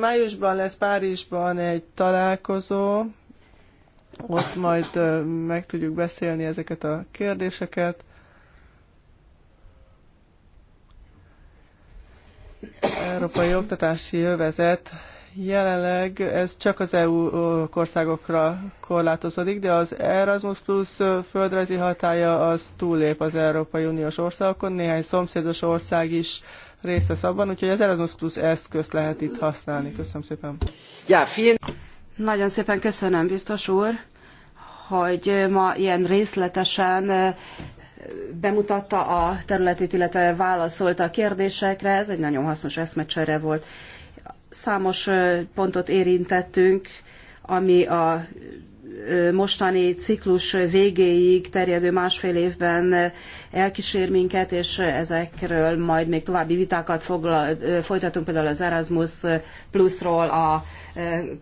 Speaker 3: Májusban lesz Párizsban egy találkozó, ott majd meg tudjuk beszélni ezeket a kérdéseket. Európai Oktatási Övezet jelenleg ez csak az EU országokra korlátozódik, de az Erasmus Plus földrajzi hatája az túllép az Európai Uniós országokon. Néhány szomszédos ország is részt vesz abban, úgyhogy az Erasmus Plus eszközt lehet itt használni. Köszönöm szépen. Ja, fin- Nagyon szépen köszönöm, biztos úr, hogy ma ilyen
Speaker 1: részletesen bemutatta a területét, illetve válaszolta a kérdésekre. Ez egy nagyon hasznos eszmecsere volt. Számos pontot érintettünk, ami a mostani ciklus végéig terjedő másfél évben elkísér minket, és ezekről majd még további vitákat folytatunk, például az Erasmus Plusról, a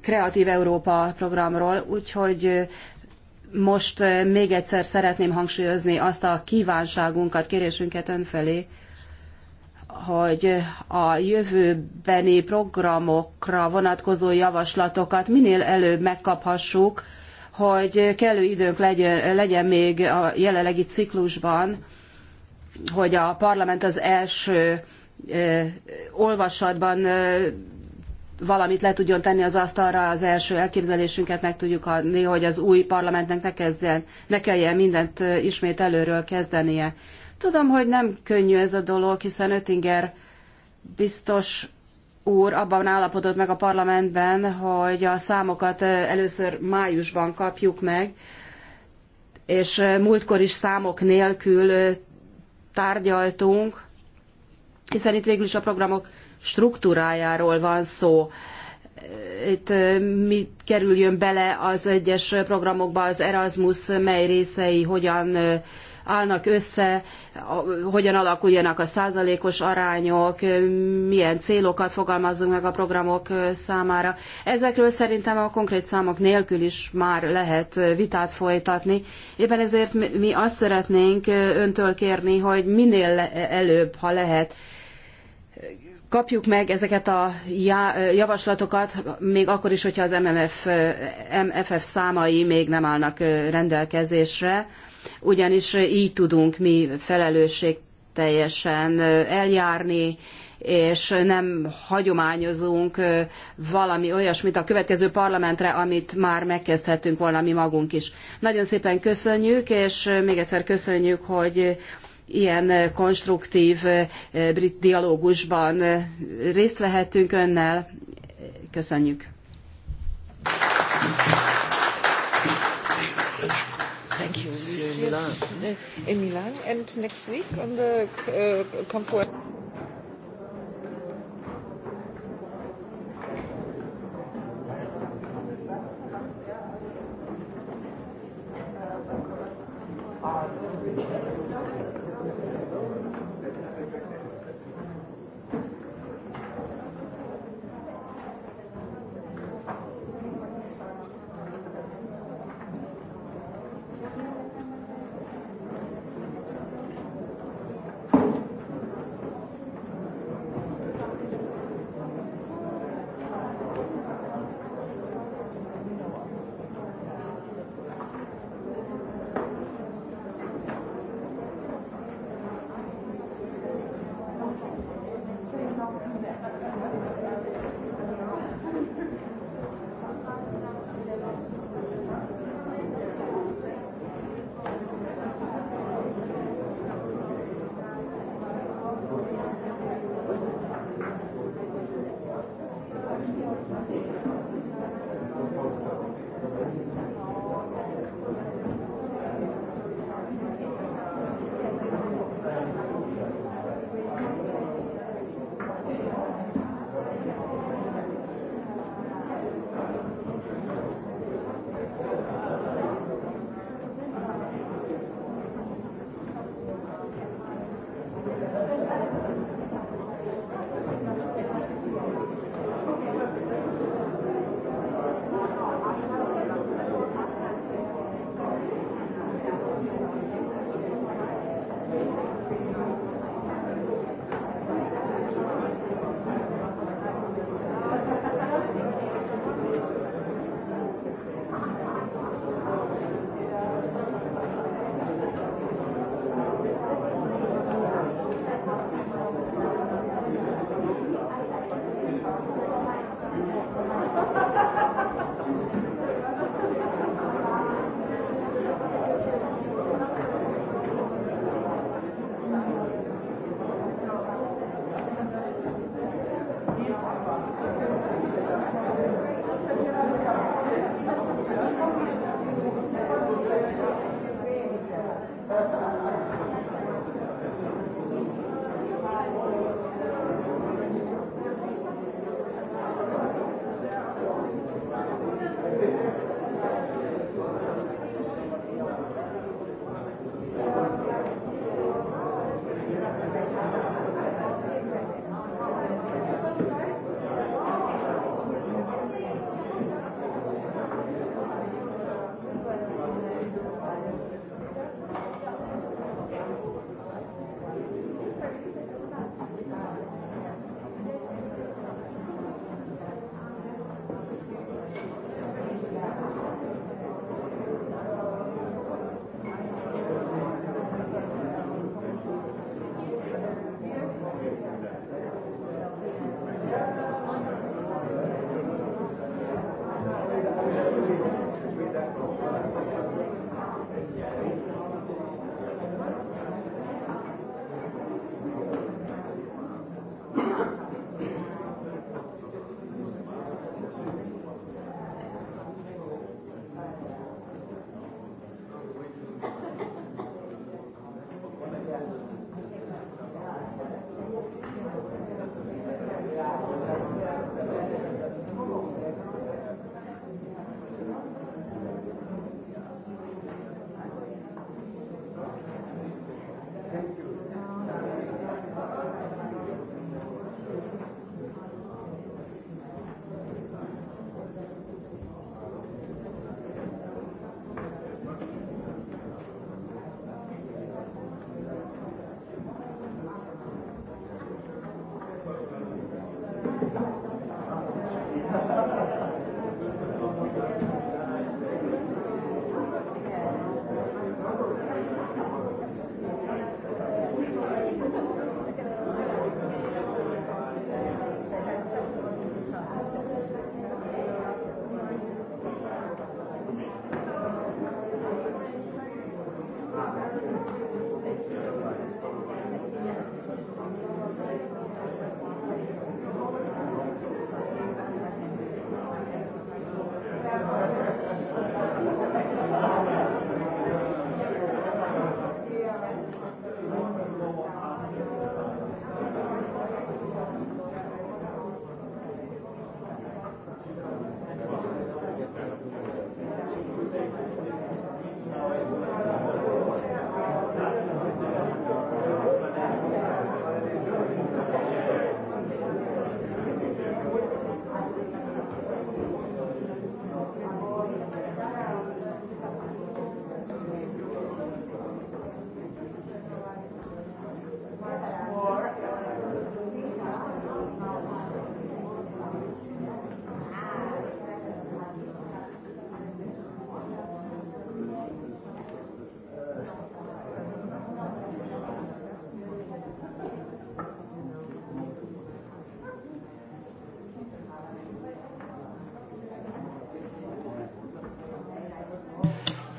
Speaker 1: Kreatív Európa programról, úgyhogy most még egyszer szeretném hangsúlyozni azt a kívánságunkat, kérésünket önfelé, hogy a jövőbeni programokra vonatkozó javaslatokat minél előbb megkaphassuk, hogy kellő időnk legyen, legyen még a jelenlegi ciklusban, hogy a parlament az első olvasatban valamit le tudjon tenni az asztalra, az első elképzelésünket meg tudjuk adni, hogy az új parlamentnek ne, kezdjen, ne kelljen mindent ismét előről kezdenie. Tudom, hogy nem könnyű ez a dolog, hiszen Öttinger biztos úr abban állapodott meg a parlamentben, hogy a számokat eh, először májusban kapjuk meg, és eh, múltkor is számok nélkül eh, tárgyaltunk, hiszen itt végül is a programok struktúrájáról van szó. Itt mi kerüljön bele az egyes programokba, az Erasmus mely részei hogyan állnak össze, hogyan alakuljanak a százalékos arányok, milyen célokat fogalmazunk meg a programok számára. Ezekről szerintem a konkrét számok nélkül is már lehet vitát folytatni. Éppen ezért mi azt szeretnénk öntől kérni, hogy minél előbb, ha lehet, kapjuk meg ezeket a javaslatokat, még akkor is, hogyha az MMF, MFF számai még nem állnak rendelkezésre ugyanis így tudunk mi felelősség teljesen eljárni, és nem hagyományozunk valami olyasmit a következő parlamentre, amit már megkezdhettünk volna mi magunk is. Nagyon szépen köszönjük, és még egyszer köszönjük, hogy ilyen konstruktív brit dialógusban részt vehettünk önnel. Köszönjük.
Speaker 5: Thank you. Milan. In Milan, and next week on the uh, Comfort.
Speaker 2: Thank you.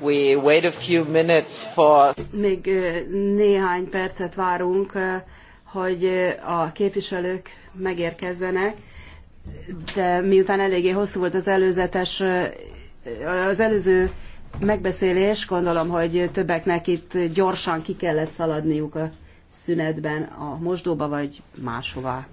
Speaker 2: we wait a few minutes for...
Speaker 1: Még néhány percet várunk, hogy a képviselők megérkezzenek, de miután eléggé hosszú volt az előzetes, az előző megbeszélés, gondolom, hogy többeknek itt gyorsan ki kellett szaladniuk a szünetben a mosdóba vagy máshová.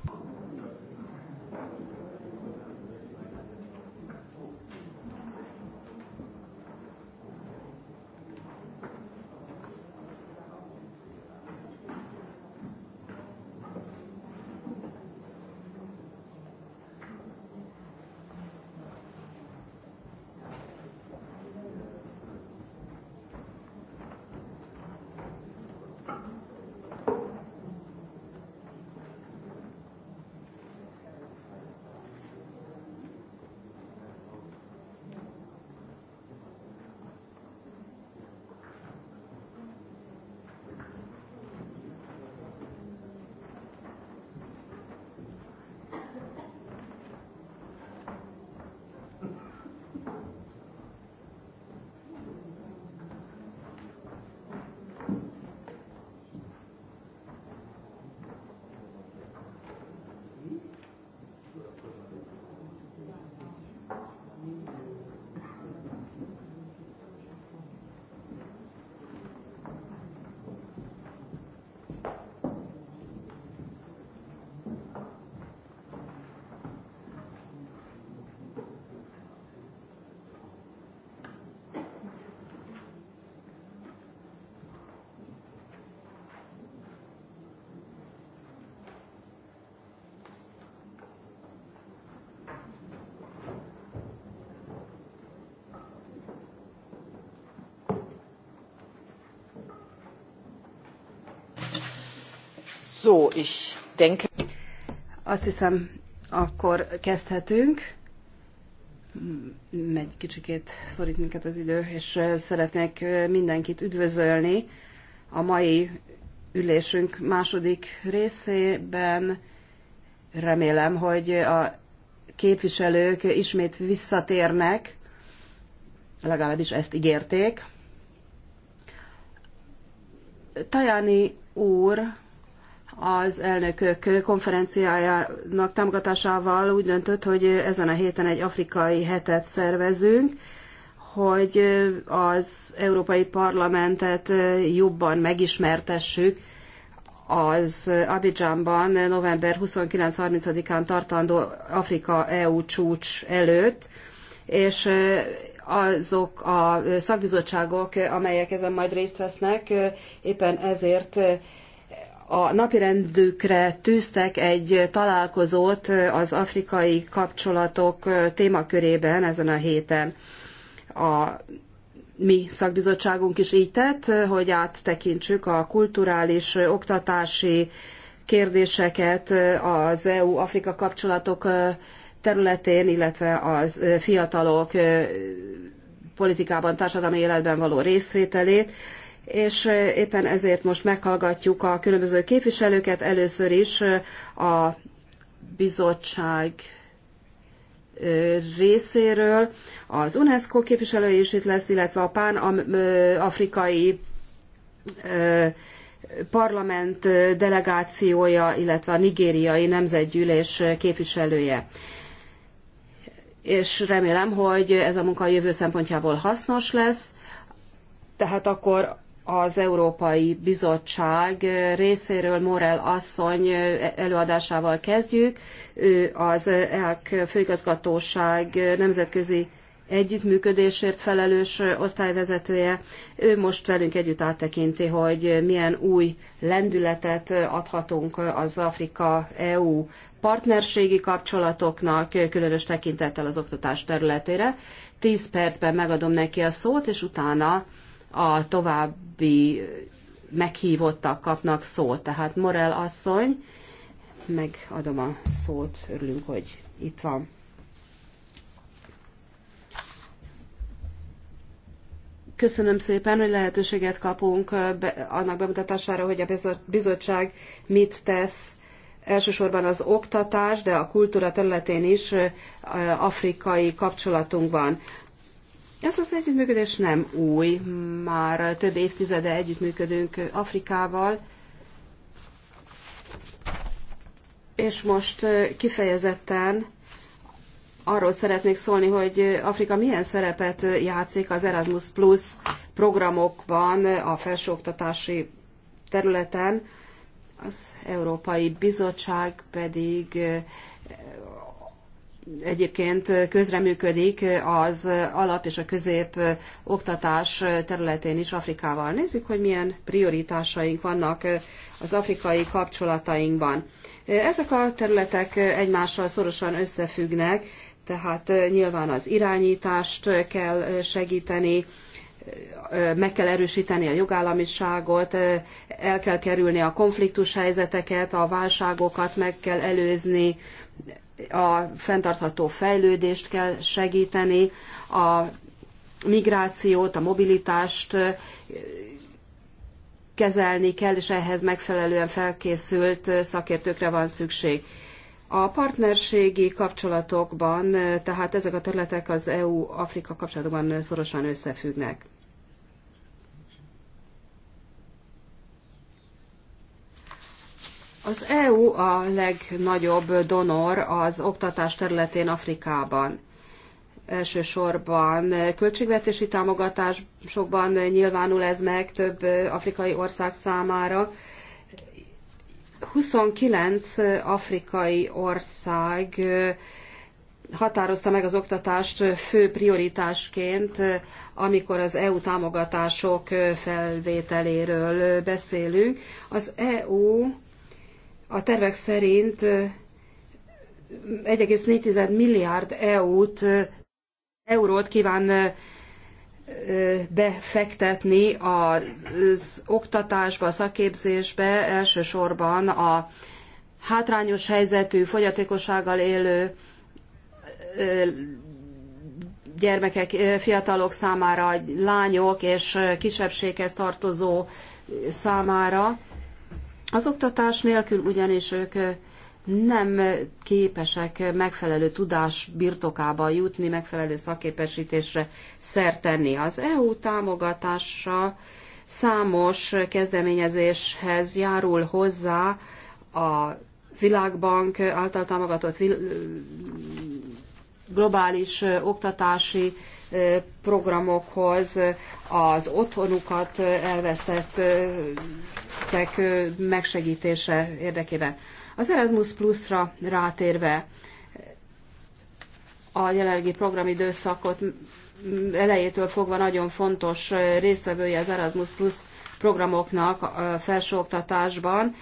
Speaker 5: So, ich
Speaker 1: denke... Azt hiszem, akkor kezdhetünk. Egy kicsikét szorít minket az idő, és szeretnék mindenkit üdvözölni a mai ülésünk második részében. Remélem, hogy a képviselők ismét visszatérnek, legalábbis ezt ígérték. Tajani úr az elnökök konferenciájának támogatásával úgy döntött, hogy ezen a héten egy afrikai hetet szervezünk, hogy az Európai Parlamentet jobban megismertessük az Abidjanban november 29-30-án tartandó Afrika-EU csúcs előtt, és azok a szakbizottságok, amelyek ezen majd részt vesznek, éppen ezért a napirendükre tűztek egy találkozót az afrikai kapcsolatok témakörében ezen a héten. A mi szakbizottságunk is így tett, hogy áttekintsük a kulturális, oktatási kérdéseket az EU-Afrika kapcsolatok területén, illetve a fiatalok politikában, társadalmi életben való részvételét és éppen ezért most meghallgatjuk a különböző képviselőket, először is a bizottság részéről. Az UNESCO képviselője is itt lesz, illetve a pán-afrikai parlament delegációja, illetve a nigériai nemzetgyűlés képviselője. És remélem, hogy ez a munka a jövő szempontjából hasznos lesz. Tehát akkor az Európai Bizottság részéről Morel asszony előadásával kezdjük. Ő az EAK főigazgatóság nemzetközi együttműködésért felelős osztályvezetője. Ő most velünk együtt áttekinti, hogy milyen új lendületet adhatunk az Afrika-EU partnerségi kapcsolatoknak, különös tekintettel az oktatás területére. Tíz percben megadom neki a szót, és utána a további meghívottak kapnak szót. Tehát Morel asszony, megadom a szót, örülünk, hogy itt van. Köszönöm szépen, hogy lehetőséget kapunk annak bemutatására, hogy a bizottság mit tesz elsősorban az oktatás, de a kultúra területén is afrikai kapcsolatunk van. Ez az együttműködés nem új, már több évtizede együttműködünk Afrikával, és most kifejezetten arról szeretnék szólni, hogy Afrika milyen szerepet játszik az Erasmus Plus programokban a felsőoktatási területen, az Európai Bizottság pedig egyébként közreműködik az alap és a közép oktatás területén is Afrikával. Nézzük, hogy milyen prioritásaink vannak az afrikai kapcsolatainkban. Ezek a területek egymással szorosan összefüggnek, tehát nyilván az irányítást kell segíteni, meg kell erősíteni a jogállamiságot, el kell kerülni a konfliktus helyzeteket, a válságokat meg kell előzni, a fenntartható fejlődést kell segíteni, a migrációt, a mobilitást kezelni kell, és ehhez megfelelően felkészült szakértőkre van szükség. A partnerségi kapcsolatokban, tehát ezek a területek az EU-Afrika kapcsolatokban szorosan összefüggnek. Az EU a legnagyobb donor az oktatás területén Afrikában. Elsősorban költségvetési támogatásokban nyilvánul ez meg több afrikai ország számára. 29 afrikai ország határozta meg az oktatást fő prioritásként, amikor az EU támogatások felvételéről beszélünk. Az EU a tervek szerint 1,4 milliárd EU-t, eurót kíván befektetni az oktatásba, a szakképzésbe, elsősorban a hátrányos helyzetű, fogyatékossággal élő gyermekek, fiatalok számára, lányok és kisebbséghez tartozó számára. Az oktatás nélkül ugyanis ők nem képesek megfelelő tudás birtokába jutni, megfelelő szakképesítésre szert tenni. Az EU támogatása számos kezdeményezéshez járul hozzá a Világbank által támogatott globális oktatási programokhoz, az otthonukat elvesztettek megsegítése érdekében. Az Erasmus Plus-ra rátérve a jelenlegi programidőszakot elejétől fogva nagyon fontos résztvevője az Erasmus Plus programoknak a felsőoktatásban.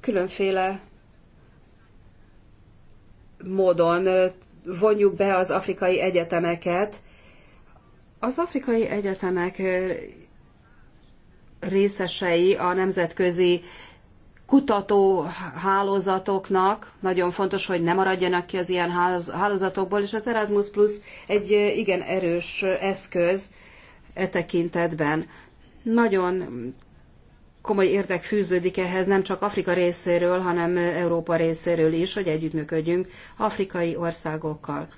Speaker 1: Különféle módon vonjuk be az afrikai egyetemeket. Az afrikai egyetemek részesei a nemzetközi kutató hálózatoknak Nagyon fontos, hogy ne maradjanak ki az ilyen hálózatokból, és az Erasmus Plus egy igen erős eszköz e tekintetben. Nagyon komoly érdek fűződik ehhez nem csak Afrika részéről, hanem Európa részéről is, hogy együttműködjünk afrikai országokkal.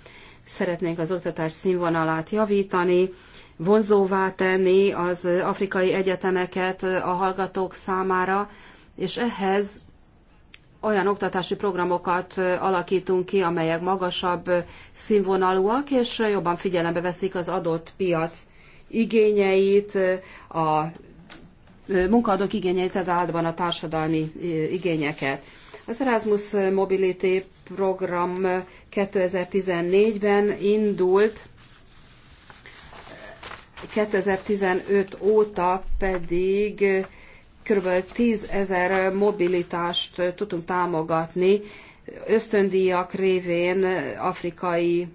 Speaker 1: Szeretnénk az oktatás színvonalát javítani, vonzóvá tenni az afrikai egyetemeket a hallgatók számára, és ehhez olyan oktatási programokat alakítunk ki, amelyek magasabb színvonalúak, és jobban figyelembe veszik az adott piac igényeit, a munkaadók igényeit, tehát általában a társadalmi igényeket. Az Erasmus Mobility program 2014-ben indult, 2015 óta pedig kb. 10 ezer mobilitást tudtunk támogatni, ösztöndíjak révén afrikai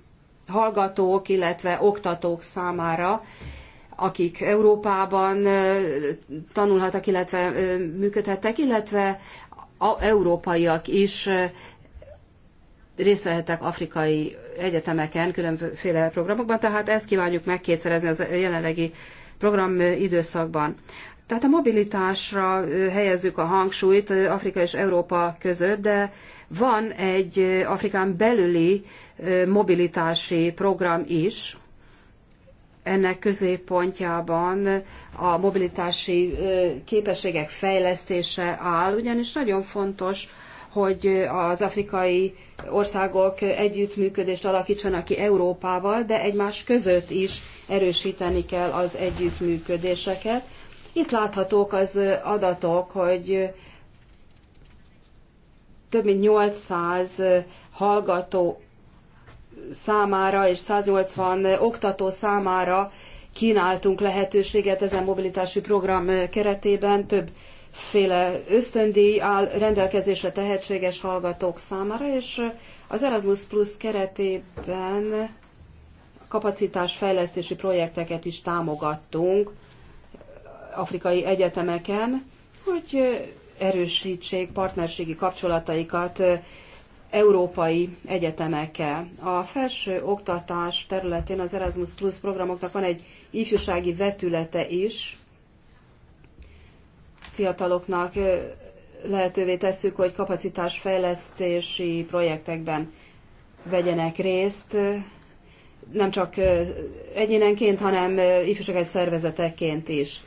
Speaker 1: hallgatók, illetve oktatók számára, akik Európában tanulhattak, illetve működhettek, illetve a európaiak is részt vehettek afrikai egyetemeken, különféle programokban, tehát ezt kívánjuk megkétszerezni az jelenlegi program időszakban. Tehát a mobilitásra helyezzük a hangsúlyt Afrika és Európa között, de van egy Afrikán belüli mobilitási program is, ennek középpontjában a mobilitási képességek fejlesztése áll, ugyanis nagyon fontos, hogy az afrikai országok együttműködést alakítsanak ki Európával, de egymás között is erősíteni kell az együttműködéseket. Itt láthatók az adatok, hogy több mint 800 hallgató számára és 180 oktató számára kínáltunk lehetőséget ezen mobilitási program keretében többféle ösztöndíj áll rendelkezésre tehetséges hallgatók számára, és az Erasmus Plus keretében kapacitásfejlesztési projekteket is támogattunk afrikai egyetemeken, hogy erősítsék partnerségi kapcsolataikat európai egyetemekkel. A felső oktatás területén az Erasmus Plus programoknak van egy ifjúsági vetülete is. Fiataloknak lehetővé tesszük, hogy kapacitásfejlesztési projektekben vegyenek részt, nem csak egyénenként, hanem ifjúsági szervezetekként is.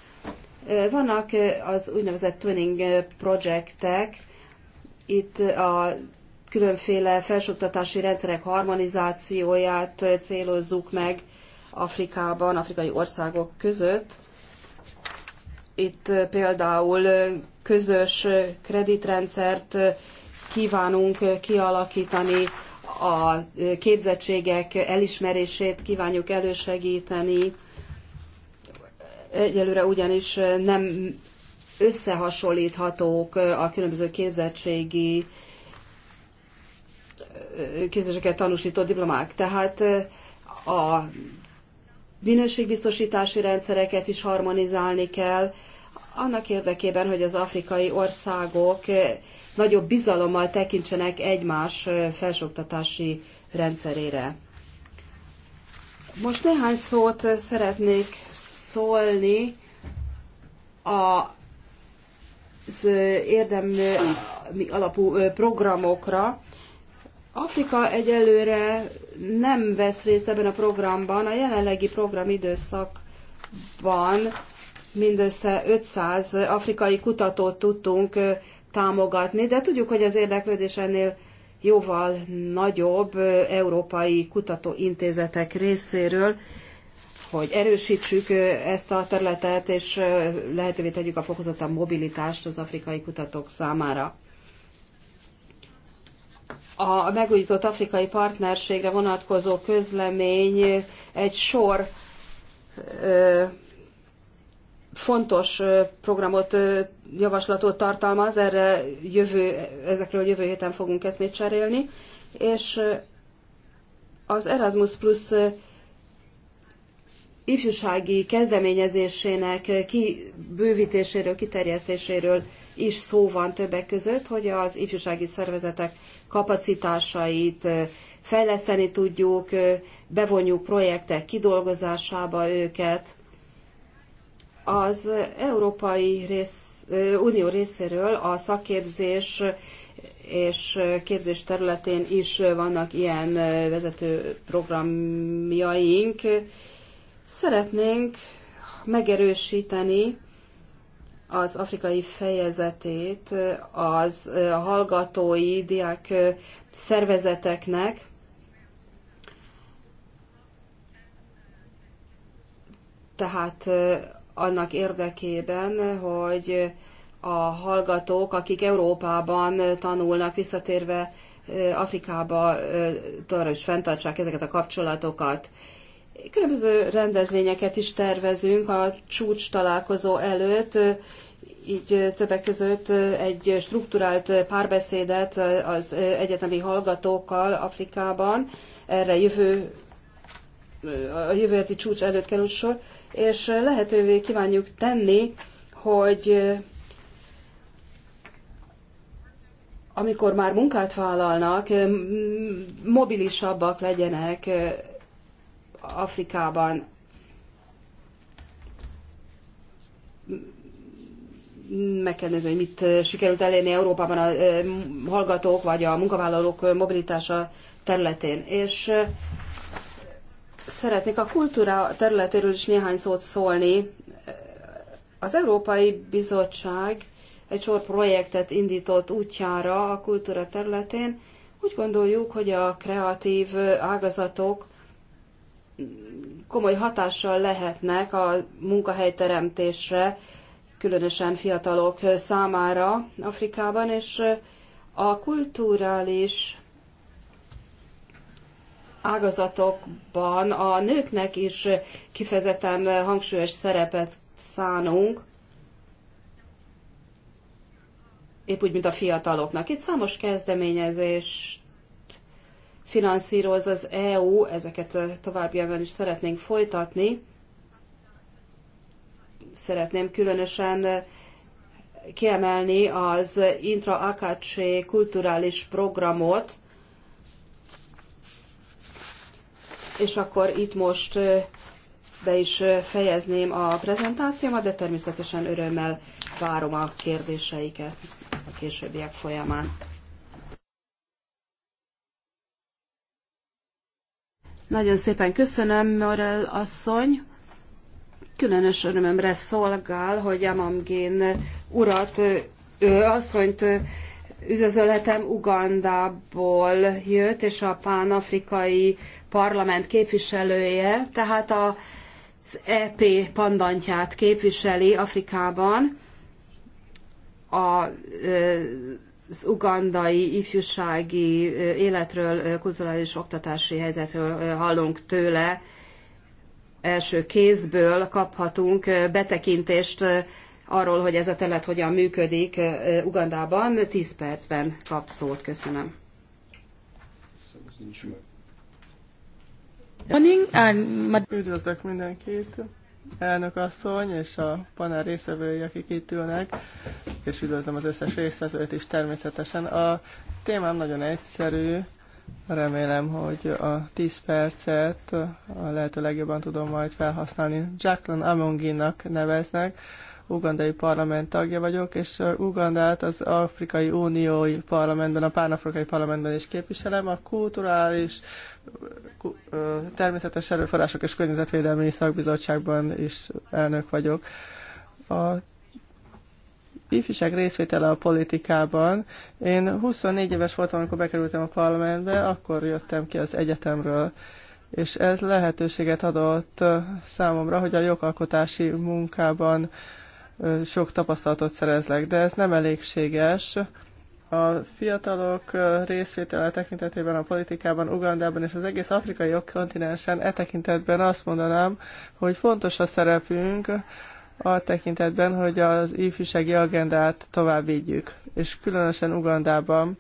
Speaker 1: Vannak az úgynevezett twinning projektek, itt a különféle felsőoktatási rendszerek harmonizációját célozzuk meg Afrikában, afrikai országok között. Itt például közös kreditrendszert kívánunk kialakítani, a képzettségek elismerését kívánjuk elősegíteni. Egyelőre ugyanis nem összehasonlíthatók a különböző képzettségi képzéseket tanúsító diplomák. Tehát a minőségbiztosítási rendszereket is harmonizálni kell, annak érdekében, hogy az afrikai országok nagyobb bizalommal tekintsenek egymás felsőoktatási rendszerére. Most néhány szót szeretnék szólni a az érdemű alapú programokra. Afrika egyelőre nem vesz részt ebben a programban, a jelenlegi program időszakban mindössze 500 afrikai kutatót tudtunk támogatni, de tudjuk, hogy az érdeklődés ennél jóval nagyobb európai kutatóintézetek részéről, hogy erősítsük ezt a területet, és lehetővé tegyük a fokozottabb mobilitást az afrikai kutatók számára a megújított afrikai partnerségre vonatkozó közlemény egy sor fontos programot, javaslatot tartalmaz, erre jövő, ezekről jövő héten fogunk eszmét cserélni, és az Erasmus Plus ifjúsági kezdeményezésének kibővítéséről, kiterjesztéséről is szó van többek között, hogy az ifjúsági szervezetek kapacitásait fejleszteni tudjuk, bevonjuk projektek kidolgozásába őket. Az Európai rész, Unió részéről a szakképzés és képzés területén is vannak ilyen vezető programjaink, Szeretnénk megerősíteni az afrikai fejezetét az hallgatói diák szervezeteknek, tehát annak érdekében, hogy a hallgatók, akik Európában tanulnak, visszatérve Afrikába, tovább is fenntartsák ezeket a kapcsolatokat. Különböző rendezvényeket is tervezünk a csúcs találkozó előtt, így többek között egy strukturált párbeszédet az egyetemi hallgatókkal Afrikában, erre jövő, a jövő heti csúcs előtt kerül sor, és lehetővé kívánjuk tenni, hogy amikor már munkát vállalnak, mobilisabbak legyenek Afrikában meg kell nézni, hogy mit sikerült elérni Európában a hallgatók vagy a munkavállalók mobilitása területén. És szeretnék a kultúra területéről is néhány szót szólni. Az Európai Bizottság egy sor projektet indított útjára a kultúra területén. Úgy gondoljuk, hogy a kreatív ágazatok komoly hatással lehetnek a munkahelyteremtésre, különösen fiatalok számára Afrikában, és a kulturális ágazatokban a nőknek is kifejezetten hangsúlyos szerepet szánunk, épp úgy, mint a fiataloknak. Itt számos kezdeményezést finanszíroz az EU, ezeket továbbiakban is szeretnénk folytatni. Szeretném különösen kiemelni az Intra AKC kulturális programot, és akkor itt most be is fejezném a prezentációmat, de természetesen örömmel várom a kérdéseiket a későbbiek folyamán. Nagyon szépen köszönöm, Morel asszony. Különös örömömre szolgál, hogy Amamgén urat, ő asszonyt üdvözölhetem Ugandából jött, és a pánafrikai parlament képviselője, tehát az EP pandantját képviseli Afrikában. A az ugandai ifjúsági életről, kulturális oktatási helyzetről hallunk tőle, első kézből kaphatunk betekintést arról, hogy ez a telet hogyan működik Ugandában. 10 percben kap szót. Köszönöm.
Speaker 3: Morning and... Üdvözlök mindenkit! elnök asszony és a panel részvevői, akik itt ülnek, és üdvözlöm az összes részvevőt is természetesen. A témám nagyon egyszerű, remélem, hogy a 10 percet a lehető legjobban tudom majd felhasználni. Jacqueline Amonginak neveznek, ugandai parlament tagja vagyok, és Ugandát az Afrikai Uniói Parlamentben, a Pánafrikai Parlamentben is képviselem. A kulturális, természetes erőforrások és környezetvédelmi szakbizottságban is elnök vagyok. A ifjúság részvétele a politikában. Én 24 éves voltam, amikor bekerültem a parlamentbe, akkor jöttem ki az egyetemről, és ez lehetőséget adott számomra, hogy a jogalkotási munkában sok tapasztalatot szerezlek, de ez nem elégséges. A fiatalok részvétele tekintetében a politikában, Ugandában és az egész afrikai kontinensen e tekintetben azt mondanám, hogy fontos a szerepünk a tekintetben, hogy az ifjúsági agendát tovább vigyük, és különösen Ugandában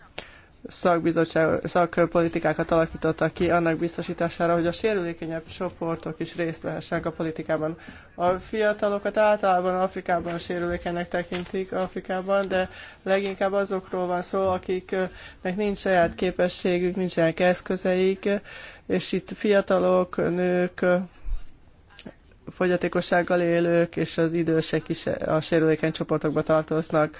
Speaker 3: szakbizottság, szakpolitikákat alakítottak ki annak biztosítására, hogy a sérülékenyebb csoportok is részt vehessenek a politikában. A fiatalokat általában Afrikában sérülékenynek tekintik Afrikában, de leginkább azokról van szó, akiknek nincs saját képességük, nincsenek eszközeik, és itt fiatalok, nők, fogyatékossággal élők és az idősek is a sérülékeny csoportokba tartoznak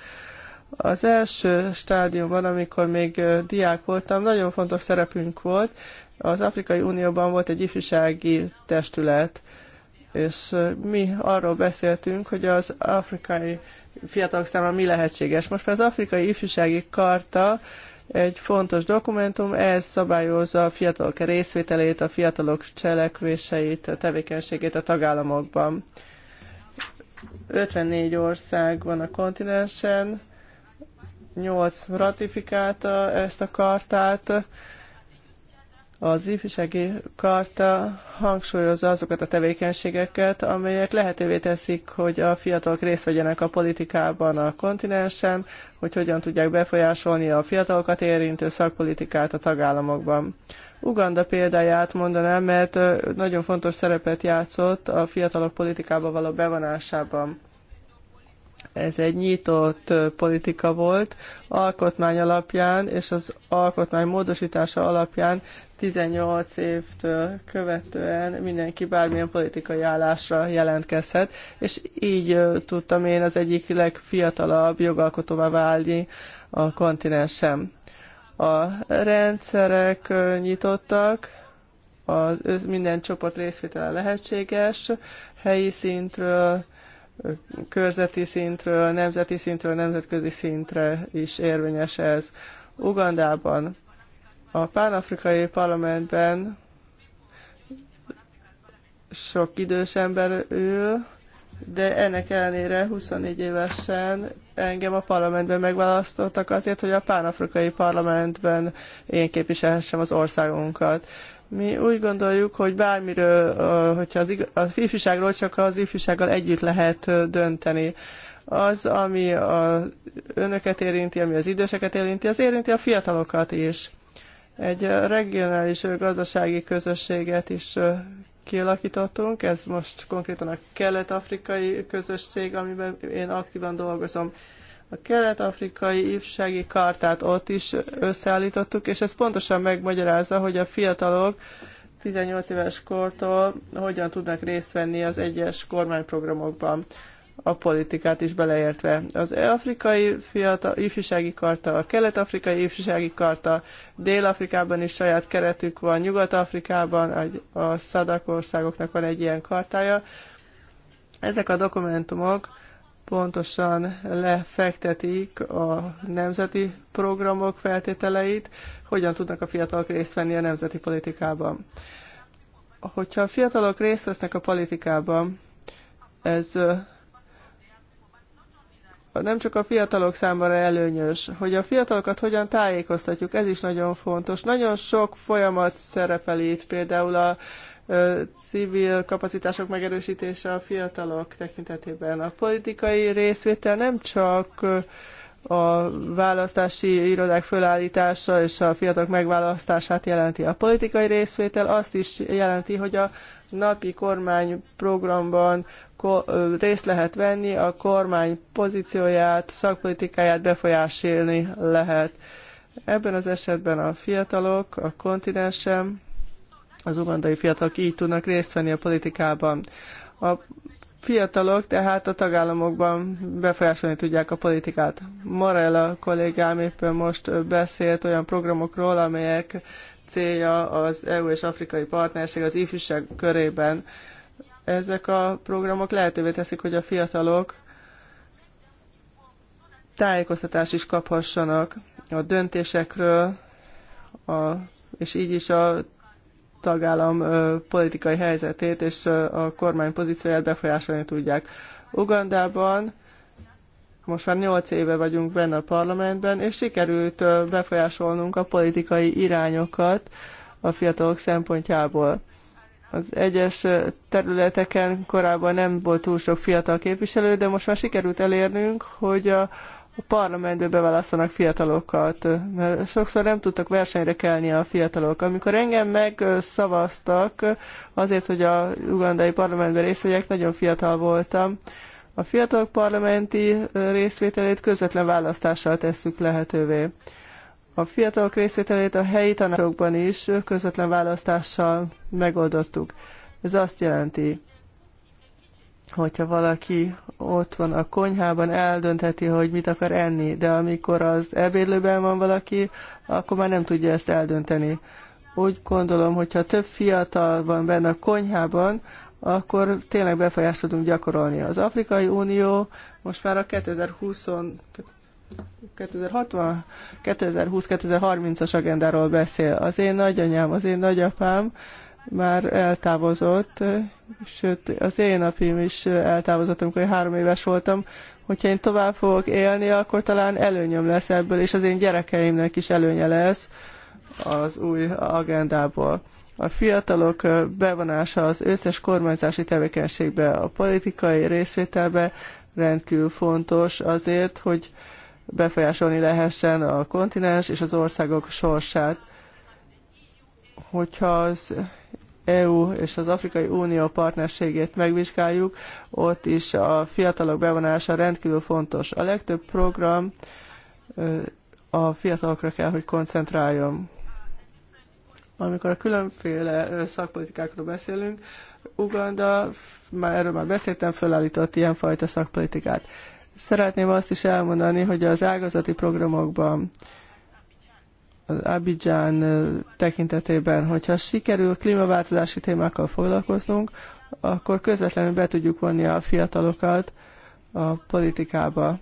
Speaker 3: az első stádiumban, amikor még diák voltam, nagyon fontos szerepünk volt. Az Afrikai Unióban volt egy ifjúsági testület, és mi arról beszéltünk, hogy az afrikai fiatalok számára mi lehetséges. Most már az afrikai ifjúsági karta egy fontos dokumentum, ez szabályozza a fiatalok részvételét, a fiatalok cselekvéseit, a tevékenységét a tagállamokban. 54 ország van a kontinensen, 2008 ratifikálta ezt a kartát. Az ifjúsági karta hangsúlyozza azokat a tevékenységeket, amelyek lehetővé teszik, hogy a fiatalok részt vegyenek a politikában a kontinensen, hogy hogyan tudják befolyásolni a fiatalokat érintő szakpolitikát a tagállamokban. Uganda példáját mondanám, mert nagyon fontos szerepet játszott a fiatalok politikába való bevonásában. Ez egy nyitott politika volt, alkotmány alapján és az alkotmány módosítása alapján 18 évtől követően mindenki bármilyen politikai állásra jelentkezhet, és így tudtam én az egyik legfiatalabb jogalkotóvá válni a kontinensem. A rendszerek nyitottak, a, minden csoport részvétele lehetséges, helyi szintről, körzeti szintről, nemzeti szintről, nemzetközi szintre is érvényes ez. Ugandában a pánafrikai parlamentben sok idős ember ül, de ennek ellenére 24 évesen engem a parlamentben megválasztottak azért, hogy a pánafrikai parlamentben én képviselhessem az országunkat. Mi úgy gondoljuk, hogy bármiről, hogyha az, az ifjúságról csak az ifjúsággal együtt lehet dönteni. Az, ami a önöket érinti, ami az időseket érinti, az érinti a fiatalokat is. Egy regionális gazdasági közösséget is kialakítottunk, ez most konkrétan a kelet-afrikai közösség, amiben én aktívan dolgozom. A kelet-afrikai ifjúsági kartát ott is összeállítottuk, és ez pontosan megmagyarázza, hogy a fiatalok 18 éves kortól hogyan tudnak részt venni az egyes kormányprogramokban a politikát is beleértve. Az afrikai fiatal ifjúsági karta, a kelet-afrikai ifjúsági karta, Dél-Afrikában is saját keretük van, Nyugat-Afrikában a, a szadak országoknak van egy ilyen kartája. Ezek a dokumentumok pontosan lefektetik a nemzeti programok feltételeit, hogyan tudnak a fiatalok részt venni a nemzeti politikában. Hogyha a fiatalok részt vesznek a politikában, ez nem csak a fiatalok számára előnyös, hogy a fiatalokat hogyan tájékoztatjuk, ez is nagyon fontos. Nagyon sok folyamat szerepel itt, például a civil kapacitások megerősítése a fiatalok tekintetében. A politikai részvétel nem csak a választási irodák fölállítása és a fiatalok megválasztását jelenti. A politikai részvétel azt is jelenti, hogy a napi kormányprogramban ko- részt lehet venni, a kormány pozícióját, szakpolitikáját befolyásolni lehet. Ebben az esetben a fiatalok a kontinensem az ugandai fiatalok így tudnak részt venni a politikában. A fiatalok tehát a tagállamokban befolyásolni tudják a politikát. Morella kollégám éppen most beszélt olyan programokról, amelyek célja az EU és afrikai partnerség az ifjúság körében. Ezek a programok lehetővé teszik, hogy a fiatalok tájékoztatást is kaphassanak a döntésekről, a, és így is a tagállam politikai helyzetét és a kormány pozícióját befolyásolni tudják. Ugandában most már 8 éve vagyunk benne a parlamentben, és sikerült befolyásolnunk a politikai irányokat a fiatalok szempontjából. Az egyes területeken korábban nem volt túl sok fiatal képviselő, de most már sikerült elérnünk, hogy a, a parlamentbe beválasztanak fiatalokat, mert sokszor nem tudtak versenyre kelni a fiatalok. Amikor engem megszavaztak azért, hogy a ugandai parlamentbe részt vegyek, nagyon fiatal voltam, a fiatalok parlamenti részvételét közvetlen választással tesszük lehetővé. A fiatalok részvételét a helyi tanácsokban is közvetlen választással megoldottuk. Ez azt jelenti, hogyha valaki ott van a konyhában, eldöntheti, hogy mit akar enni, de amikor az ebédlőben van valaki, akkor már nem tudja ezt eldönteni. Úgy gondolom, hogyha több fiatal van benne a konyhában, akkor tényleg befolyást tudunk gyakorolni. Az Afrikai Unió most már a 2020 2060, 2020-2030-as agendáról beszél. Az én nagyanyám, az én nagyapám már eltávozott, sőt az én apim is eltávozott, amikor én három éves voltam. Hogyha én tovább fogok élni, akkor talán előnyöm lesz ebből, és az én gyerekeimnek is előnye lesz az új agendából. A fiatalok bevonása az összes kormányzási tevékenységbe, a politikai részvételbe rendkívül fontos azért, hogy befolyásolni lehessen a kontinens és az országok sorsát. Hogyha az EU és az Afrikai Unió partnerségét megvizsgáljuk, ott is a fiatalok bevonása rendkívül fontos. A legtöbb program a fiatalokra kell, hogy koncentráljon. Amikor a különféle szakpolitikákról beszélünk, Uganda, már erről már beszéltem, fölállított ilyenfajta szakpolitikát. Szeretném azt is elmondani, hogy az ágazati programokban az Abidjan tekintetében, hogyha sikerül klímaváltozási témákkal foglalkoznunk, akkor közvetlenül be tudjuk vonni a fiatalokat a politikába.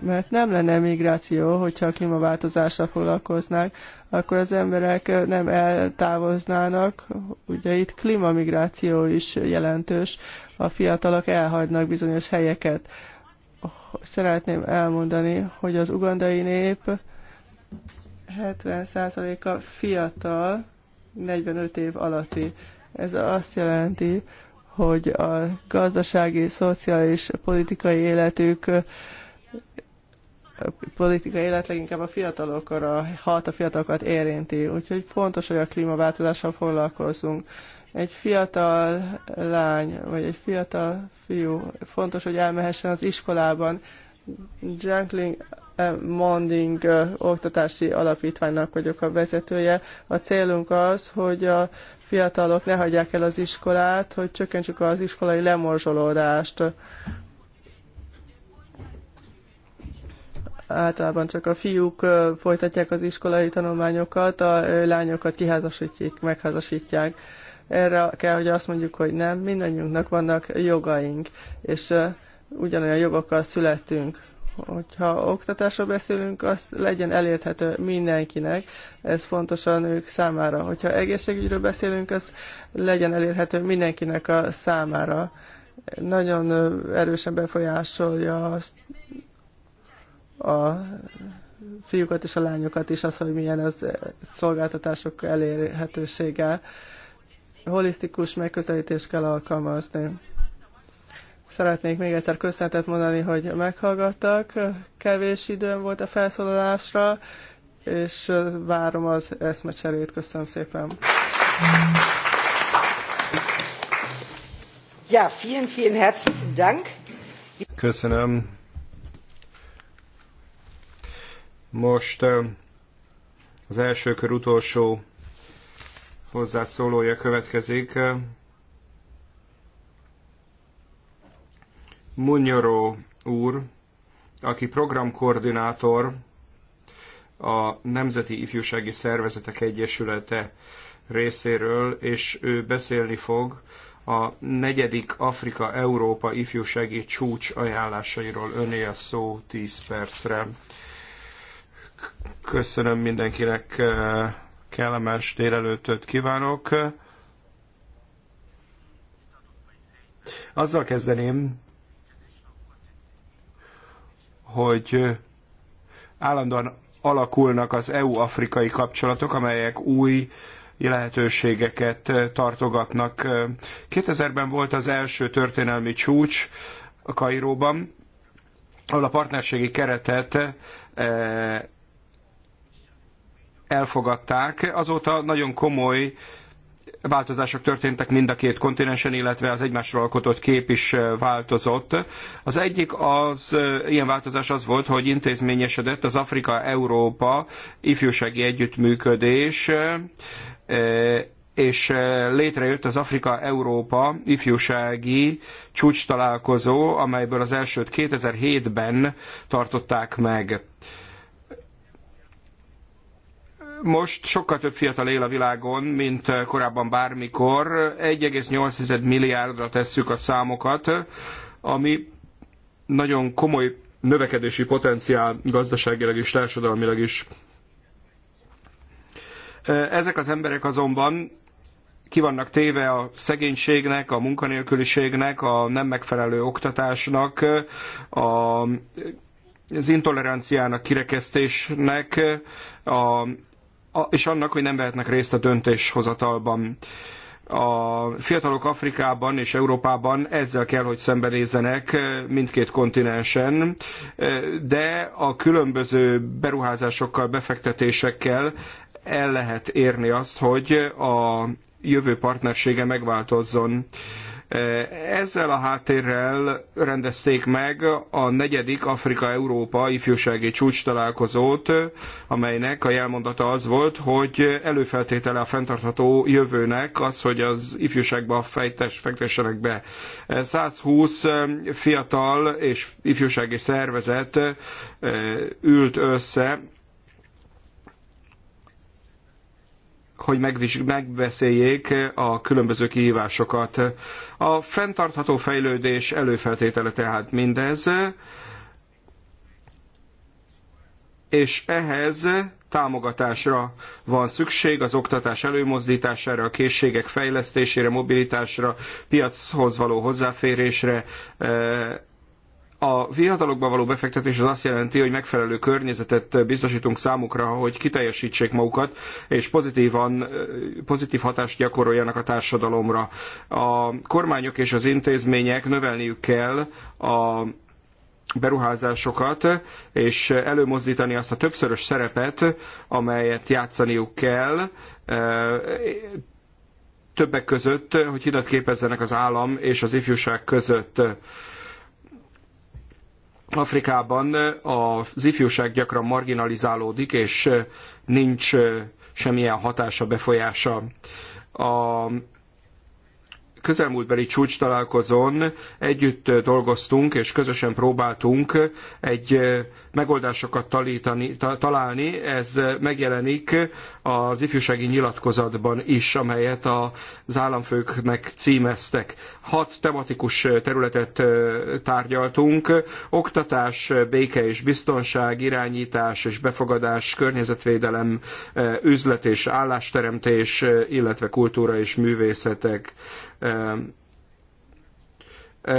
Speaker 3: Mert nem lenne migráció, hogyha a klímaváltozással foglalkoznák, akkor az emberek nem eltávoznának. Ugye itt klímamigráció is jelentős, a fiatalok elhagynak bizonyos helyeket. Szeretném elmondani, hogy az ugandai nép 70%-a fiatal, 45 év alatti. Ez azt jelenti, hogy a gazdasági, szociális, politikai életük a politikai élet leginkább a fiatalokra hat, a fiatalokat érinti. Úgyhogy fontos, hogy a klímaváltozással foglalkozzunk. Egy fiatal lány, vagy egy fiatal fiú, fontos, hogy elmehessen az iskolában. Jankling Monding Oktatási Alapítványnak vagyok a vezetője. A célunk az, hogy a fiatalok ne hagyják el az iskolát, hogy csökkentsük az iskolai lemorzsolódást. Általában csak a fiúk folytatják az iskolai tanulmányokat, a lányokat kiházasítják, megházasítják. Erre kell, hogy azt mondjuk, hogy nem, mindannyiunknak vannak jogaink, és ugyanolyan jogokkal születünk hogyha oktatásról beszélünk, az legyen elérthető mindenkinek, ez fontos a nők számára. Hogyha egészségügyről beszélünk, az legyen elérhető mindenkinek a számára. Nagyon erősen befolyásolja a fiúkat és a lányokat is az, hogy milyen az szolgáltatások elérhetősége. Holisztikus megközelítést kell alkalmazni. Szeretnék még egyszer köszönetet mondani, hogy meghallgattak. Kevés időm volt a felszólalásra, és várom az eszmecserét. Köszönöm szépen. Ja, vielen,
Speaker 5: vielen herzlichen Dank.
Speaker 4: Köszönöm. Most az első kör utolsó hozzászólója következik. Munyoró úr, aki programkoordinátor a Nemzeti Ifjúsági Szervezetek Egyesülete részéről, és ő beszélni fog a negyedik Afrika-Európa ifjúsági csúcs ajánlásairól. Öné a szó 10 percre. Köszönöm mindenkinek, eh, kellemes délelőttöt kívánok. Azzal kezdeném, hogy állandóan alakulnak az EU-afrikai kapcsolatok, amelyek új lehetőségeket tartogatnak. 2000-ben volt az első történelmi csúcs a Kairóban, ahol a partnerségi keretet elfogadták. Azóta nagyon komoly változások történtek mind a két kontinensen, illetve az egymásról alkotott kép is változott. Az egyik az, ilyen változás az volt, hogy intézményesedett az Afrika-Európa ifjúsági együttműködés, és létrejött az Afrika-Európa ifjúsági csúcs találkozó, amelyből az elsőt 2007-ben tartották meg most sokkal több fiatal él a világon, mint eh, korábban bármikor. 1,8 milliárdra tesszük a számokat, ami nagyon komoly növekedési potenciál gazdaságilag és társadalmilag is. Eh, ezek az emberek azonban ki vannak téve a szegénységnek, a munkanélküliségnek, a nem megfelelő oktatásnak, a az intoleranciának, kirekesztésnek, a és annak, hogy nem vehetnek részt a döntéshozatalban. A fiatalok Afrikában és Európában ezzel kell, hogy szembenézzenek eh, mindkét kontinensen, eh, de a különböző beruházásokkal, befektetésekkel el lehet érni azt, hogy a jövő partnersége megváltozzon. Ezzel a háttérrel rendezték meg a negyedik Afrika-Európa ifjúsági csúcs találkozót, amelynek a jelmondata az volt, hogy előfeltétele a fenntartható jövőnek az, hogy az ifjúságba fejtes, fektessenek be. 120 fiatal és ifjúsági szervezet eh, ült össze hogy megvis, megbeszéljék a különböző kihívásokat. A fenntartható fejlődés előfeltétele tehát mindez, és ehhez támogatásra van szükség, az oktatás előmozdítására, a készségek fejlesztésére, mobilitásra, piachoz való hozzáférésre, a fiatalokba való befektetés az azt jelenti, hogy megfelelő környezetet biztosítunk számukra, hogy kiteljesítsék magukat, és pozitívan, pozitív hatást gyakoroljanak a társadalomra. A kormányok és az intézmények növelniük kell a beruházásokat, és előmozdítani azt a többszörös szerepet, amelyet játszaniuk kell, többek között, hogy hidat képezzenek az állam és az ifjúság között Afrikában az ifjúság gyakran marginalizálódik, és nincs semmilyen hatása, befolyása. A közelmúltbeli csúcs találkozón együtt dolgoztunk, és közösen próbáltunk egy megoldásokat talítani, találni. Ez megjelenik az ifjúsági nyilatkozatban is, amelyet az államfőknek címeztek. Hat tematikus területet tárgyaltunk. Oktatás, béke és biztonság, irányítás és befogadás, környezetvédelem, üzlet és állásteremtés, illetve kultúra és művészetek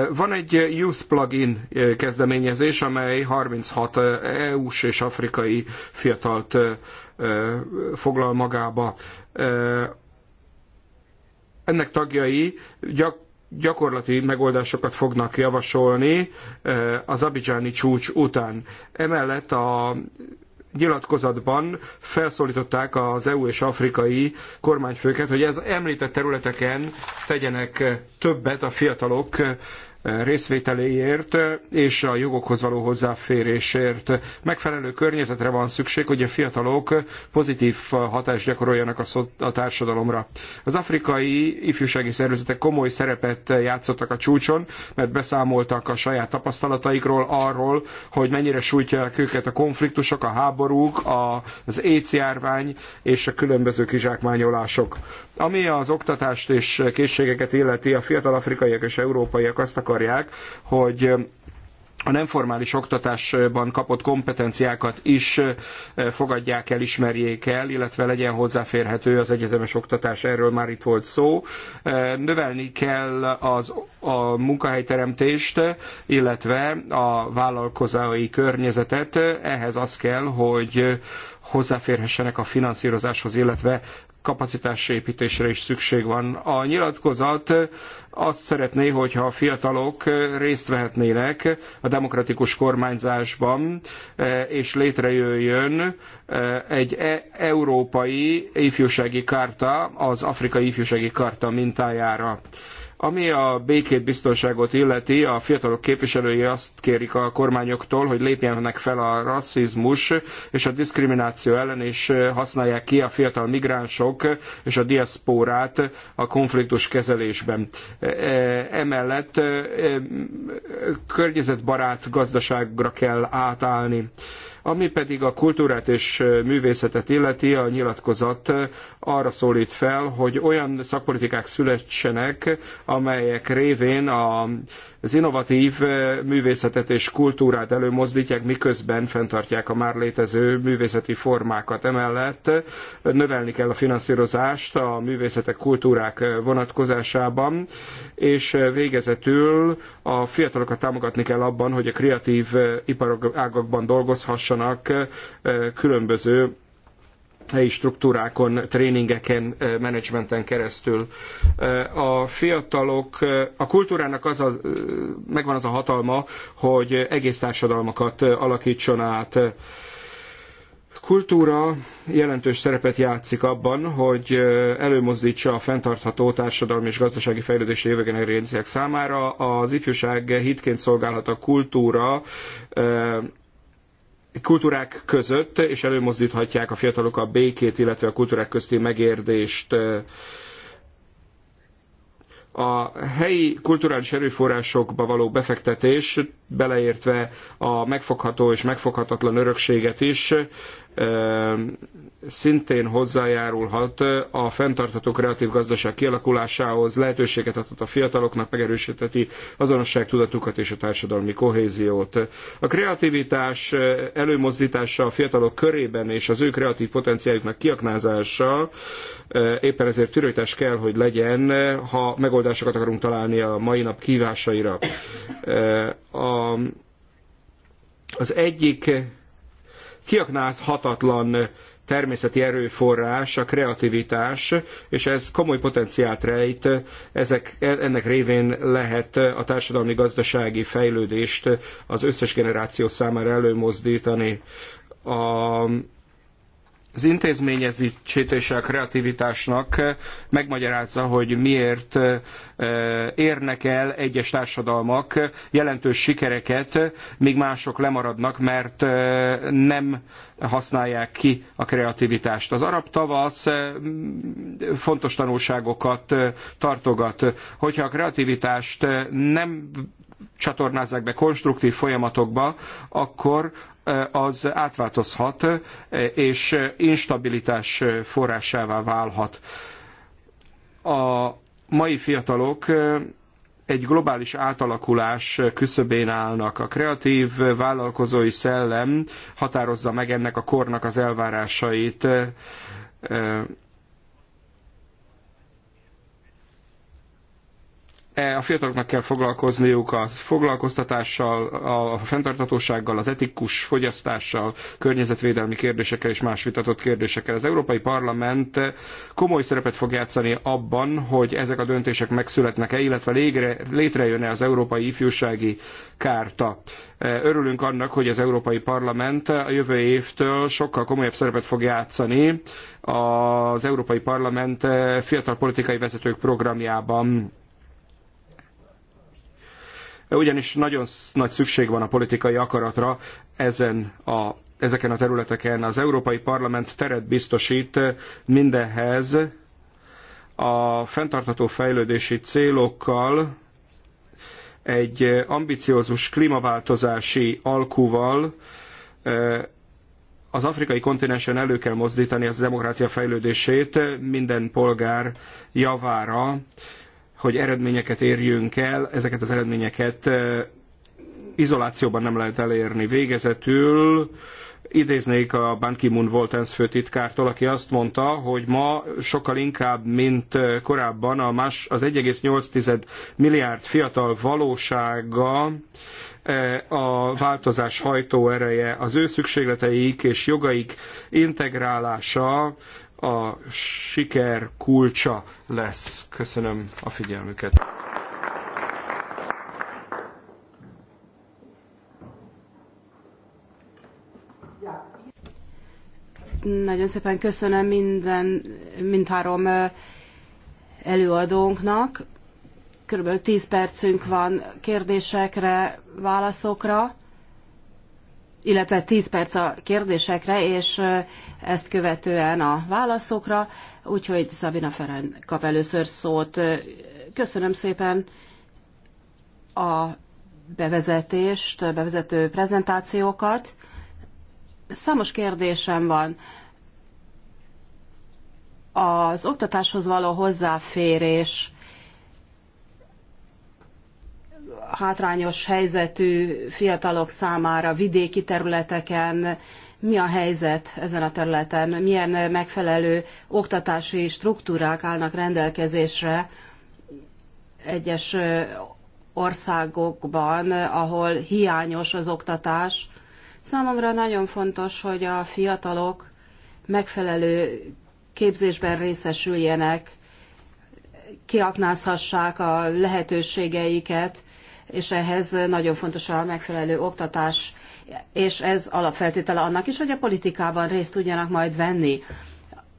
Speaker 4: van egy Youth Plugin kezdeményezés, amely 36 EU-s és afrikai fiatalt foglal magába. Ennek tagjai gyak gyakorlati megoldásokat fognak javasolni az abidzsáni csúcs után. Emellett a nyilatkozatban felszólították az EU és afrikai kormányfőket, hogy ez említett területeken tegyenek többet a fiatalok részvételéért és a jogokhoz való hozzáférésért. Megfelelő környezetre van szükség, hogy a fiatalok pozitív hatást gyakoroljanak a, társadalomra. Az afrikai ifjúsági szervezetek komoly szerepet játszottak a csúcson, mert beszámoltak a saját tapasztalataikról arról, hogy mennyire sújtják őket a konfliktusok, a háborúk, az écjárvány és a különböző kizsákmányolások. Ami az oktatást és készségeket illeti, a fiatal afrikaiak és európaiak azt akarják, hogy a nem formális oktatásban kapott kompetenciákat is fogadják el, ismerjék el, illetve legyen hozzáférhető az egyetemes oktatás, erről már itt volt szó. Növelni kell az, a munkahelyteremtést, illetve a vállalkozói környezetet. Ehhez az kell, hogy hozzáférhessenek a finanszírozáshoz, illetve kapacitásépítésre is szükség van. A nyilatkozat azt szeretné, hogyha a fiatalok részt vehetnének a demokratikus kormányzásban, eh, és létrejöjjön eh, egy e- európai ifjúsági karta, az afrikai ifjúsági karta mintájára. Ami a békét, biztonságot illeti, a fiatalok képviselői azt kérik a kormányoktól, hogy lépjenek fel a rasszizmus és a diszkrimináció ellen, és használják ki a fiatal migránsok és a diaszpórát a konfliktus kezelésben. Emellett környezetbarát gazdaságra kell átállni. Ami pedig a kultúrát és művészetet illeti, a nyilatkozat arra szólít fel, hogy olyan szakpolitikák születsenek, amelyek révén a, az innovatív művészetet és kultúrát előmozdítják, miközben fenntartják a már létező művészeti formákat. Emellett növelni kell a finanszírozást a művészetek, kultúrák vonatkozásában, és végezetül a fiatalokat támogatni kell abban, hogy a kreatív iparágakban dolgozhassanak, javítsanak különböző helyi struktúrákon, tréningeken, menedzsmenten keresztül. A fiatalok, a kultúrának az a, megvan az a hatalma, hogy egész társadalmakat alakítson át. Kultúra jelentős szerepet játszik abban, hogy előmozdítsa a fenntartható társadalmi és gazdasági fejlődési jövő generációk számára. Az ifjúság hitként szolgálhat a kultúra kultúrák között, és előmozdíthatják a fiatalok a békét, illetve a kultúrák közti megérdést. A helyi kulturális erőforrásokba való befektetés, beleértve a megfogható és megfoghatatlan örökséget is, szintén hozzájárulhat a fenntartható kreatív gazdaság kialakulásához, lehetőséget adhat a fiataloknak, megerősíteti azonosságtudatukat és a társadalmi kohéziót. A kreativitás előmozdítása a fiatalok körében és az ő kreatív potenciáljuknak kiaknázása éppen ezért tűrőtás kell, hogy legyen, ha megoldásokat akarunk találni a mai nap kívásaira. A, az egyik kiaknázhatatlan természeti erőforrás, a kreativitás, és ez komoly potenciált rejt, ezek, ennek révén lehet a társadalmi-gazdasági fejlődést az összes generáció számára előmozdítani. A az és a kreativitásnak megmagyarázza, hogy miért érnek el egyes társadalmak jelentős sikereket, míg mások lemaradnak, mert nem használják ki a kreativitást. Az arab tavasz fontos tanulságokat tartogat. Hogyha a kreativitást nem csatornázzák be konstruktív folyamatokba, akkor az átváltozhat, és instabilitás forrásává válhat. A mai fiatalok egy globális átalakulás küszöbén állnak. A kreatív vállalkozói szellem határozza meg ennek a kornak az elvárásait E, a fiataloknak kell foglalkozniuk a foglalkoztatással, a fenntartatósággal, az etikus fogyasztással, környezetvédelmi kérdésekkel és más vitatott kérdésekkel. Az Európai Parlament komoly szerepet fog játszani abban, hogy ezek a döntések megszületnek-e, illetve légre, létrejön-e az Európai Ifjúsági Kárta. E, örülünk annak, hogy az Európai Parlament a jövő évtől sokkal komolyabb szerepet fog játszani az Európai Parlament fiatal politikai vezetők programjában ugyanis nagyon nagy szükség van a politikai akaratra ezen a, ezeken a területeken. Az Európai Parlament teret biztosít mindenhez a fenntartható fejlődési célokkal, egy ambiciózus klímaváltozási alkúval az afrikai kontinensen elő kell mozdítani az demokrácia fejlődését minden polgár javára hogy eredményeket érjünk el, ezeket az eredményeket izolációban nem lehet elérni. Végezetül idéznék a Ban Ki-moon volt ENSZ főtitkártól, aki azt mondta, hogy ma sokkal inkább, mint korábban a más, az 1,8 milliárd fiatal valósága a változás hajtó ereje, az ő szükségleteik és jogaik integrálása a siker kulcsa lesz. Köszönöm a figyelmüket.
Speaker 1: Nagyon szépen köszönöm minden, mindhárom előadónknak. Körülbelül 10 percünk van kérdésekre, válaszokra illetve 10 perc a kérdésekre, és ezt követően a válaszokra, úgyhogy Szabina Feren kap először szót. Köszönöm szépen a bevezetést, bevezető prezentációkat. Számos kérdésem van. Az oktatáshoz való hozzáférés hátrányos helyzetű fiatalok számára vidéki területeken, mi a helyzet ezen a területen, milyen megfelelő oktatási struktúrák állnak rendelkezésre egyes országokban, ahol hiányos az oktatás. Számomra nagyon fontos, hogy a fiatalok megfelelő képzésben részesüljenek, kiaknázhassák a lehetőségeiket, és ehhez nagyon fontos a megfelelő oktatás, és ez alapfeltétele annak is, hogy a politikában részt tudjanak majd venni.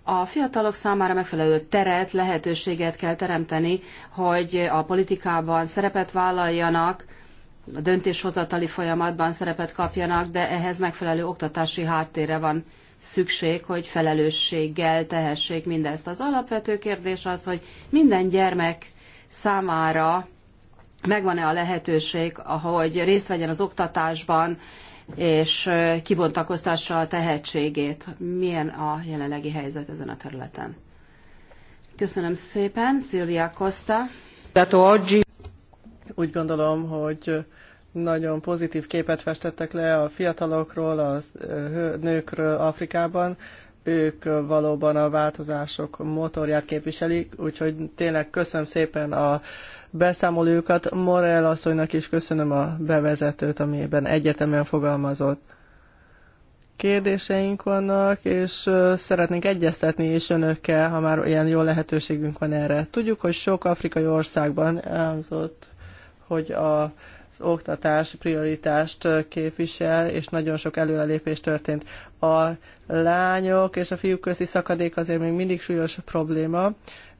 Speaker 1: A fiatalok számára megfelelő teret, lehetőséget kell teremteni, hogy a politikában szerepet vállaljanak, a döntéshozatali folyamatban szerepet kapjanak, de ehhez megfelelő oktatási háttérre van szükség, hogy felelősséggel tehessék mindezt. Az alapvető kérdés az, hogy minden gyermek számára megvan-e a lehetőség, hogy részt vegyen az oktatásban, és kibontakoztassa a tehetségét. Milyen a jelenlegi helyzet ezen a területen? Köszönöm szépen, Szilvia Costa.
Speaker 3: Úgy gondolom, hogy nagyon pozitív képet festettek le a fiatalokról, a nőkről Afrikában. Ők valóban a változások motorját képviselik, úgyhogy tényleg köszönöm szépen a beszámolójukat. Morel asszonynak is köszönöm a bevezetőt, amiben egyértelműen fogalmazott. Kérdéseink vannak, és szeretnénk egyeztetni is önökkel, ha már ilyen jó lehetőségünk van erre. Tudjuk, hogy sok afrikai országban elhangzott, hogy a az oktatás prioritást képvisel, és nagyon sok előrelépés történt. A lányok és a fiúk közti szakadék azért még mindig súlyos probléma,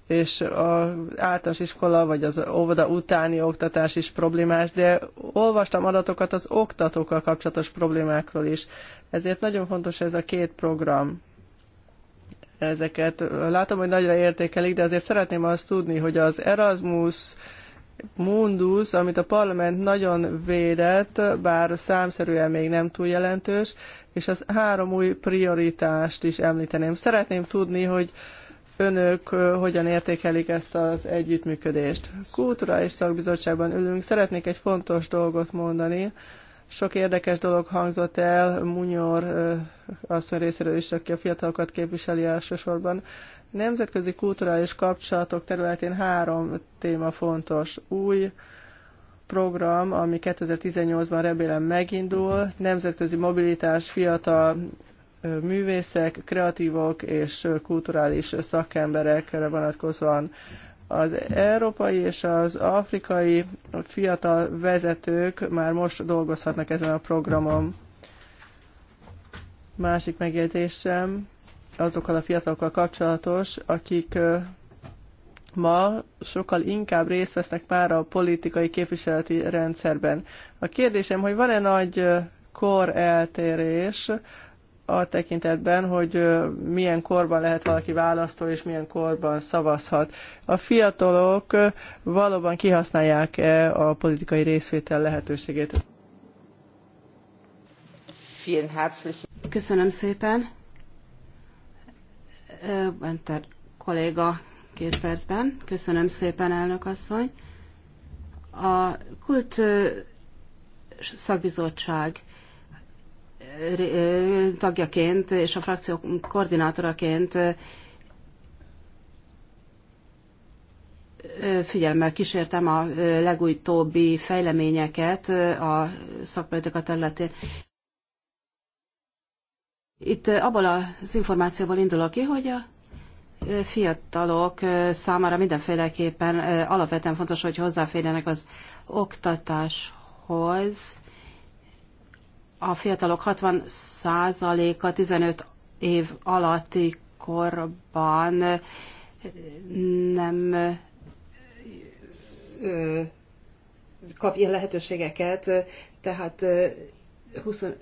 Speaker 3: és az általános iskola vagy az óvoda utáni oktatás is problémás, de olvastam adatokat az oktatókkal kapcsolatos problémákról is. Ezért nagyon fontos ez a két program. Ezeket látom, hogy nagyra értékelik, de azért szeretném azt tudni, hogy az Erasmus Mundus, amit a parlament nagyon védett, bár számszerűen még nem túl jelentős, és az három új prioritást is említeném. Szeretném tudni, hogy önök hogyan értékelik ezt az együttműködést. Kultúra és szakbizottságban ülünk. Szeretnék egy fontos dolgot mondani. Sok érdekes dolog hangzott el Munyor asszony részéről is, aki a fiatalokat képviseli elsősorban. Nemzetközi kulturális kapcsolatok területén három téma fontos. Új program, ami 2018-ban remélem megindul, nemzetközi mobilitás fiatal művészek, kreatívok és kulturális szakemberekre vonatkozóan. Az európai és az afrikai fiatal vezetők már most dolgozhatnak ezen a programon. Másik megjegyzésem azokkal a fiatalokkal kapcsolatos, akik ma sokkal inkább részt vesznek már a politikai képviseleti rendszerben. A kérdésem, hogy van-e nagy koreltérés a tekintetben, hogy milyen korban lehet valaki választó, és milyen korban szavazhat. A fiatalok valóban kihasználják-e a politikai részvétel lehetőségét? Köszönöm szépen. Enter
Speaker 1: kolléga két percben. Köszönöm szépen, elnök asszony. A kult szakbizottság tagjaként és a frakció koordinátoraként figyelemmel kísértem a legújtóbbi fejleményeket a szakpolitika területén. Itt abból az információból indulok ki, hogy a fiatalok számára mindenféleképpen alapvetően fontos, hogy hozzáférjenek az oktatáshoz, a fiatalok 60%-a 15 év alatti korban nem kap ilyen lehetőségeket, tehát 25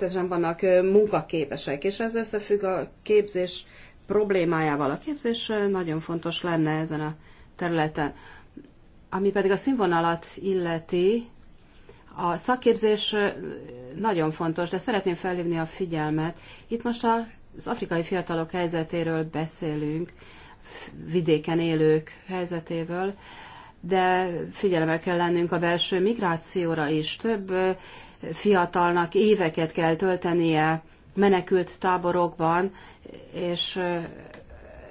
Speaker 1: ezeren vannak munkaképesek, és ez összefügg a képzés problémájával. A képzés nagyon fontos lenne ezen a területen. Ami pedig a színvonalat illeti, a szakképzés nagyon fontos, de szeretném felhívni a figyelmet. Itt most az afrikai fiatalok helyzetéről beszélünk, vidéken élők helyzetéről, de figyelemmel kell lennünk a belső migrációra is. Több fiatalnak éveket kell töltenie menekült táborokban, és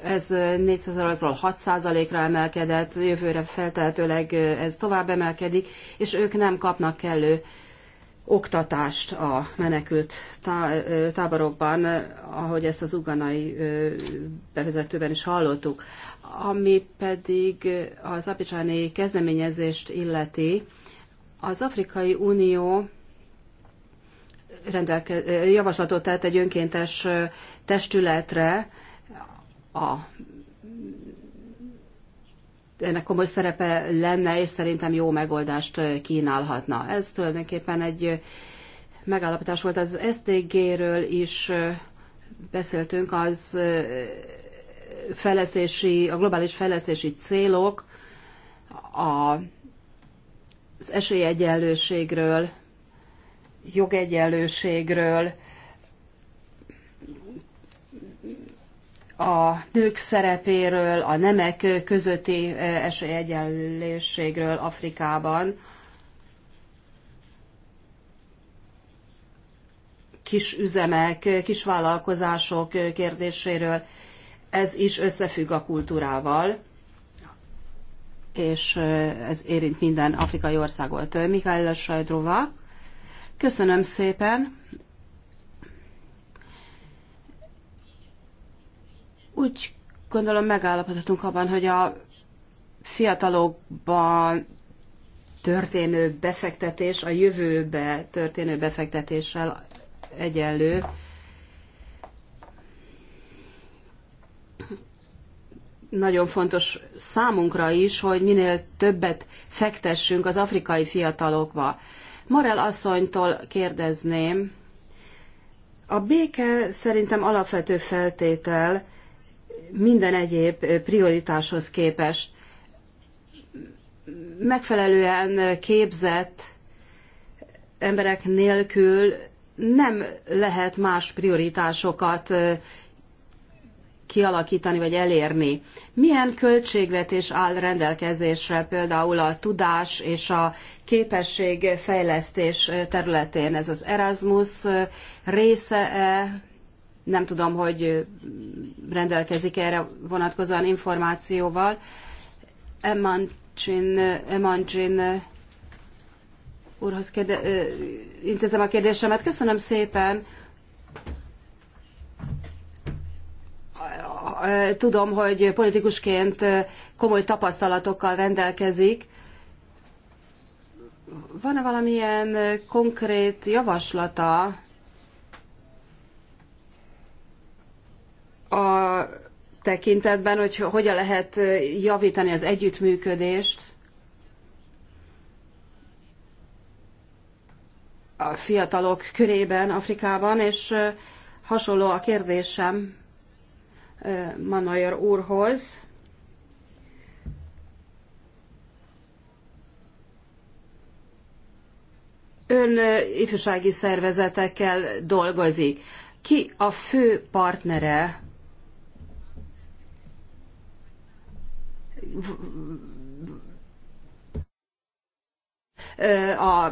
Speaker 1: ez 4%-ról 6%-ra emelkedett, jövőre feltehetőleg ez tovább emelkedik, és ők nem kapnak kellő oktatást a menekült táborokban, ahogy ezt az uganai bevezetőben is hallottuk. Ami pedig az abicsáni kezdeményezést illeti, az Afrikai Unió rendelke- javaslatot tett egy önkéntes testületre, a ennek komoly szerepe lenne, és szerintem jó megoldást kínálhatna. Ez tulajdonképpen egy megállapítás volt az SDG-ről is beszéltünk, az fejlesztési, a globális fejlesztési célok, a, az esélyegyenlőségről, jogegyenlőségről, a nők szerepéről, a nemek közötti esélyegyenlőségről Afrikában. kis üzemek, kis vállalkozások kérdéséről. Ez is összefügg a kultúrával, és ez érint minden afrikai országot. Mikhail Sajdrova, köszönöm szépen, Úgy gondolom megállapodhatunk abban, hogy a fiatalokban történő befektetés, a jövőbe történő befektetéssel egyenlő. Nagyon fontos számunkra is, hogy minél többet fektessünk az afrikai fiatalokba. Morel asszonytól kérdezném, a béke szerintem alapvető feltétel, minden egyéb prioritáshoz képest megfelelően képzett emberek nélkül nem lehet más prioritásokat kialakítani vagy elérni. Milyen költségvetés áll rendelkezésre például a tudás és a képességfejlesztés területén? Ez az Erasmus része -e nem tudom, hogy rendelkezik erre vonatkozóan információval. Emancsin, Emancsin úrhoz kérde, intézem a kérdésemet. Köszönöm szépen. Tudom, hogy politikusként komoly tapasztalatokkal rendelkezik. Van-e valamilyen konkrét javaslata a tekintetben, hogy hogyan lehet javítani az együttműködést a fiatalok körében Afrikában, és hasonló a kérdésem Manajer úrhoz. Ön ifjúsági szervezetekkel dolgozik. Ki a fő partnere a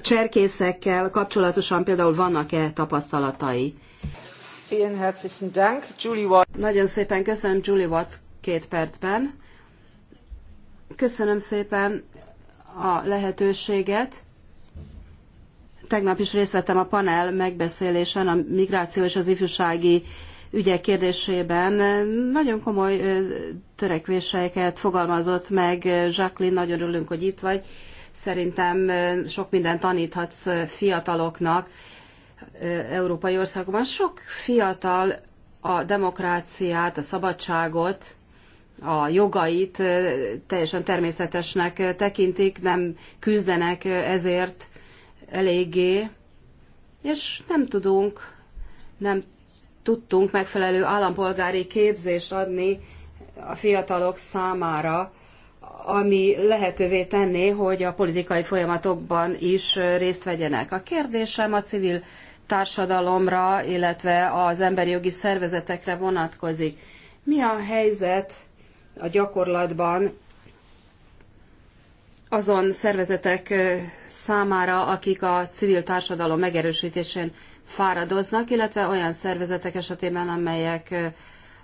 Speaker 1: cserkészekkel kapcsolatosan például vannak-e tapasztalatai? Vielen herzlichen Dank, Julie Nagyon szépen köszönöm, Julie Watts két percben. Köszönöm szépen a lehetőséget. Tegnap is részt vettem a panel megbeszélésen a migráció és az ifjúsági ügyek kérdésében. Nagyon komoly törekvéseiket fogalmazott meg. Jacqueline, nagyon örülünk, hogy itt vagy. Szerintem sok mindent taníthatsz fiataloknak európai országokban. Sok fiatal a demokráciát, a szabadságot, a jogait teljesen természetesnek tekintik, nem küzdenek ezért eléggé, és nem tudunk, nem tudtunk megfelelő állampolgári képzést adni a fiatalok számára, ami lehetővé tenné, hogy a politikai folyamatokban is részt vegyenek. A kérdésem a civil társadalomra, illetve az emberi jogi szervezetekre vonatkozik. Mi a helyzet a gyakorlatban azon szervezetek számára, akik a civil társadalom megerősítésén fáradoznak, illetve olyan szervezetek esetében, amelyek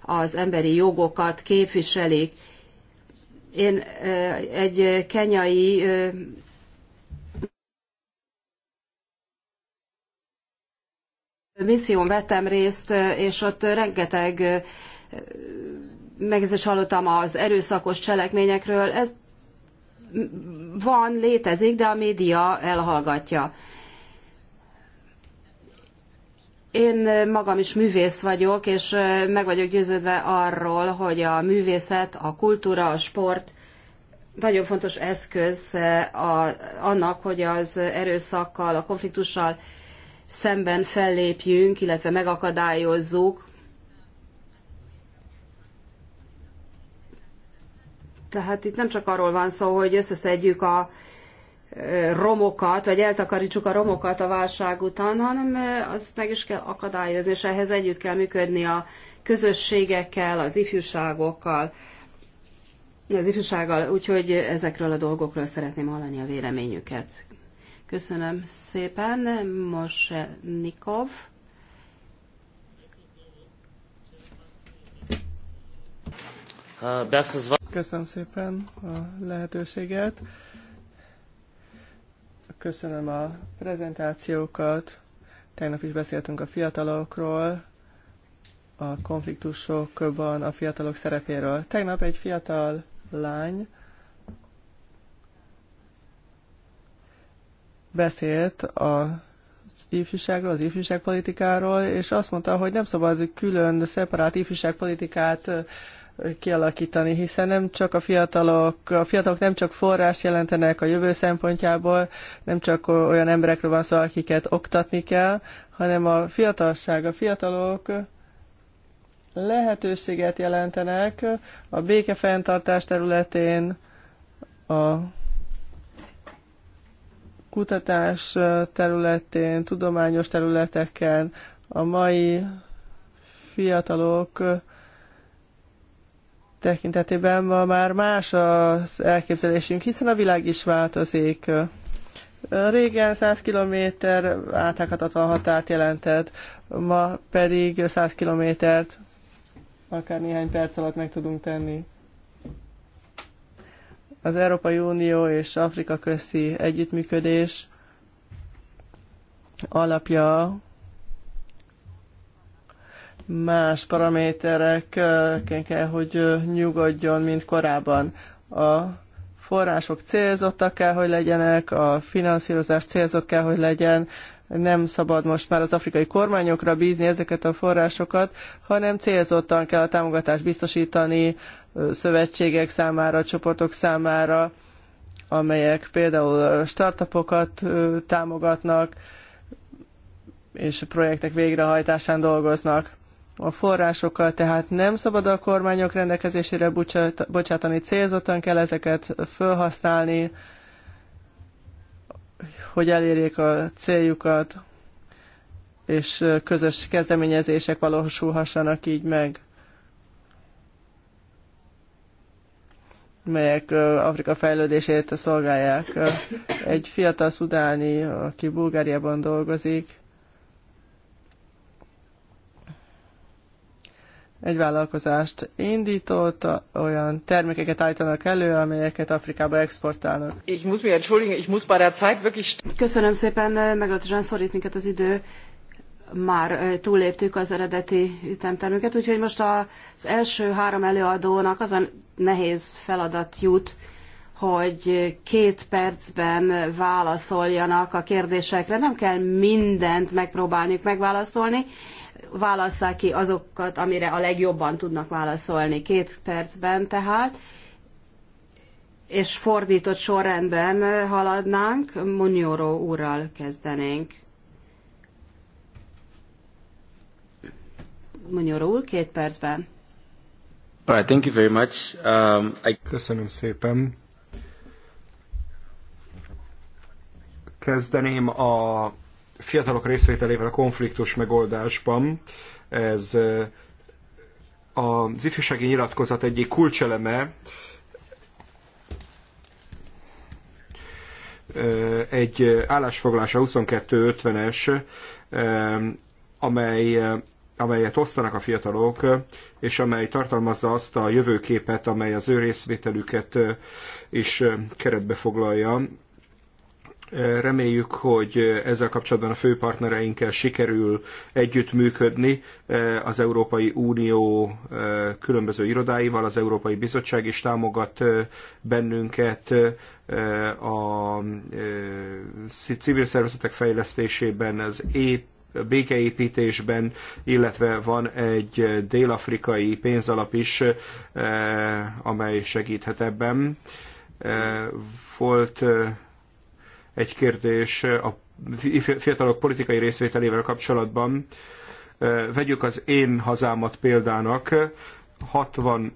Speaker 1: az emberi jogokat képviselik. Én egy kenyai misszión vettem részt, és ott rengeteg megjegyzést hallottam az erőszakos cselekményekről. Ez van, létezik, de a média elhallgatja. Én magam is művész vagyok, és meg vagyok győződve arról, hogy a művészet, a kultúra, a sport nagyon fontos eszköz a, annak, hogy az erőszakkal, a konfliktussal szemben fellépjünk, illetve megakadályozzuk. Tehát itt nem csak arról van szó, hogy összeszedjük a romokat, vagy eltakarítsuk a romokat a válság után, hanem azt meg is kell akadályozni, és ehhez együtt kell működni a közösségekkel, az ifjúságokkal, az ifjúsággal, úgyhogy ezekről a dolgokról szeretném hallani a véleményüket. Köszönöm szépen, Mose Nikov.
Speaker 3: Uh, Köszönöm szépen a lehetőséget. Köszönöm a prezentációkat. Tegnap is beszéltünk a fiatalokról, a konfliktusokban a fiatalok szerepéről. Tegnap egy fiatal lány beszélt a ifjúságról, az ifjúságpolitikáról, és azt mondta, hogy nem szabad külön, szeparált ifjúságpolitikát kialakítani, hiszen nem csak a fiatalok, a fiatalok nem csak forrás jelentenek a jövő szempontjából, nem csak olyan emberekről van szó, akiket oktatni kell, hanem a fiatalság, a fiatalok lehetőséget jelentenek a békefenntartás területén, a kutatás területén, tudományos területeken. A mai fiatalok tekintetében ma már más az elképzelésünk, hiszen a világ is változik. Régen 100 km áthághatatlan határt jelentett, ma pedig 100 kilométert akár néhány perc alatt meg tudunk tenni. Az Európai Unió és Afrika közti együttműködés alapja más paramétereken kell, hogy nyugodjon, mint korábban. A források célzottak kell, hogy legyenek, a finanszírozás célzott kell, hogy legyen, nem szabad most már az afrikai kormányokra bízni ezeket a forrásokat, hanem célzottan kell a támogatást biztosítani szövetségek számára, csoportok számára, amelyek például startupokat támogatnak, és projektek végrehajtásán dolgoznak. A forrásokkal tehát nem szabad a kormányok rendelkezésére bocsátani, célzottan kell ezeket felhasználni, hogy elérjék a céljukat, és közös kezdeményezések valósulhassanak így meg. melyek Afrika fejlődését szolgálják. Egy fiatal szudáni, aki Bulgáriában dolgozik, egy vállalkozást indított, olyan termékeket állítanak elő, amelyeket Afrikába exportálnak. Ich muss
Speaker 1: mich entschuldigen, ich muss bei der Zeit wirklich...
Speaker 3: Köszönöm szépen, meglehetősen
Speaker 1: szorít minket az idő. Már túléptük az eredeti ütemtermüket, úgyhogy most az első három előadónak az a nehéz feladat jut, hogy két percben válaszoljanak a kérdésekre. Nem kell mindent megpróbálniuk megválaszolni, válasszák ki azokat, amire a legjobban tudnak válaszolni két percben tehát, és fordított sorrendben haladnánk, Monioró úrral kezdenénk. Monioró úr, két percben.
Speaker 4: Alright, thank you very much. Um, I... Köszönöm szépen. Kezdeném a fiatalok részvételével a konfliktus megoldásban. Ez az ifjúsági nyilatkozat egyik kulcseleme, egy állásfoglalása 2250-es, amely, amelyet osztanak a fiatalok, és amely tartalmazza azt a jövőképet, amely az ő részvételüket is keretbe foglalja. Reméljük, hogy ezzel kapcsolatban a főpartnereinkkel sikerül együttműködni eh, az Európai Unió eh, különböző irodáival, az Európai Bizottság is támogat eh, bennünket a civil szervezetek fejlesztésében, az ép békeépítésben, illetve van egy dél-afrikai pénzalap is, amely segíthet ebben. Volt egy kérdés a fiatalok politikai részvételével kapcsolatban. Vegyük az én hazámat példának. 60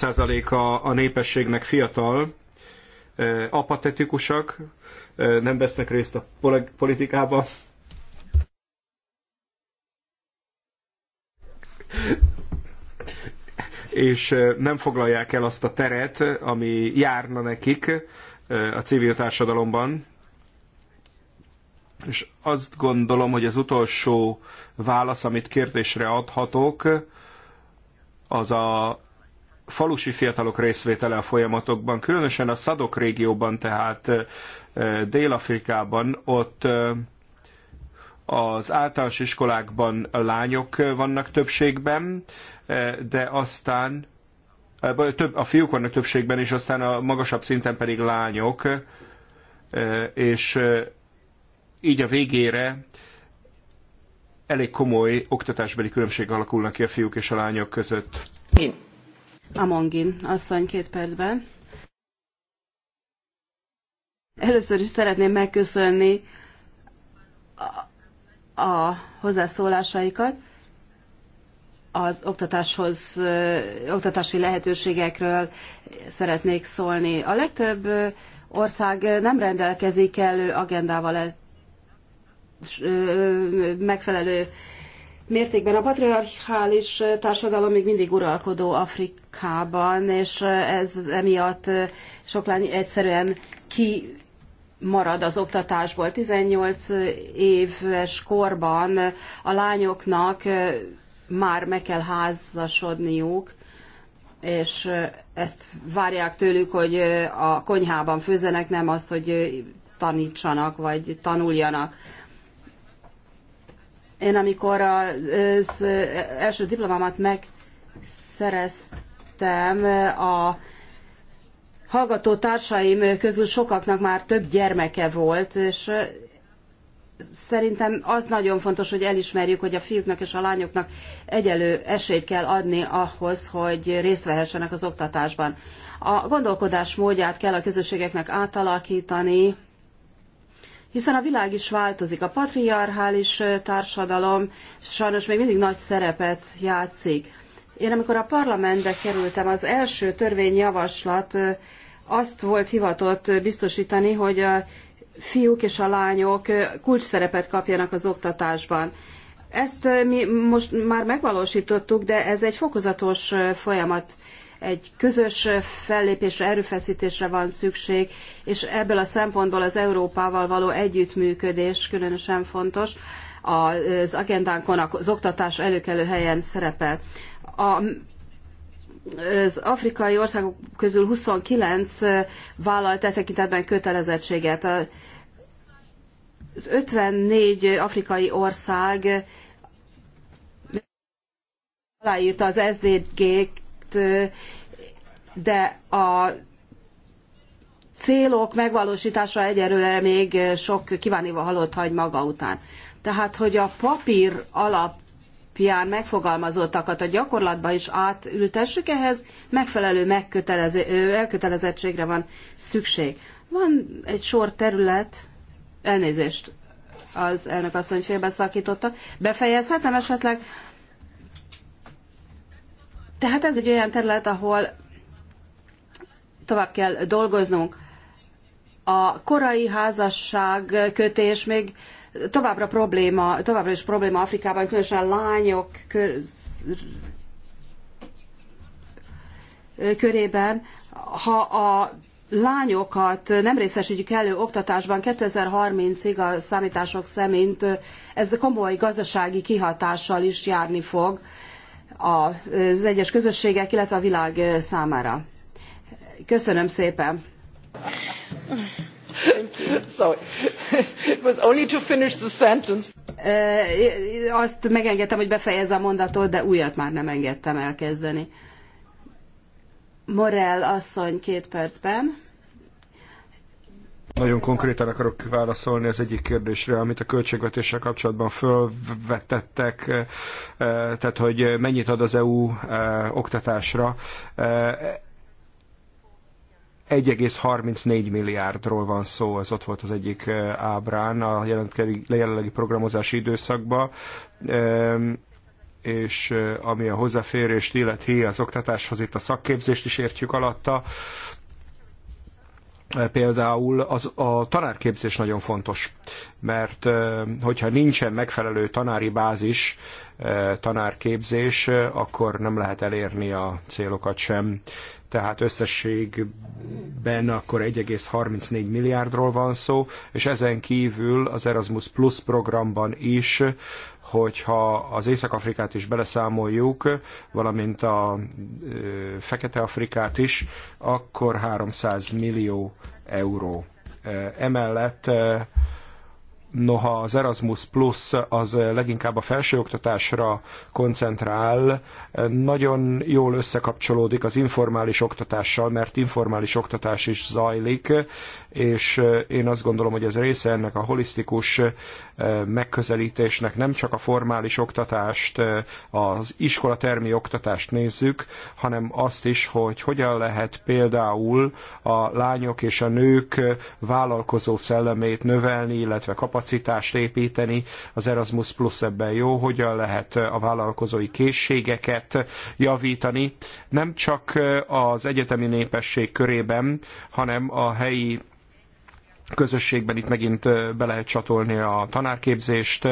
Speaker 4: a a népességnek fiatal, apatetikusak, nem vesznek részt a politikában és nem foglalják el azt a teret, ami járna nekik a civil társadalomban, és azt gondolom, hogy az utolsó válasz, amit kérdésre adhatok, az a falusi fiatalok részvétele a folyamatokban, különösen a Szadok régióban, tehát Dél-Afrikában, ott az általános iskolákban lányok vannak többségben, de aztán több, a fiúk vannak többségben, és aztán a magasabb szinten pedig lányok, és így a végére elég komoly oktatásbeli különbség alakulnak ki a fiúk és a lányok között.
Speaker 1: Gin. Amongin, asszony két percben. Először is szeretném megköszönni a, a hozzászólásaikat az oktatáshoz, oktatási lehetőségekről szeretnék szólni. A legtöbb ország nem rendelkezik elő agendával megfelelő mértékben. A patriarchális társadalom még mindig uralkodó Afrikában, és ez emiatt sok lány egyszerűen ki marad az oktatásból. 18 éves korban a lányoknak már meg kell házasodniuk, és ezt várják tőlük, hogy a konyhában főzzenek, nem azt, hogy tanítsanak, vagy tanuljanak. Én amikor az első diplomámat megszereztem, a hallgató társaim közül sokaknak már több gyermeke volt, és szerintem az nagyon fontos, hogy elismerjük, hogy a fiúknak és a lányoknak egyelő esélyt kell adni ahhoz, hogy részt vehessenek az oktatásban. A gondolkodás módját kell a közösségeknek átalakítani, hiszen a világ is változik. A patriarchális társadalom sajnos még mindig nagy szerepet játszik. Én amikor a parlamentbe kerültem, az első törvényjavaslat azt volt hivatott biztosítani, hogy a fiúk és a lányok kulcs szerepet kapjanak az oktatásban. Ezt mi most már megvalósítottuk, de ez egy fokozatos folyamat, egy közös fellépésre, erőfeszítésre van szükség, és ebből a szempontból az Európával való együttműködés különösen fontos. Az agendánkon az oktatás előkelő helyen szerepel. A az afrikai országok közül 29 vállalt e tekintetben kötelezettséget az 54 afrikai ország aláírta az SDG-t, de a célok megvalósítása egyelőre még sok kívánival halott hagy maga után. Tehát, hogy a papír alapján megfogalmazottakat a gyakorlatba is átültessük, ehhez megfelelő megkötelező, elkötelezettségre van szükség. Van egy sor terület, Elnézést, az elnök asszony félbeszakította. Befejezhetem esetleg? Tehát ez egy olyan terület, ahol tovább kell dolgoznunk. A korai házasság kötés még továbbra probléma, továbbra is probléma Afrikában, különösen a lányok köz, körében. Ha a lányokat nem részesítjük elő oktatásban 2030-ig a számítások szerint ez komoly gazdasági kihatással is járni fog az egyes közösségek, illetve a világ számára. Köszönöm szépen!
Speaker 2: Sorry. It was only to finish the sentence.
Speaker 1: Azt megengedtem, hogy befejezze a mondatot, de újat már nem engedtem elkezdeni. Morel asszony két percben.
Speaker 4: Nagyon konkrétan akarok válaszolni az egyik kérdésre, amit a költségvetéssel kapcsolatban fölvetettek, eh, tehát hogy mennyit ad az EU eh, oktatásra. 1,34 eh, milliárdról van szó, ez ott volt az egyik ábrán a jelenlegi programozási időszakban és ami a hozzáférést illeti az oktatáshoz, itt a szakképzést is értjük alatta. Például az, a tanárképzés nagyon fontos, mert hogyha nincsen megfelelő tanári bázis, tanárképzés, akkor nem lehet elérni a célokat sem. Tehát összességben akkor 1,34 milliárdról van szó, és ezen kívül az Erasmus Plus programban is hogyha az Észak-Afrikát is beleszámoljuk, valamint a Fekete-Afrikát is, akkor 300 millió euró. Emellett noha az Erasmus Plus az leginkább a felsőoktatásra koncentrál, nagyon jól összekapcsolódik az informális oktatással, mert informális oktatás is zajlik, és eh, én azt gondolom, hogy ez része ennek a holisztikus eh, megközelítésnek. Nem csak a formális oktatást, eh, az termi oktatást nézzük, hanem azt is, hogy hogyan lehet például a lányok és a nők vállalkozó szellemét növelni, illetve kapacitását, kapacitást építeni, az Erasmus Plus ebben jó, hogyan lehet a vállalkozói készségeket javítani, nem csak az egyetemi népesség körében, hanem a helyi közösségben itt megint be lehet csatolni a tanárképzést,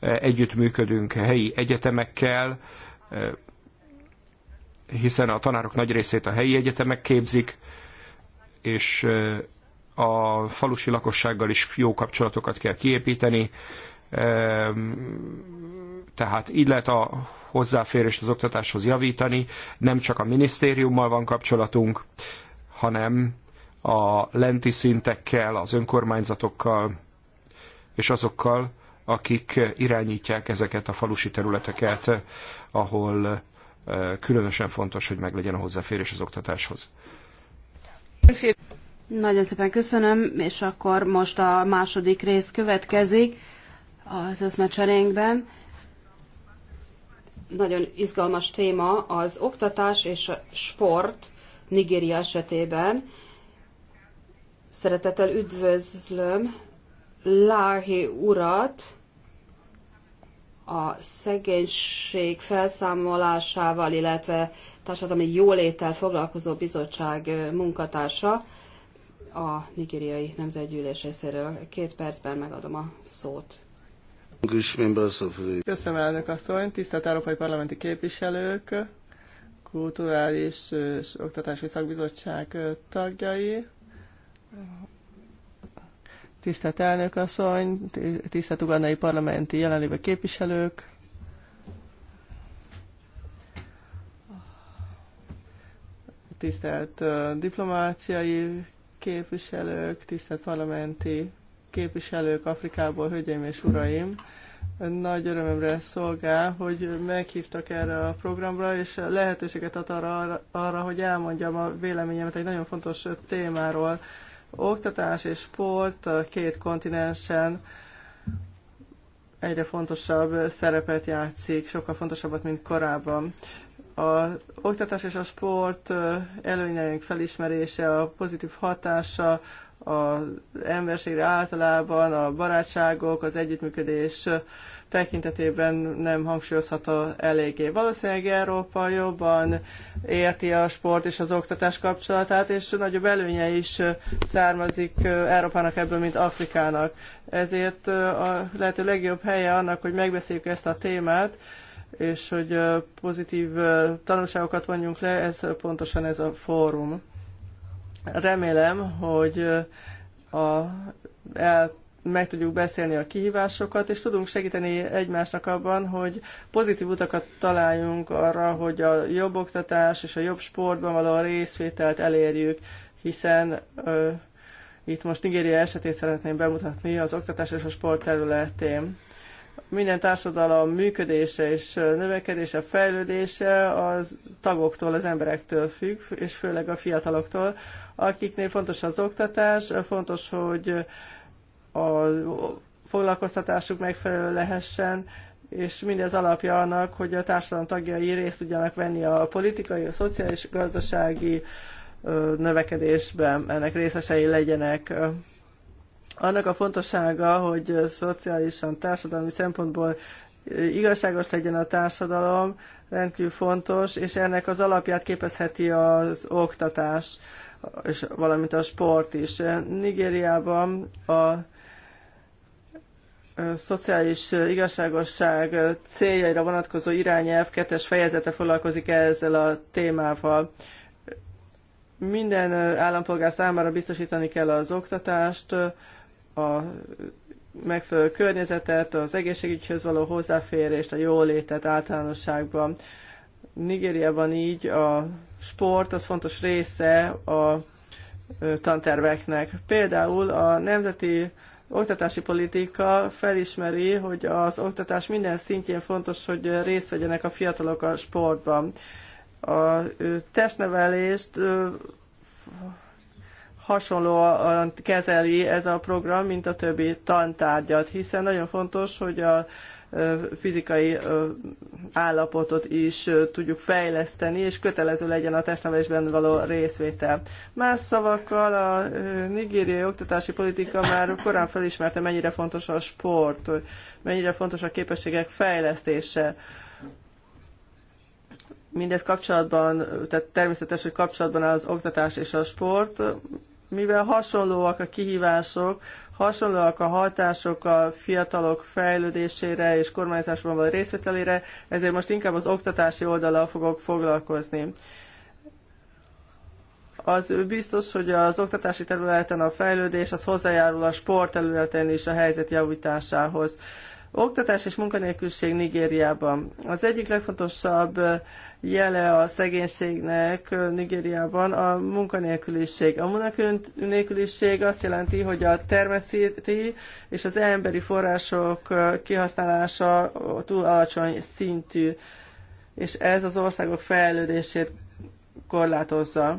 Speaker 4: együttműködünk helyi egyetemekkel, hiszen a tanárok nagy részét a helyi egyetemek képzik, és a falusi lakossággal is jó kapcsolatokat kell kiépíteni, ehm, tehát így lehet a hozzáférést az oktatáshoz javítani, nem csak a minisztériummal van kapcsolatunk, hanem a lenti szintekkel, az önkormányzatokkal és azokkal, akik irányítják ezeket a falusi területeket, ahol eh, különösen fontos, hogy meglegyen a hozzáférés az oktatáshoz.
Speaker 1: Nagyon szépen köszönöm, és akkor most a második rész következik az eszmecserénkben. Nagyon izgalmas téma az oktatás és a sport Nigéria esetében. Szeretettel üdvözlöm Láhi urat, a szegénység felszámolásával, illetve társadalmi jóléttel foglalkozó bizottság munkatársa a
Speaker 3: nigériai nemzetgyűlés részéről. Két percben megadom a szót. Köszönöm, elnök asszony, tisztelt európai parlamenti képviselők, kulturális és oktatási szakbizottság tagjai, tisztelt elnök asszony, tisztelt ugandai parlamenti jelenlévő képviselők, tisztelt diplomáciai képviselők, tisztelt parlamenti képviselők Afrikából, hölgyeim és uraim! Nagy örömömre szolgál, hogy meghívtak erre a programra, és lehetőséget ad arra, arra, hogy elmondjam a véleményemet egy nagyon fontos témáról. Oktatás és sport a két kontinensen egyre fontosabb szerepet játszik, sokkal fontosabbat, mint korábban. Az oktatás és a sport előnyeinek felismerése, a pozitív hatása az emberségre általában, a barátságok, az együttműködés tekintetében nem hangsúlyozható eléggé. Valószínűleg Európa jobban érti a sport és az oktatás kapcsolatát, és nagyobb előnye is származik Európának ebből, mint Afrikának. Ezért a lehető legjobb helye annak, hogy megbeszéljük ezt a témát, és hogy pozitív tanulságokat vonjunk le, ez pontosan ez a fórum. Remélem, hogy a, el meg tudjuk beszélni a kihívásokat, és tudunk segíteni egymásnak abban, hogy pozitív utakat találjunk arra, hogy a jobb oktatás és a jobb sportban való részvételt elérjük, hiszen ö, itt most Nigéria esetét szeretném bemutatni az oktatás és a sport területén minden társadalom működése és növekedése, fejlődése az tagoktól, az emberektől függ, és főleg a fiataloktól, akiknél fontos az oktatás, fontos, hogy a foglalkoztatásuk megfelelő lehessen, és mindez alapja annak, hogy a társadalom tagjai részt tudjanak venni a politikai, a szociális, gazdasági növekedésben, ennek részesei legyenek annak a fontossága, hogy szociálisan, társadalmi szempontból igazságos legyen a társadalom, rendkívül fontos, és ennek az alapját képezheti az oktatás, és valamint a sport is. Nigériában a szociális igazságosság céljaira vonatkozó irányelv kettes fejezete foglalkozik ezzel a témával. Minden állampolgár számára biztosítani kell az oktatást, a megfelelő környezetet, az egészségügyhöz való hozzáférést, a jólétet általánosságban. Nigériában így a sport az fontos része a tanterveknek. Például a nemzeti oktatási politika felismeri, hogy az oktatás minden szintjén fontos, hogy részt vegyenek a fiatalok a sportban. A testnevelést hasonlóan kezeli ez a program, mint a többi tantárgyat, hiszen nagyon fontos, hogy a fizikai állapotot is tudjuk fejleszteni, és kötelező legyen a testnevelésben való részvétel. Más szavakkal a nigériai oktatási politika már korán felismerte, mennyire fontos a sport, mennyire fontos a képességek fejlesztése mindez kapcsolatban, tehát természetes, hogy kapcsolatban áll az oktatás és a sport, mivel hasonlóak a kihívások, hasonlóak a hatások a fiatalok fejlődésére és kormányzásban való részvételére, ezért most inkább az oktatási oldalal fogok foglalkozni. Az biztos, hogy az oktatási területen a fejlődés az hozzájárul a sport területen is a helyzet javításához. Oktatás és munkanélküliség Nigériában. Az egyik legfontosabb jele a szegénységnek Nigériában a munkanélküliség. A munkanélküliség azt jelenti, hogy a természeti és az emberi források kihasználása túl alacsony szintű, és ez az országok fejlődését korlátozza.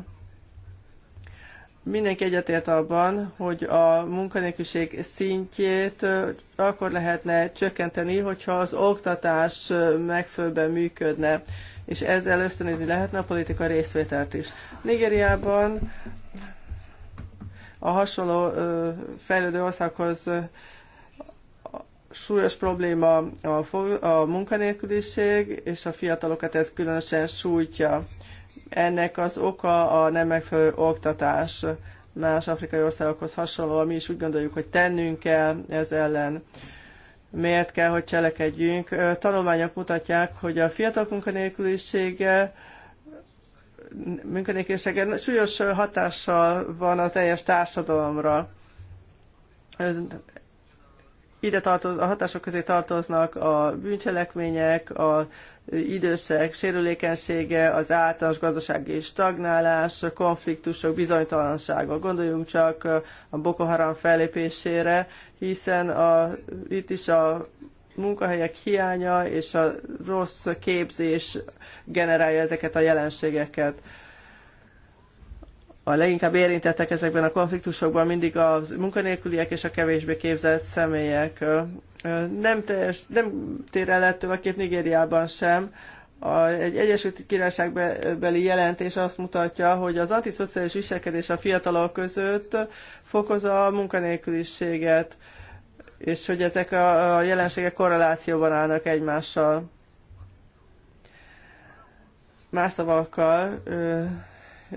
Speaker 3: Mindenki egyetért abban, hogy a munkanélküliség szintjét akkor lehetne csökkenteni, hogyha az oktatás megfőben működne és ezzel ösztönözni lehetne a politika részvételt is. Nigériában a hasonló fejlődő országhoz súlyos probléma a, a munkanélküliség, és a fiatalokat ez különösen sújtja. Ennek az oka a nem megfelelő oktatás. Más afrikai országokhoz hasonlóan mi is úgy gondoljuk, hogy tennünk kell ez ellen miért kell, hogy cselekedjünk. Tanulmányok mutatják, hogy a fiatal munkanélkülisége munkanélkülisége súlyos hatással van a teljes társadalomra. Ide tartoz, a hatások közé tartoznak a bűncselekmények, a időszak, sérülékenysége, az általános gazdasági stagnálás, konfliktusok, bizonytalansága. Gondoljunk csak a Boko Haram fellépésére, hiszen a, itt is a munkahelyek hiánya és a rossz képzés generálja ezeket a jelenségeket a leginkább érintettek ezekben a konfliktusokban mindig a munkanélküliek és a kevésbé képzett személyek. Nem, teljes, nem tér el ettől a kép Nigériában sem. A, egy Egyesült Királyságbeli jelentés azt mutatja, hogy az antiszociális viselkedés a fiatalok között fokozza a munkanélküliséget, és hogy ezek a, a jelenségek korrelációban állnak egymással. Más szavakkal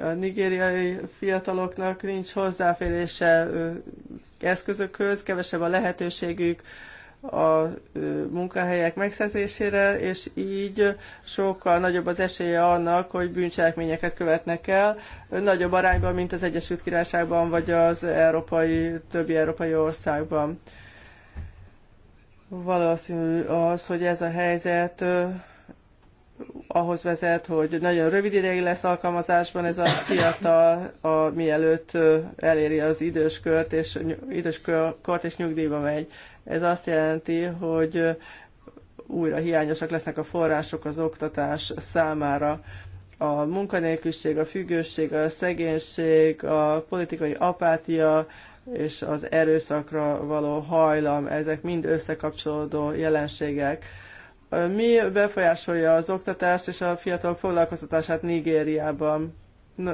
Speaker 3: a nigériai fiataloknak nincs hozzáférése eszközökhöz, kevesebb a lehetőségük a munkahelyek megszerzésére, és így sokkal nagyobb az esélye annak, hogy bűncselekményeket követnek el, nagyobb arányban, mint az Egyesült Királyságban, vagy az európai, többi európai országban. Valószínű az, hogy ez a helyzet ahhoz vezet, hogy nagyon rövid ideig lesz alkalmazásban ez a fiatal, a, mielőtt eléri az időskört, és, időskört és nyugdíjba megy. Ez azt jelenti, hogy újra hiányosak lesznek a források az oktatás számára. A munkanélküliség, a függőség, a szegénység, a politikai apátia és az erőszakra való hajlam, ezek mind összekapcsolódó jelenségek mi befolyásolja az oktatást és a fiatalok foglalkoztatását Nigériában?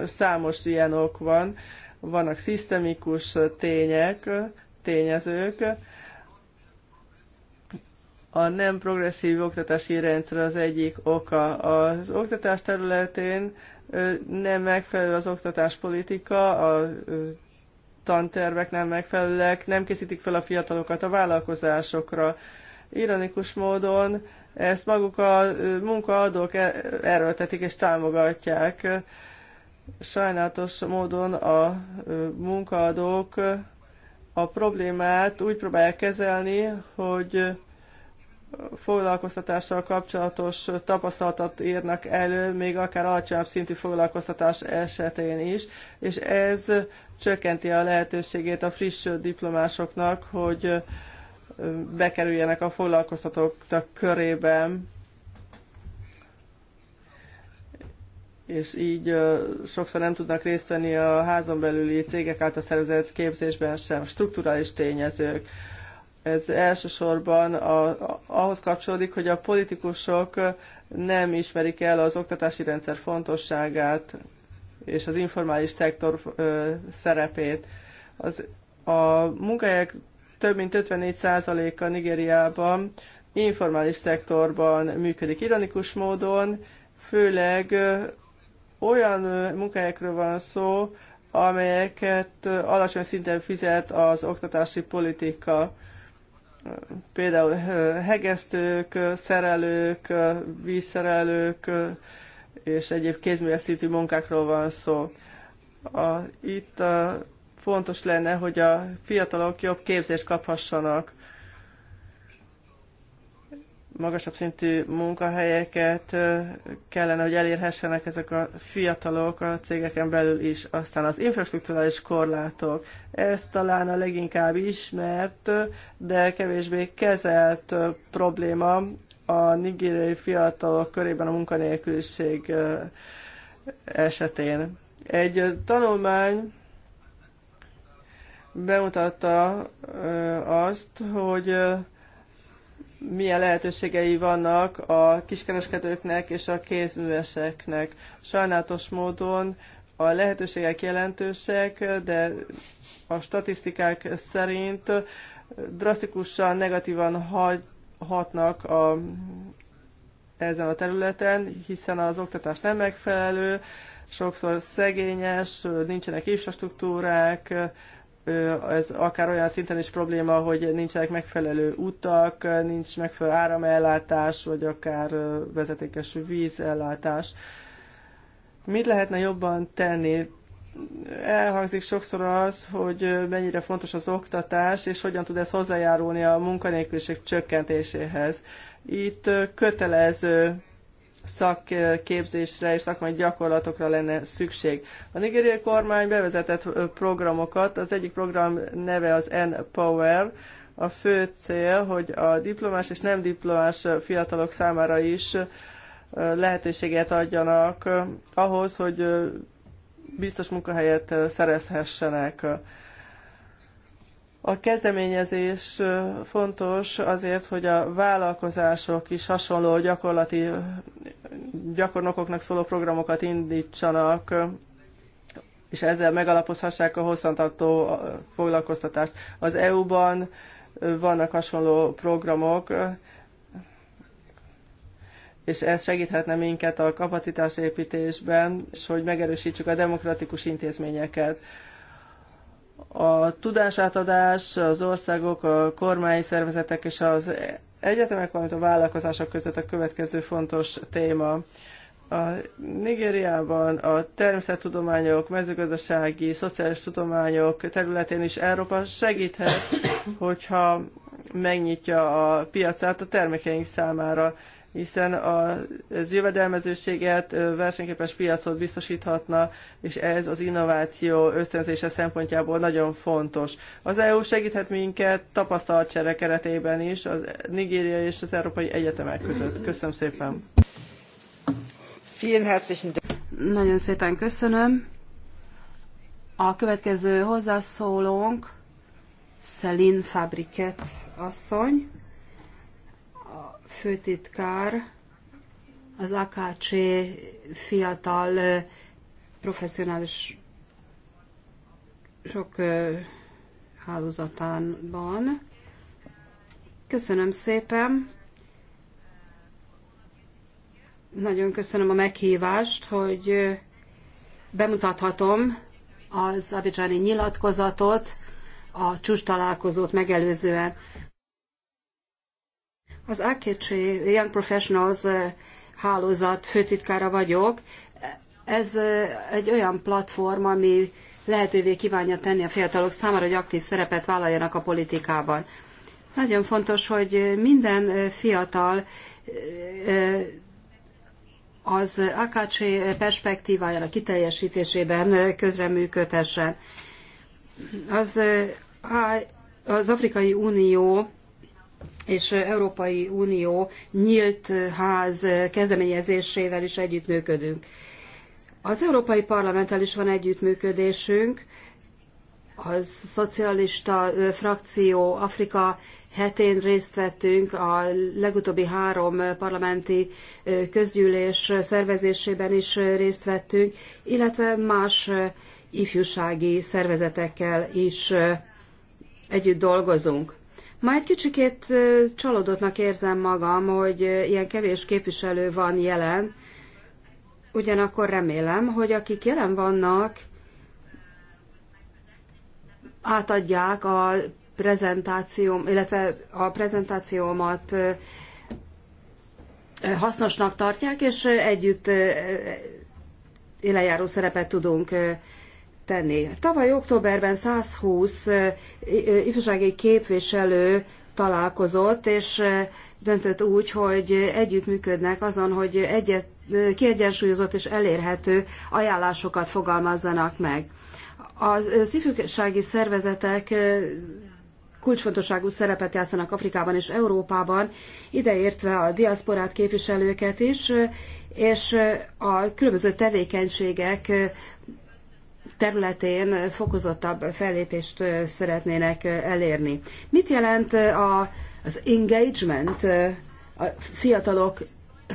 Speaker 3: Számos ilyen ok van. Vannak szisztemikus tények, tényezők. A nem progresszív oktatási rendszer az egyik oka. Az oktatás területén nem megfelelő az oktatáspolitika, a tantervek nem megfelelőek, nem készítik fel a fiatalokat a vállalkozásokra. Ironikus módon ezt maguk a munkaadók e-, erőltetik és támogatják. Sajnálatos módon a munkaadók a problémát úgy próbálják kezelni, hogy foglalkoztatással kapcsolatos tapasztalatot írnak elő, még akár alacsonyabb szintű foglalkoztatás esetén is, és ez csökkenti a lehetőségét a friss diplomásoknak, hogy bekerüljenek a foglalkoztatók körében, és így sokszor nem tudnak részt venni a házon belüli cégek által szervezett képzésben sem. Strukturális tényezők. Ez elsősorban a, a, ahhoz kapcsolódik, hogy a politikusok nem ismerik el az oktatási rendszer fontosságát és az informális szektor ö, szerepét. Az, a munkahelyek több mint 54%-a Nigériában informális szektorban működik ironikus módon, főleg olyan munkahelyekről van szó, amelyeket alacsony szinten fizet az oktatási politika. Például hegesztők, szerelők, vízszerelők és egyéb kézműves munkákról van szó. A, itt a fontos lenne, hogy a fiatalok jobb képzést kaphassanak, magasabb szintű munkahelyeket kellene, hogy elérhessenek ezek a fiatalok a cégeken belül is. Aztán az infrastruktúrális korlátok, ez talán a leginkább ismert, de kevésbé kezelt probléma a nigériai fiatalok körében a munkanélküliség esetén. Egy tanulmány bemutatta azt, hogy milyen lehetőségei vannak a kiskereskedőknek és a kézműveseknek. Sajnálatos módon a lehetőségek jelentősek, de a statisztikák szerint drasztikusan negatívan hatnak a, ezen a területen, hiszen az oktatás nem megfelelő, sokszor szegényes, nincsenek infrastruktúrák, ez akár olyan szinten is probléma, hogy nincsenek megfelelő utak, nincs megfelelő áramellátás, vagy akár vezetékes vízellátás. Mit lehetne jobban tenni? Elhangzik sokszor az, hogy mennyire fontos az oktatás, és hogyan tud ez hozzájárulni a munkanélküliség csökkentéséhez. Itt kötelező szakképzésre és szakmai gyakorlatokra lenne szükség. A nigériai kormány bevezetett programokat, az egyik program neve az N-Power, a fő cél, hogy a diplomás és nem diplomás fiatalok számára is lehetőséget adjanak ahhoz, hogy biztos munkahelyet szerezhessenek. A kezdeményezés fontos azért, hogy a vállalkozások is hasonló gyakorlati gyakornokoknak szóló programokat indítsanak, és ezzel megalapozhassák a hosszantartó foglalkoztatást. Az EU-ban vannak hasonló programok, és ez segíthetne minket a kapacitásépítésben, és hogy megerősítsük a demokratikus intézményeket. A tudásátadás, az országok, a kormány szervezetek és az egyetemek, valamint a vállalkozások között a következő fontos téma. A Nigériában a természettudományok, mezőgazdasági, szociális tudományok területén is Európa segíthet, hogyha megnyitja a piacát a termékeink számára hiszen az jövedelmezőséget, versenyképes piacot biztosíthatna, és ez az innováció ösztönzése szempontjából nagyon fontos. Az EU segíthet minket tapasztalatcsere keretében is, az Nigéria és az Európai Egyetemek között. Köszönöm szépen!
Speaker 1: Nagyon szépen köszönöm. A következő hozzászólónk Celine Fabriket asszony főtitkár az AKC fiatal professzionális sok hálózatában. Köszönöm szépen! Nagyon köszönöm a meghívást, hogy bemutathatom az abidzsáni nyilatkozatot, a csúcs találkozót megelőzően. Az Akicsi Young Professionals eh, hálózat főtitkára vagyok. Ez eh, egy olyan platform, ami lehetővé kívánja tenni a fiatalok számára, hogy aktív szerepet vállaljanak a politikában. Nagyon fontos, hogy minden eh, fiatal az AKC perspektívájának kiteljesítésében közreműködhessen. Az, az Afrikai Unió és Európai Unió nyílt ház kezdeményezésével is együttműködünk. Az Európai Parlamenttel is van együttműködésünk, a szocialista frakció Afrika hetén részt vettünk a legutóbbi három parlamenti közgyűlés szervezésében is részt vettünk, illetve más ifjúsági szervezetekkel is együtt dolgozunk. Ma egy kicsikét csalódottnak érzem magam, hogy ilyen kevés képviselő van jelen, ugyanakkor remélem, hogy akik jelen vannak, átadják a prezentációm, illetve a prezentációmat hasznosnak tartják, és együtt élejáró szerepet tudunk tenni. Tavaly októberben 120 ifjúsági képviselő találkozott, és döntött úgy, hogy együttműködnek azon, hogy egyet, kiegyensúlyozott és elérhető ajánlásokat fogalmazzanak meg. Az ifjúsági szervezetek kulcsfontosságú szerepet játszanak Afrikában és Európában, ideértve a diaszporát képviselőket is, és a különböző tevékenységek területén fokozottabb fellépést szeretnének elérni. Mit jelent a, az engagement, a fiatalok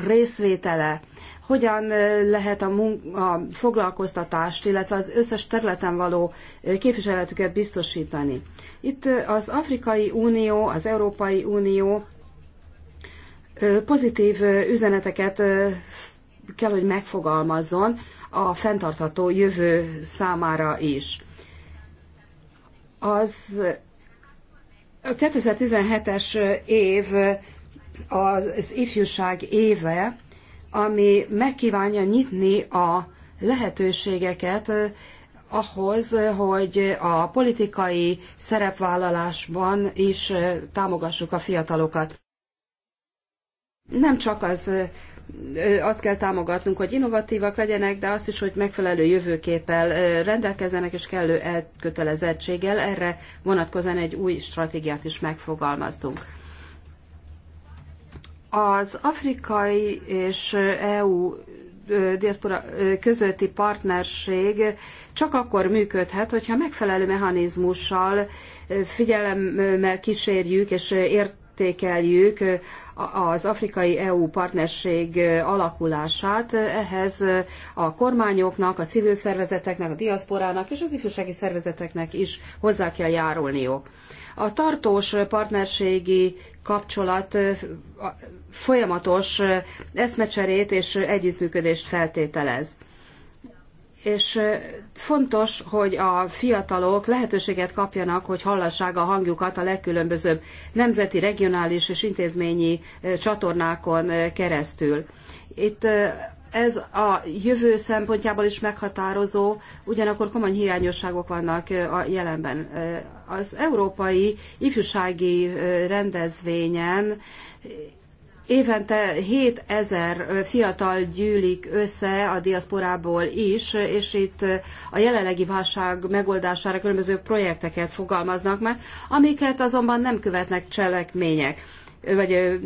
Speaker 1: részvétele? Hogyan lehet a, mun- a foglalkoztatást, illetve az összes területen való képviseletüket biztosítani? Itt az Afrikai Unió, az Európai Unió pozitív üzeneteket kell, hogy megfogalmazzon a fenntartható jövő számára is. Az 2017-es év az ifjúság éve, ami megkívánja nyitni a lehetőségeket ahhoz, hogy a politikai szerepvállalásban is támogassuk a fiatalokat. Nem csak az azt kell támogatnunk, hogy innovatívak legyenek, de azt is, hogy megfelelő jövőképpel rendelkezzenek és kellő elkötelezettséggel. Erre vonatkozóan egy új stratégiát is megfogalmaztunk. Az afrikai és EU diaszpora közötti partnerség csak akkor működhet, hogyha megfelelő mechanizmussal figyelemmel kísérjük és ért értékeljük az afrikai EU partnerség alakulását. Ehhez a kormányoknak, a civil szervezeteknek, a diaszporának és az ifjúsági szervezeteknek is hozzá kell járulniuk. A tartós partnerségi kapcsolat folyamatos eszmecserét és együttműködést feltételez és fontos, hogy a fiatalok lehetőséget kapjanak, hogy hallassák a hangjukat a legkülönbözőbb nemzeti, regionális és intézményi csatornákon keresztül. Itt ez a jövő szempontjából is meghatározó, ugyanakkor komoly hiányosságok vannak a jelenben. Az európai ifjúsági rendezvényen Évente 7000 fiatal gyűlik össze a diaszporából is, és itt a jelenlegi válság megoldására különböző projekteket fogalmaznak meg, amiket azonban nem követnek cselekmények, vagy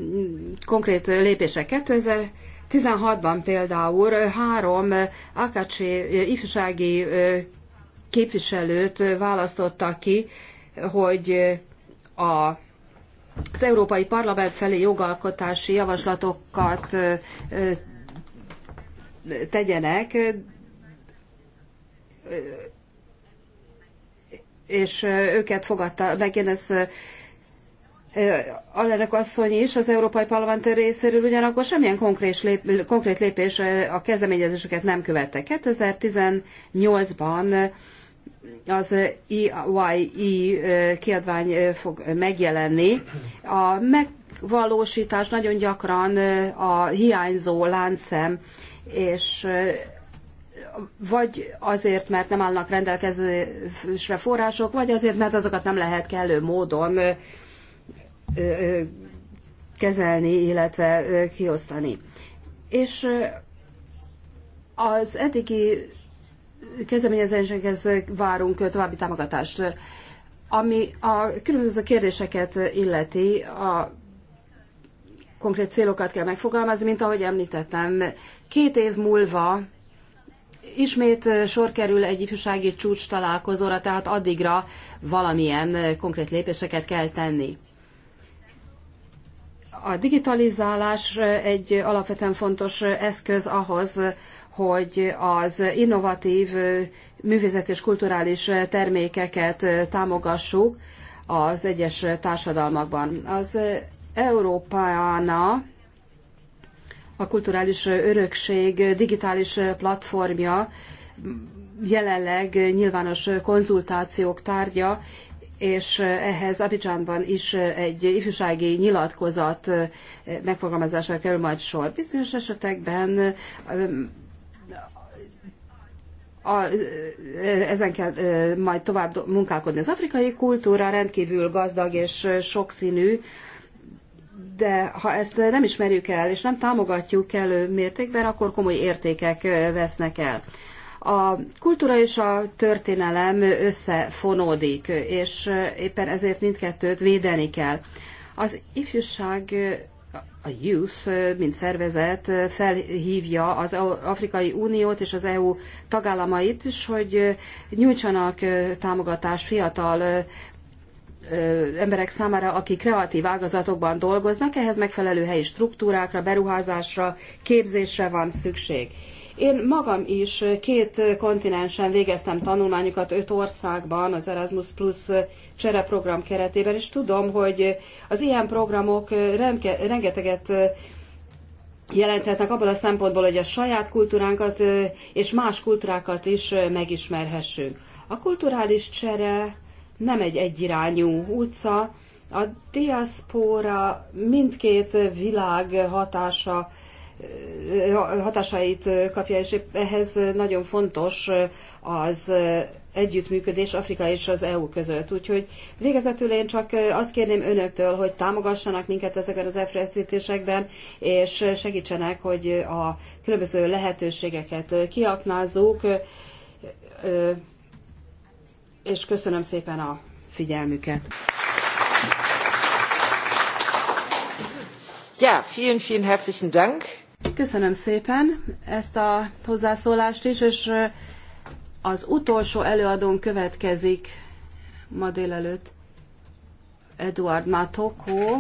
Speaker 1: konkrét lépések. 2016-ban például három akacsi ifjúsági képviselőt választottak ki, hogy a az Európai Parlament felé jogalkotási javaslatokat tegyenek, és őket fogadta meg, én ez alelnök asszony is az Európai Parlament részéről ugyanakkor semmilyen konkrét, lép, konkrét lépés a kezdeményezéseket nem követte. 2018-ban az EYE e, kiadvány fog megjelenni. A megvalósítás nagyon gyakran a hiányzó láncszem, és vagy azért, mert nem állnak rendelkezésre források, vagy azért, mert azokat nem lehet kellő módon kezelni, illetve kiosztani. És az eddigi kezdeményezésekhez várunk további támogatást. Ami a különböző kérdéseket illeti, a konkrét célokat kell megfogalmazni, mint ahogy említettem. Két év múlva ismét sor kerül egy ifjúsági csúcs találkozóra, tehát addigra valamilyen konkrét lépéseket kell tenni. A digitalizálás egy alapvetően fontos eszköz ahhoz, hogy az innovatív művészeti és kulturális termékeket támogassuk az egyes társadalmakban. Az Európána a kulturális örökség digitális platformja jelenleg nyilvános konzultációk tárgya, és ehhez Abidzsánban is egy ifjúsági nyilatkozat megfogalmazására kerül majd sor. Bizonyos esetekben a, ezen kell majd tovább munkálkodni. Az afrikai kultúra rendkívül gazdag és sokszínű, de ha ezt nem ismerjük el, és nem támogatjuk kellő mértékben, akkor komoly értékek vesznek el. A kultúra és a történelem összefonódik, és éppen ezért mindkettőt védeni kell. Az ifjúság a Youth, mint szervezet felhívja az Afrikai Uniót és az EU tagállamait is, hogy nyújtsanak támogatást fiatal emberek számára, akik kreatív ágazatokban dolgoznak, ehhez megfelelő helyi struktúrákra, beruházásra, képzésre van szükség. Én magam is két kontinensen végeztem tanulmányokat, öt országban az Erasmus Plus csereprogram keretében, és tudom, hogy az ilyen programok rengeteget jelentetnek abból a szempontból, hogy a saját kultúránkat és más kultúrákat is megismerhessünk. A kulturális csere nem egy egyirányú utca, a diaszpóra mindkét világ hatása hatásait kapja, és ehhez nagyon fontos az együttműködés Afrika és az EU között. Úgyhogy végezetül én csak azt kérném önöktől, hogy támogassanak minket ezekben az elfelejtésekben, és segítsenek, hogy a különböző lehetőségeket kiaknázzuk, és köszönöm szépen a figyelmüket. Ja,
Speaker 5: vielen, vielen herzlichen Dank.
Speaker 1: Köszönöm szépen ezt a hozzászólást is, és az utolsó előadón következik ma délelőtt Eduard Matoko,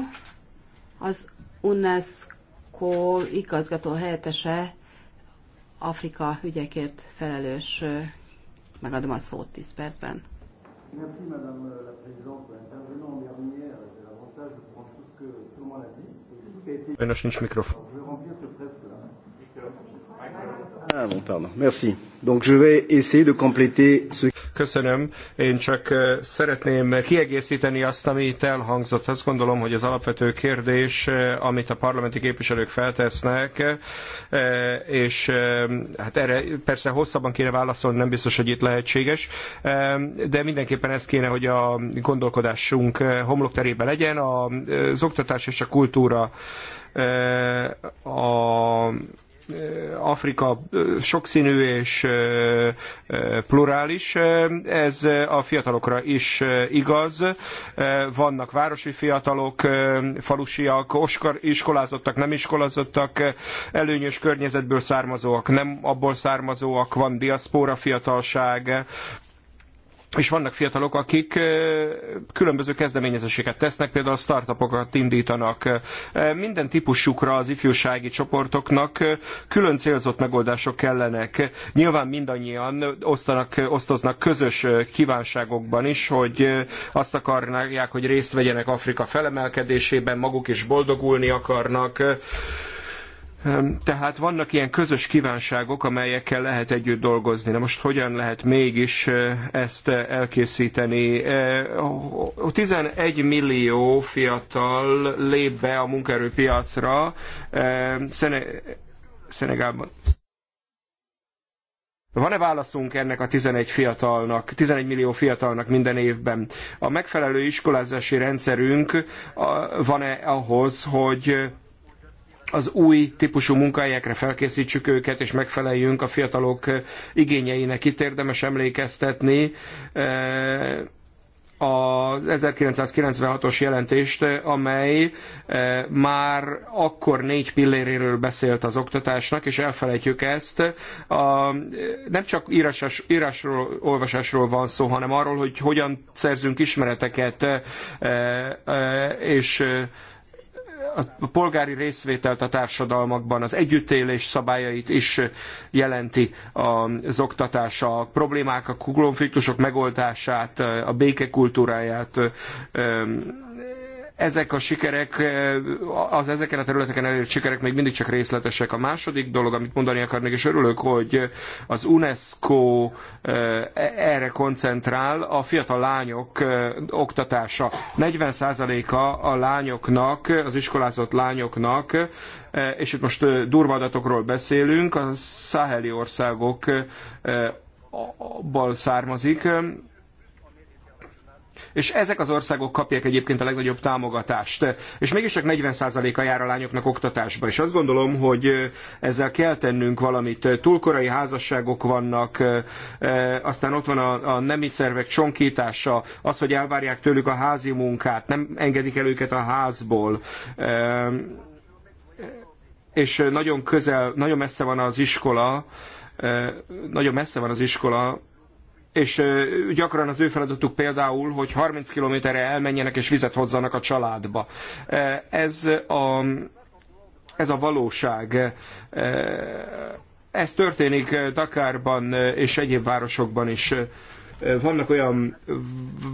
Speaker 1: az UNESCO igazgató helyettese, Afrika ügyekért felelős. Megadom a szót 10 percben. Sajnos
Speaker 4: nincs mikrofon. Ah, Köszönöm. Én csak eh, szeretném kiegészíteni azt, ami itt elhangzott. Azt gondolom, hogy az alapvető kérdés, eh, amit a parlamenti képviselők feltesznek, eh, és hát erre persze hosszabban kéne válaszolni, nem biztos, hogy itt lehetséges, de mindenképpen ez kéne, hogy a gondolkodásunk homlokterébe legyen, az oktatás és a kultúra a Afrika sokszínű és plurális. Ez a fiatalokra is igaz. Vannak városi fiatalok, falusiak, oskar, iskolázottak, nem iskolázottak, előnyös környezetből származóak, nem abból származóak, van diaszpóra fiatalság, és vannak fiatalok, akik különböző kezdeményezéseket tesznek, például startupokat indítanak. Minden típusukra az ifjúsági csoportoknak külön célzott megoldások kellenek. Nyilván mindannyian osztanak, osztoznak közös kívánságokban is, hogy azt akarnák, hogy részt vegyenek Afrika felemelkedésében, maguk is boldogulni akarnak tehát vannak ilyen közös kívánságok, amelyekkel lehet együtt dolgozni. Na most hogyan lehet mégis ezt elkészíteni? 11 millió fiatal lép be a munkaerőpiacra Szene- Szenegában. Van-e válaszunk ennek a 11 fiatalnak, 11 millió fiatalnak minden évben? A megfelelő iskolázási rendszerünk van-e ahhoz, hogy az új típusú munkahelyekre felkészítsük őket, és megfeleljünk a fiatalok igényeinek. Itt érdemes emlékeztetni eh, az 1996-os jelentést, amely eh, már akkor négy pilléréről beszélt az oktatásnak, és elfelejtjük ezt. A, nem csak írásos, írásról, olvasásról van szó, hanem arról, hogy hogyan szerzünk ismereteket, eh, és a polgári részvételt a társadalmakban, az együttélés szabályait is jelenti az oktatás a problémák, a konfliktusok megoldását, a béke kultúráját ezek a sikerek, az ezeken a területeken elért sikerek még mindig csak részletesek. A második dolog, amit mondani akarnék, és örülök, hogy az UNESCO erre koncentrál, a fiatal lányok oktatása. 40%-a a lányoknak, az iskolázott lányoknak, és itt most durva adatokról beszélünk, a száheli országok abból származik, és ezek az országok kapják egyébként a legnagyobb támogatást. És mégis csak 40%-a jár a lányoknak oktatásba. És azt gondolom, hogy ezzel kell tennünk valamit. Túlkorai házasságok vannak, aztán ott van a, a nemi szervek csonkítása, az, hogy elvárják tőlük a házi munkát, nem engedik el őket a házból és nagyon közel, nagyon messze van az iskola, nagyon messze van az iskola és gyakran az ő feladatuk például, hogy 30 kilométerre elmenjenek és vizet hozzanak a családba. Ez a, ez a valóság. Ez történik Dakárban és egyéb városokban is. Vannak olyan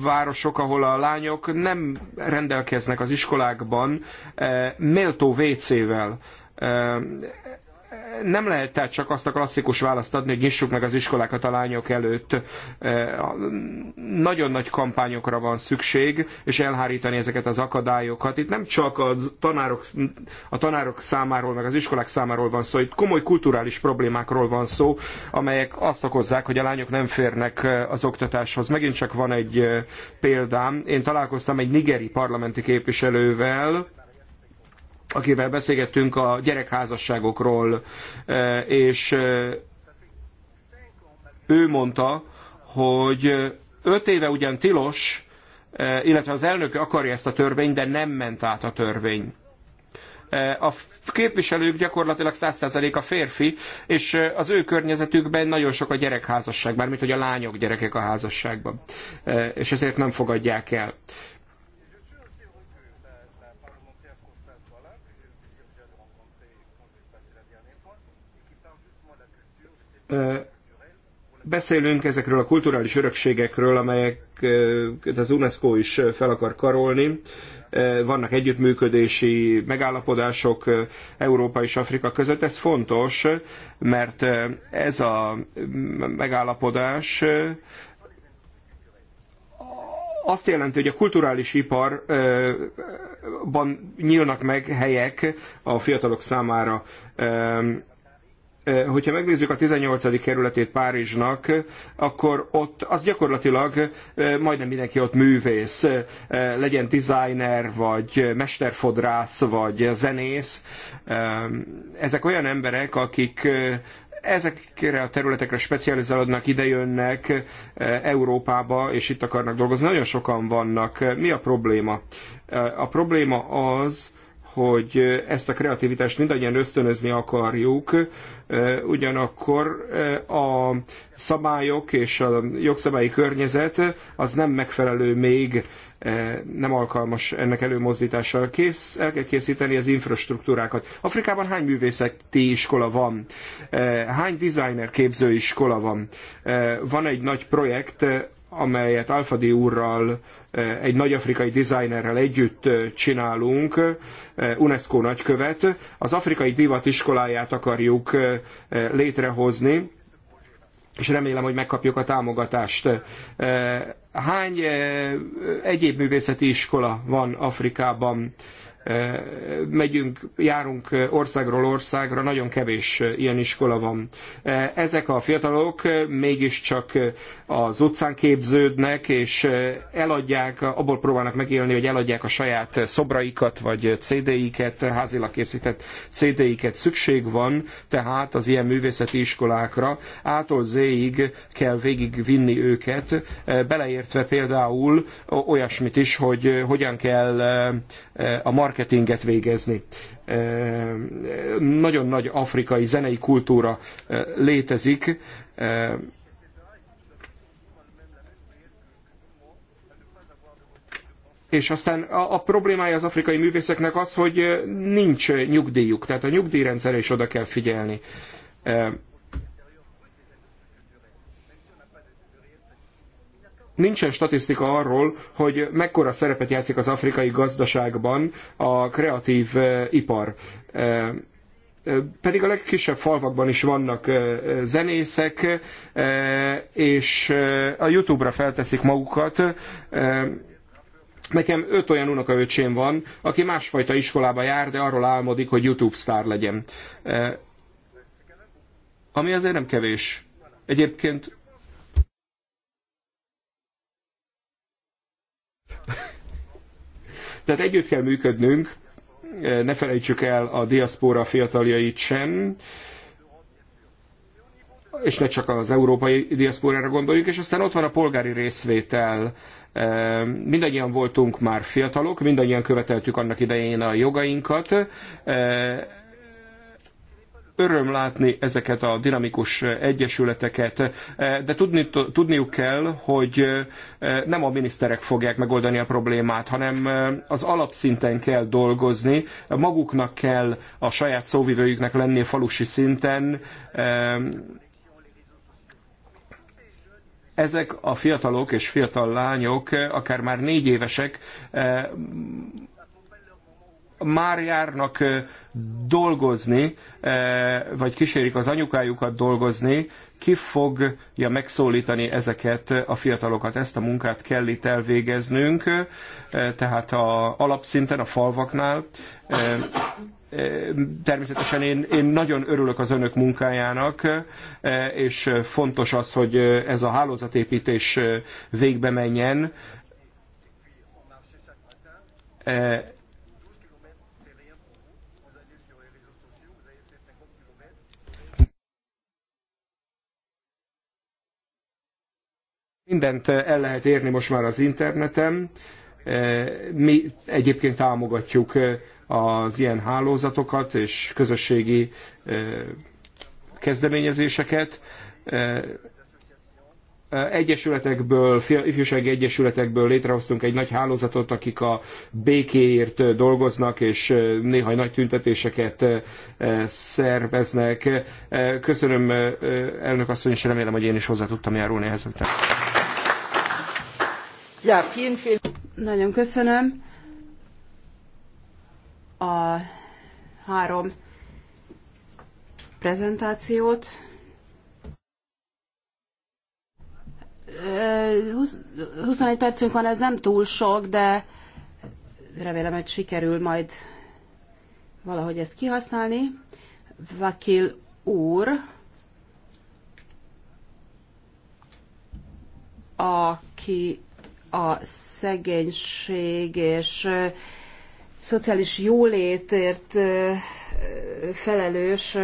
Speaker 4: városok, ahol a lányok nem rendelkeznek az iskolákban méltó WC-vel nem lehet tehát csak azt a klasszikus választ adni, hogy nyissuk meg az iskolákat a lányok előtt. E, nagyon nagy kampányokra van szükség, és elhárítani ezeket az akadályokat. Itt nem csak a tanárok, a tanárok számáról, meg az iskolák számáról van szó, itt komoly kulturális problémákról van szó, amelyek azt okozzák, hogy a lányok nem férnek e, az oktatáshoz. Megint csak van egy e, példám. Én találkoztam egy nigeri parlamenti képviselővel, akivel beszélgettünk a gyerekházasságokról, e, és e, ő mondta, hogy öt éve ugyan tilos, e, illetve az elnök akarja ezt a törvényt, de nem ment át a törvény. A képviselők gyakorlatilag 100% a férfi, és az ő környezetükben nagyon sok a gyerekházasság, mármint hogy a lányok gyerekek a házasságban, és ezért nem fogadják el. Beszélünk ezekről a kulturális örökségekről, amelyeket az UNESCO is fel akar karolni. Vannak együttműködési megállapodások Európa és Afrika között. Ez fontos, mert ez a megállapodás azt jelenti, hogy a kulturális iparban nyílnak meg helyek a fiatalok számára hogyha megnézzük a 18. kerületét Párizsnak, akkor ott az gyakorlatilag majdnem mindenki ott művész, legyen designer, vagy mesterfodrász, vagy zenész. Ezek olyan emberek, akik ezekre a területekre specializálódnak, idejönnek Európába, és itt akarnak dolgozni. Nagyon sokan vannak. Mi a probléma? A probléma az, hogy ezt a kreativitást mindannyian ösztönözni akarjuk, ugyanakkor a szabályok és a jogszabályi környezet az nem megfelelő még, nem alkalmas ennek előmozdítással. Kész, el kell készíteni az infrastruktúrákat. Afrikában hány művészeti iskola van? Hány designer képzőiskola van? Van egy nagy projekt, amelyet Alfadi úrral, eh, egy nagy afrikai designerrel együtt eh, csinálunk, eh, UNESCO nagykövet, az afrikai divatiskoláját akarjuk létrehozni, és remélem, hogy megkapjuk a támogatást. Hány egyéb művészeti iskola van Afrikában? megyünk, járunk országról országra, nagyon kevés ilyen iskola van. Ezek a fiatalok mégiscsak az utcán képződnek, és eladják, abból próbálnak megélni, hogy eladják a saját szobraikat, vagy CD-iket, házilag készített CD-iket. Szükség van tehát az ilyen művészeti iskolákra, ától Z-ig kell végigvinni őket, beleértve például olyasmit is, hogy hogyan kell a marketinget végezni. Nagyon nagy afrikai zenei kultúra létezik, és aztán a, a problémája az afrikai művészeknek az, hogy nincs nyugdíjuk, tehát a nyugdíjrendszerre is oda kell figyelni. nincsen statisztika arról, hogy mekkora szerepet játszik az afrikai gazdaságban a kreatív eh, ipar eh, eh, pedig a legkisebb falvakban is vannak zenészek, és a Youtube-ra felteszik magukat. Nekem öt olyan unokaöcsém van, aki másfajta iskolába jár, de arról álmodik, hogy Youtube sztár legyen. Ami azért nem kevés. Egyébként Tehát együtt kell működnünk, e, ne felejtsük el a diaszpóra fiataljait sem, és ne csak az európai diaszpórára gondoljuk, és aztán ott van a polgári részvétel. E, mindannyian voltunk már fiatalok, mindannyian követeltük annak idején a jogainkat e, öröm látni ezeket a dinamikus egyesületeket, eh, de tudni, tudniuk kell, hogy eh, nem a miniszterek fogják megoldani a problémát, hanem eh, az alapszinten kell dolgozni, maguknak kell a saját szóvivőjüknek lenni a falusi szinten, ezek a fiatalok és fiatal lányok, akár már négy évesek, már járnak dolgozni, vagy kísérik az anyukájukat dolgozni, ki fogja megszólítani ezeket a fiatalokat. Ezt a munkát kell itt elvégeznünk, tehát a alapszinten, a falvaknál. Természetesen én, én nagyon örülök az önök munkájának, és fontos az, hogy ez a hálózatépítés végbe menjen Mindent eh, el lehet érni most már az interneten. Eh, mi egyébként támogatjuk eh, az ilyen hálózatokat és közösségi kezdeményezéseket. Egyesületekből, ifjúsági egyesületekből létrehoztunk egy nagy hálózatot, akik a békéért dolgoznak, és néha nagy tüntetéseket szerveznek. Köszönöm elnök asszony, és remélem, hogy én is hozzá tudtam járulni ehhez.
Speaker 1: Ja, vielen, vielen. Nagyon köszönöm. A három prezentációt. 21 percünk van, ez nem túl sok, de remélem, hogy sikerül majd valahogy ezt kihasználni. Vakil úr aki a szegénység és szociális jólétért felelős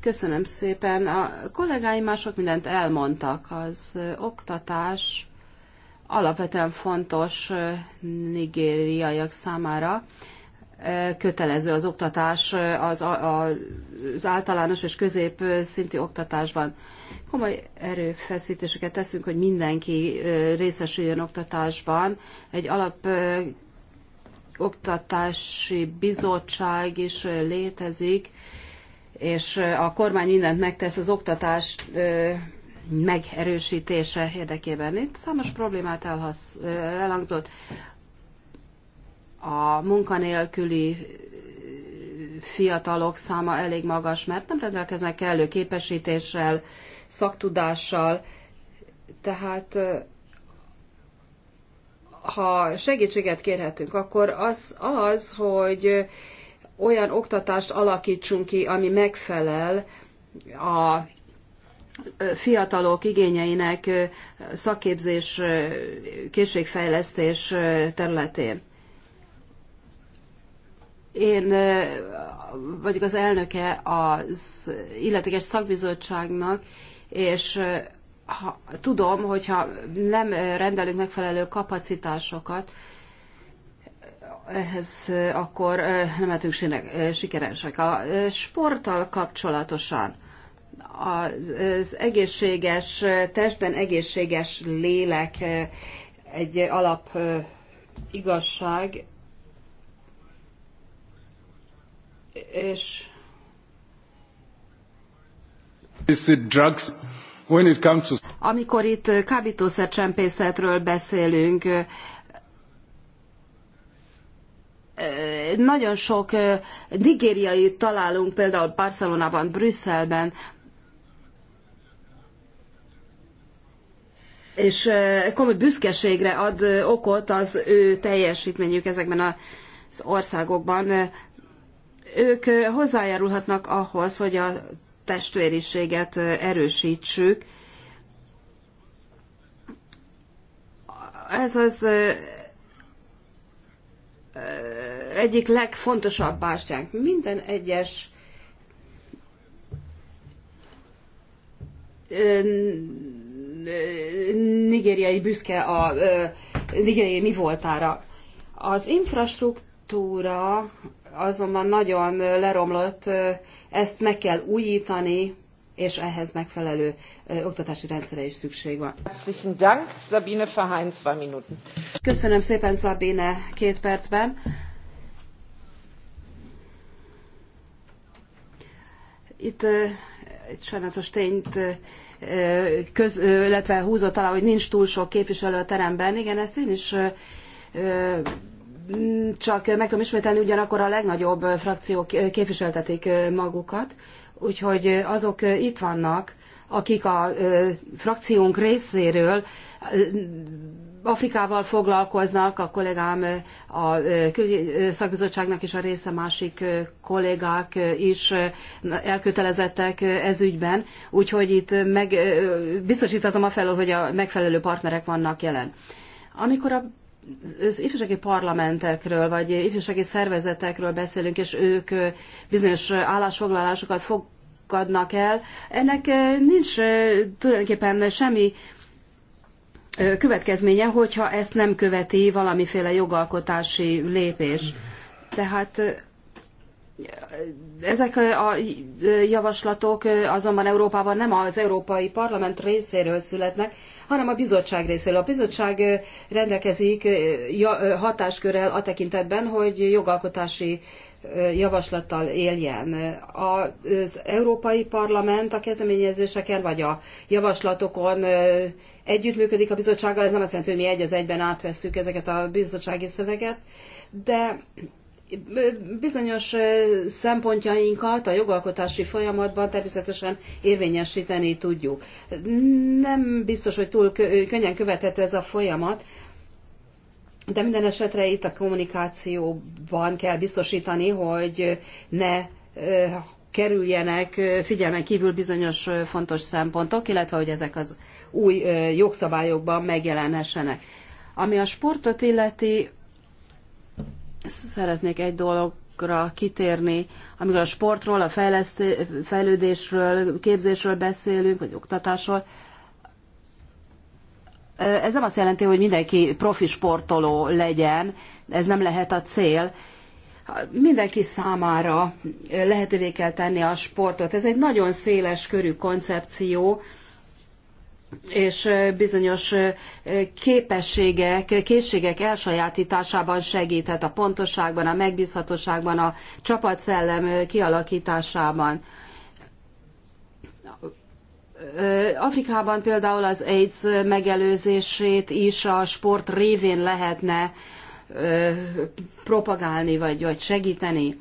Speaker 1: Köszönöm szépen. A kollégáim már sok mindent elmondtak. Az oktatás alapvetően fontos nigériaiak számára kötelező az oktatás az, az általános és közép szinti oktatásban. Komoly erőfeszítéseket teszünk, hogy mindenki részesüljön oktatásban. Egy alap oktatási bizottság is létezik, és a kormány mindent megtesz az oktatás megerősítése érdekében. Itt számos problémát elhasz, elhangzott a munkanélküli fiatalok száma elég magas, mert nem rendelkeznek kellő képesítéssel, szaktudással, tehát ha segítséget kérhetünk, akkor az az, hogy olyan oktatást alakítsunk ki, ami megfelel a fiatalok igényeinek szakképzés, készségfejlesztés területén. Én vagyok az elnöke az illetékes szakbizottságnak, és ha, tudom, hogyha nem rendelünk megfelelő kapacitásokat, ehhez akkor nem lehetünk sikeresek. A sporttal kapcsolatosan az egészséges testben egészséges lélek egy alap igazság, és amikor itt kábítószercsempészetről beszélünk, nagyon sok nigériait találunk például Barcelonában, Brüsszelben, és komoly büszkeségre ad okot az ő teljesítményük ezekben az országokban ők hozzájárulhatnak ahhoz, hogy a testvériséget erősítsük. Ez az egyik legfontosabb bástyánk. Minden egyes nigériai büszke a nigériai mi voltára. Az infrastruktúra azonban nagyon leromlott, ezt meg kell újítani, és ehhez megfelelő oktatási rendszerre is szükség van. Sabine Köszönöm szépen, Sabine, két percben. Itt egy sajnálatos tényt köz, illetve húzott alá, hogy nincs túl sok képviselő a teremben. Igen, ezt én is csak meg tudom ismételni, ugyanakkor a legnagyobb frakciók képviseltetik magukat, úgyhogy azok itt vannak, akik a frakciónk részéről Afrikával foglalkoznak, a kollégám a szakbizottságnak is a része, másik kollégák is elkötelezettek ez ügyben, úgyhogy itt meg, biztosítatom a felől, hogy a megfelelő partnerek vannak jelen. Amikor a az ifjúsági parlamentekről, vagy ifjúsági szervezetekről beszélünk, és ők bizonyos állásfoglalásokat fogadnak el. Ennek nincs tulajdonképpen semmi következménye, hogyha ezt nem követi valamiféle jogalkotási lépés. Tehát ezek a javaslatok azonban Európában nem az Európai Parlament részéről születnek, hanem a bizottság részéről. A bizottság rendelkezik hatáskörrel a tekintetben, hogy jogalkotási javaslattal éljen. Az Európai Parlament a kezdeményezéseken vagy a javaslatokon együttműködik a bizottsággal, ez nem azt jelenti, hogy mi egy az egyben átvesszük ezeket a bizottsági szöveget, de bizonyos szempontjainkat a jogalkotási folyamatban természetesen érvényesíteni tudjuk. Nem biztos, hogy túl könnyen követhető ez a folyamat, de minden esetre itt a kommunikációban kell biztosítani, hogy ne kerüljenek figyelmen kívül bizonyos fontos szempontok, illetve hogy ezek az új jogszabályokban megjelenhessenek. Ami a sportot illeti, Szeretnék egy dologra kitérni, amikor a sportról, a fejlődésről, képzésről beszélünk, vagy oktatásról, ez nem azt jelenti, hogy mindenki profi sportoló legyen, ez nem lehet a cél. Mindenki számára lehetővé kell tenni a sportot. Ez egy nagyon széles körű koncepció, és bizonyos képességek, készségek elsajátításában segíthet a pontosságban, a megbízhatóságban, a csapatszellem kialakításában. Afrikában például az AIDS megelőzését is a sport révén lehetne propagálni vagy, vagy segíteni.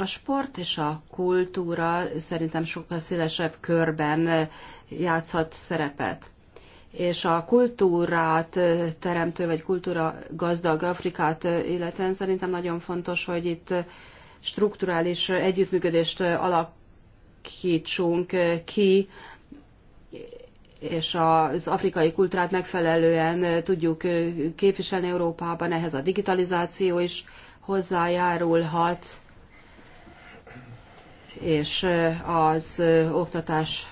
Speaker 1: A sport és a kultúra szerintem sokkal szélesebb körben játszhat szerepet. És a kultúrát teremtő, vagy kultúra gazdag Afrikát illetően szerintem nagyon fontos, hogy itt strukturális együttműködést alakítsunk ki, és az afrikai kultúrát megfelelően tudjuk képviselni Európában, ehhez a digitalizáció is hozzájárulhat és az oktatásnak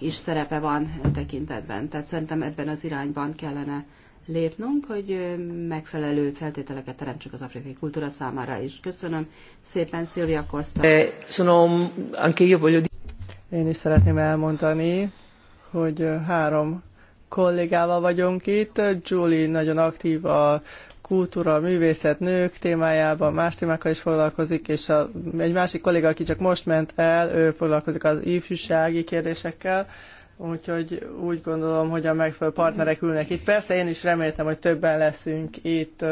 Speaker 1: is szerepe van a e tekintetben. Tehát szerintem ebben az irányban kellene lépnünk, hogy megfelelő feltételeket teremtsük az afrikai kultúra számára is. Köszönöm szépen, Szilvia Costa.
Speaker 3: Én is szeretném elmondani, hogy három kollégával vagyunk itt. Julie nagyon aktív a kultúra, a művészet, nők témájában, más témákkal is foglalkozik, és a, egy másik kolléga, aki csak most ment el, ő foglalkozik az ifjúsági kérdésekkel, úgyhogy úgy gondolom, hogy a megfelelő partnerek ülnek itt. Persze én is reméltem, hogy többen leszünk itt.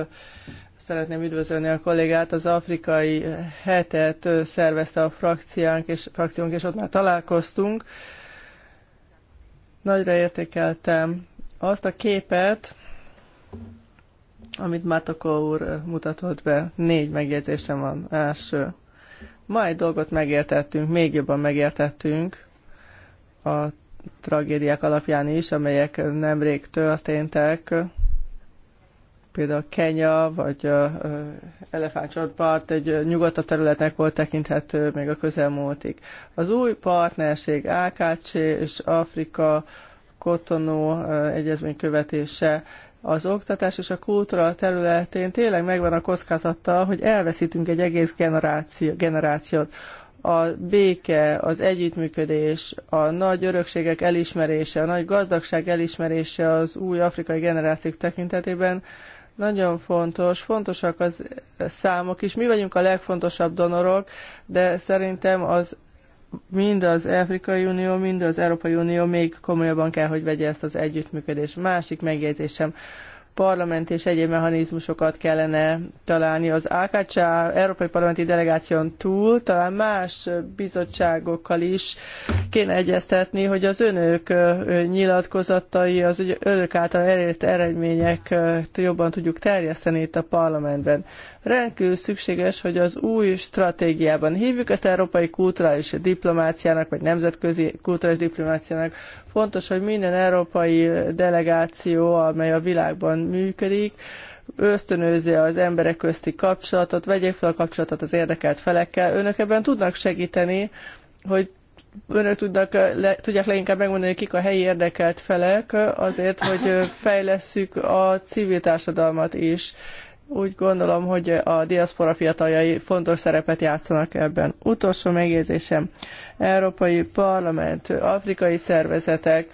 Speaker 3: Szeretném üdvözölni a kollégát, az afrikai hetet szervezte a frakciánk, és, frakciónk, és ott már találkoztunk. Nagyra értékeltem azt a képet, amit Matoko úr mutatott be. Négy megjegyzésem van. Első. Ma egy dolgot megértettünk, még jobban megértettünk a tragédiák alapján is, amelyek nemrég történtek, például Kenya vagy part egy nyugodtabb területnek volt tekinthető még a közelmúltig. Az új partnerség AKC és Afrika Kotonó egyezmény követése az oktatás és a kultúra területén tényleg megvan a kockázata, hogy elveszítünk egy egész generáció, generációt. A béke, az együttműködés, a nagy örökségek elismerése, a nagy gazdagság elismerése az új afrikai generációk tekintetében nagyon fontos, fontosak az számok is. Mi vagyunk a legfontosabb donorok, de szerintem az mind az Afrikai Unió, mind az Európai Unió még komolyabban kell, hogy vegye ezt az együttműködést. Másik megjegyzésem, parlament és egyéb mechanizmusokat kellene találni az AKC Európai Parlamenti Delegáción túl, talán más bizottságokkal is kéne egyeztetni, hogy az önök nyilatkozatai, az önök által elért eredmények jobban tudjuk terjeszteni itt a parlamentben. Rendkívül szükséges, hogy az új stratégiában hívjuk ezt európai kulturális diplomáciának, vagy nemzetközi kulturális diplomáciának. Fontos, hogy minden európai delegáció, amely a világban működik, ösztönözze az emberek közti kapcsolatot, vegyék fel a kapcsolatot az érdekelt felekkel. Önök ebben tudnak segíteni, hogy önök tudnak, le, tudják leginkább megmondani, hogy kik a helyi érdekelt felek, azért, hogy fejlesszük a civil társadalmat is úgy gondolom, hogy a diaszpora fiataljai fontos szerepet játszanak ebben. Utolsó megjegyzésem, Európai Parlament, afrikai szervezetek,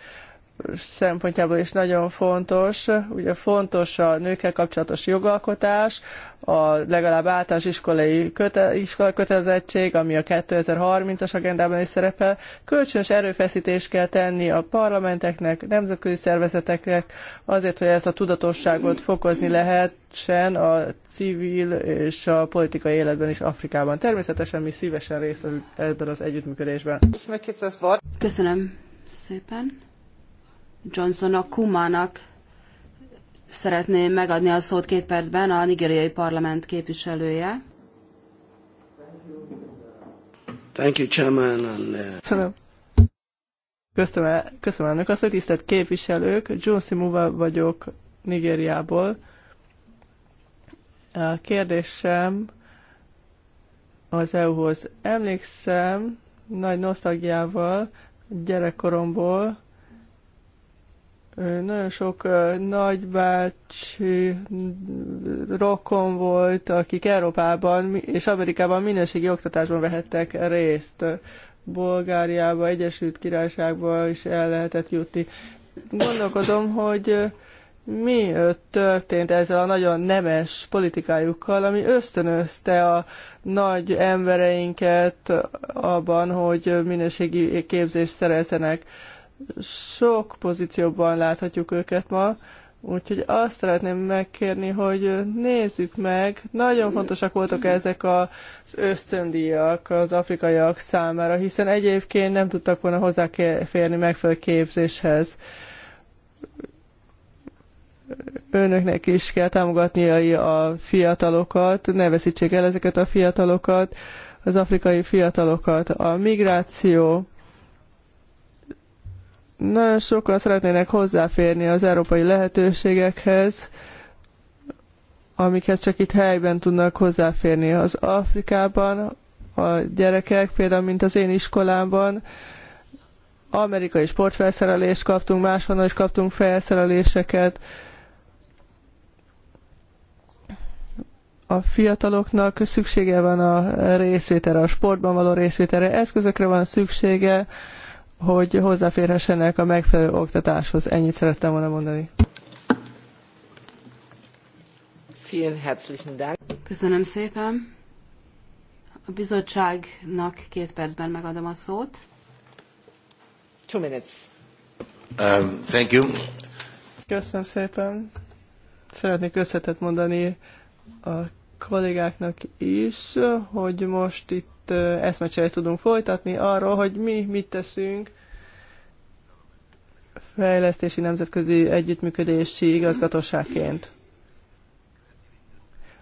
Speaker 3: szempontjából is nagyon fontos. Ugye fontos a nőkkel kapcsolatos jogalkotás, a legalább általános iskolai köte, iskola kötelezettség, ami a 2030-as agendában is szerepel. Kölcsönös erőfeszítést kell tenni a parlamenteknek, nemzetközi szervezeteknek, azért, hogy ezt a tudatosságot fokozni lehessen a civil és a politikai életben is Afrikában. Természetesen mi szívesen részt ebben az együttműködésben. Köszönöm szépen.
Speaker 1: Johnsonnak, Kumának szeretném megadni a szót két percben, a nigériai parlament képviselője. Thank you, Chairman. And, uh... Köszönöm.
Speaker 3: Köszönöm, köszönöm elnök azt, hogy tisztelt képviselők. John Simuva vagyok Nigériából. A kérdésem az EU-hoz. Emlékszem nagy nosztalgiával gyerekkoromból, nagyon sok nagybácsi rokon volt, akik Európában és Amerikában minőségi oktatásban vehettek részt. Bulgáriába, Egyesült Királyságba is el lehetett jutni. Gondolkodom, hogy mi történt ezzel a nagyon nemes politikájukkal, ami ösztönözte a nagy embereinket abban, hogy minőségi képzést szerezzenek sok pozícióban láthatjuk őket ma, úgyhogy azt szeretném megkérni, hogy nézzük meg, nagyon fontosak voltak ezek az ösztöndíjak az afrikaiak számára, hiszen egyébként nem tudtak volna hozzáférni megfelelő képzéshez önöknek is kell támogatnia a fiatalokat, ne veszítsék el ezeket a fiatalokat, az afrikai fiatalokat. A migráció nagyon sokan szeretnének hozzáférni az európai lehetőségekhez, amikhez csak itt helyben tudnak hozzáférni. Az Afrikában a gyerekek, például mint az én iskolámban, amerikai sportfelszerelést kaptunk, máshonnan is kaptunk felszereléseket. A fiataloknak szüksége van a részvételre, a sportban való részvételre, eszközökre van szüksége, hogy hozzáférhessenek a megfelelő oktatáshoz. Ennyit szerettem volna mondani.
Speaker 1: Köszönöm szépen. A bizottságnak
Speaker 3: két percben megadom a szót. Two minutes.
Speaker 5: Um,
Speaker 2: thank you.
Speaker 3: Köszönöm szépen. Szeretnék összetett mondani a kollégáknak is, hogy most itt itt eszmecserét tudunk folytatni arról, hogy mi mit teszünk fejlesztési nemzetközi együttműködési igazgatóságként.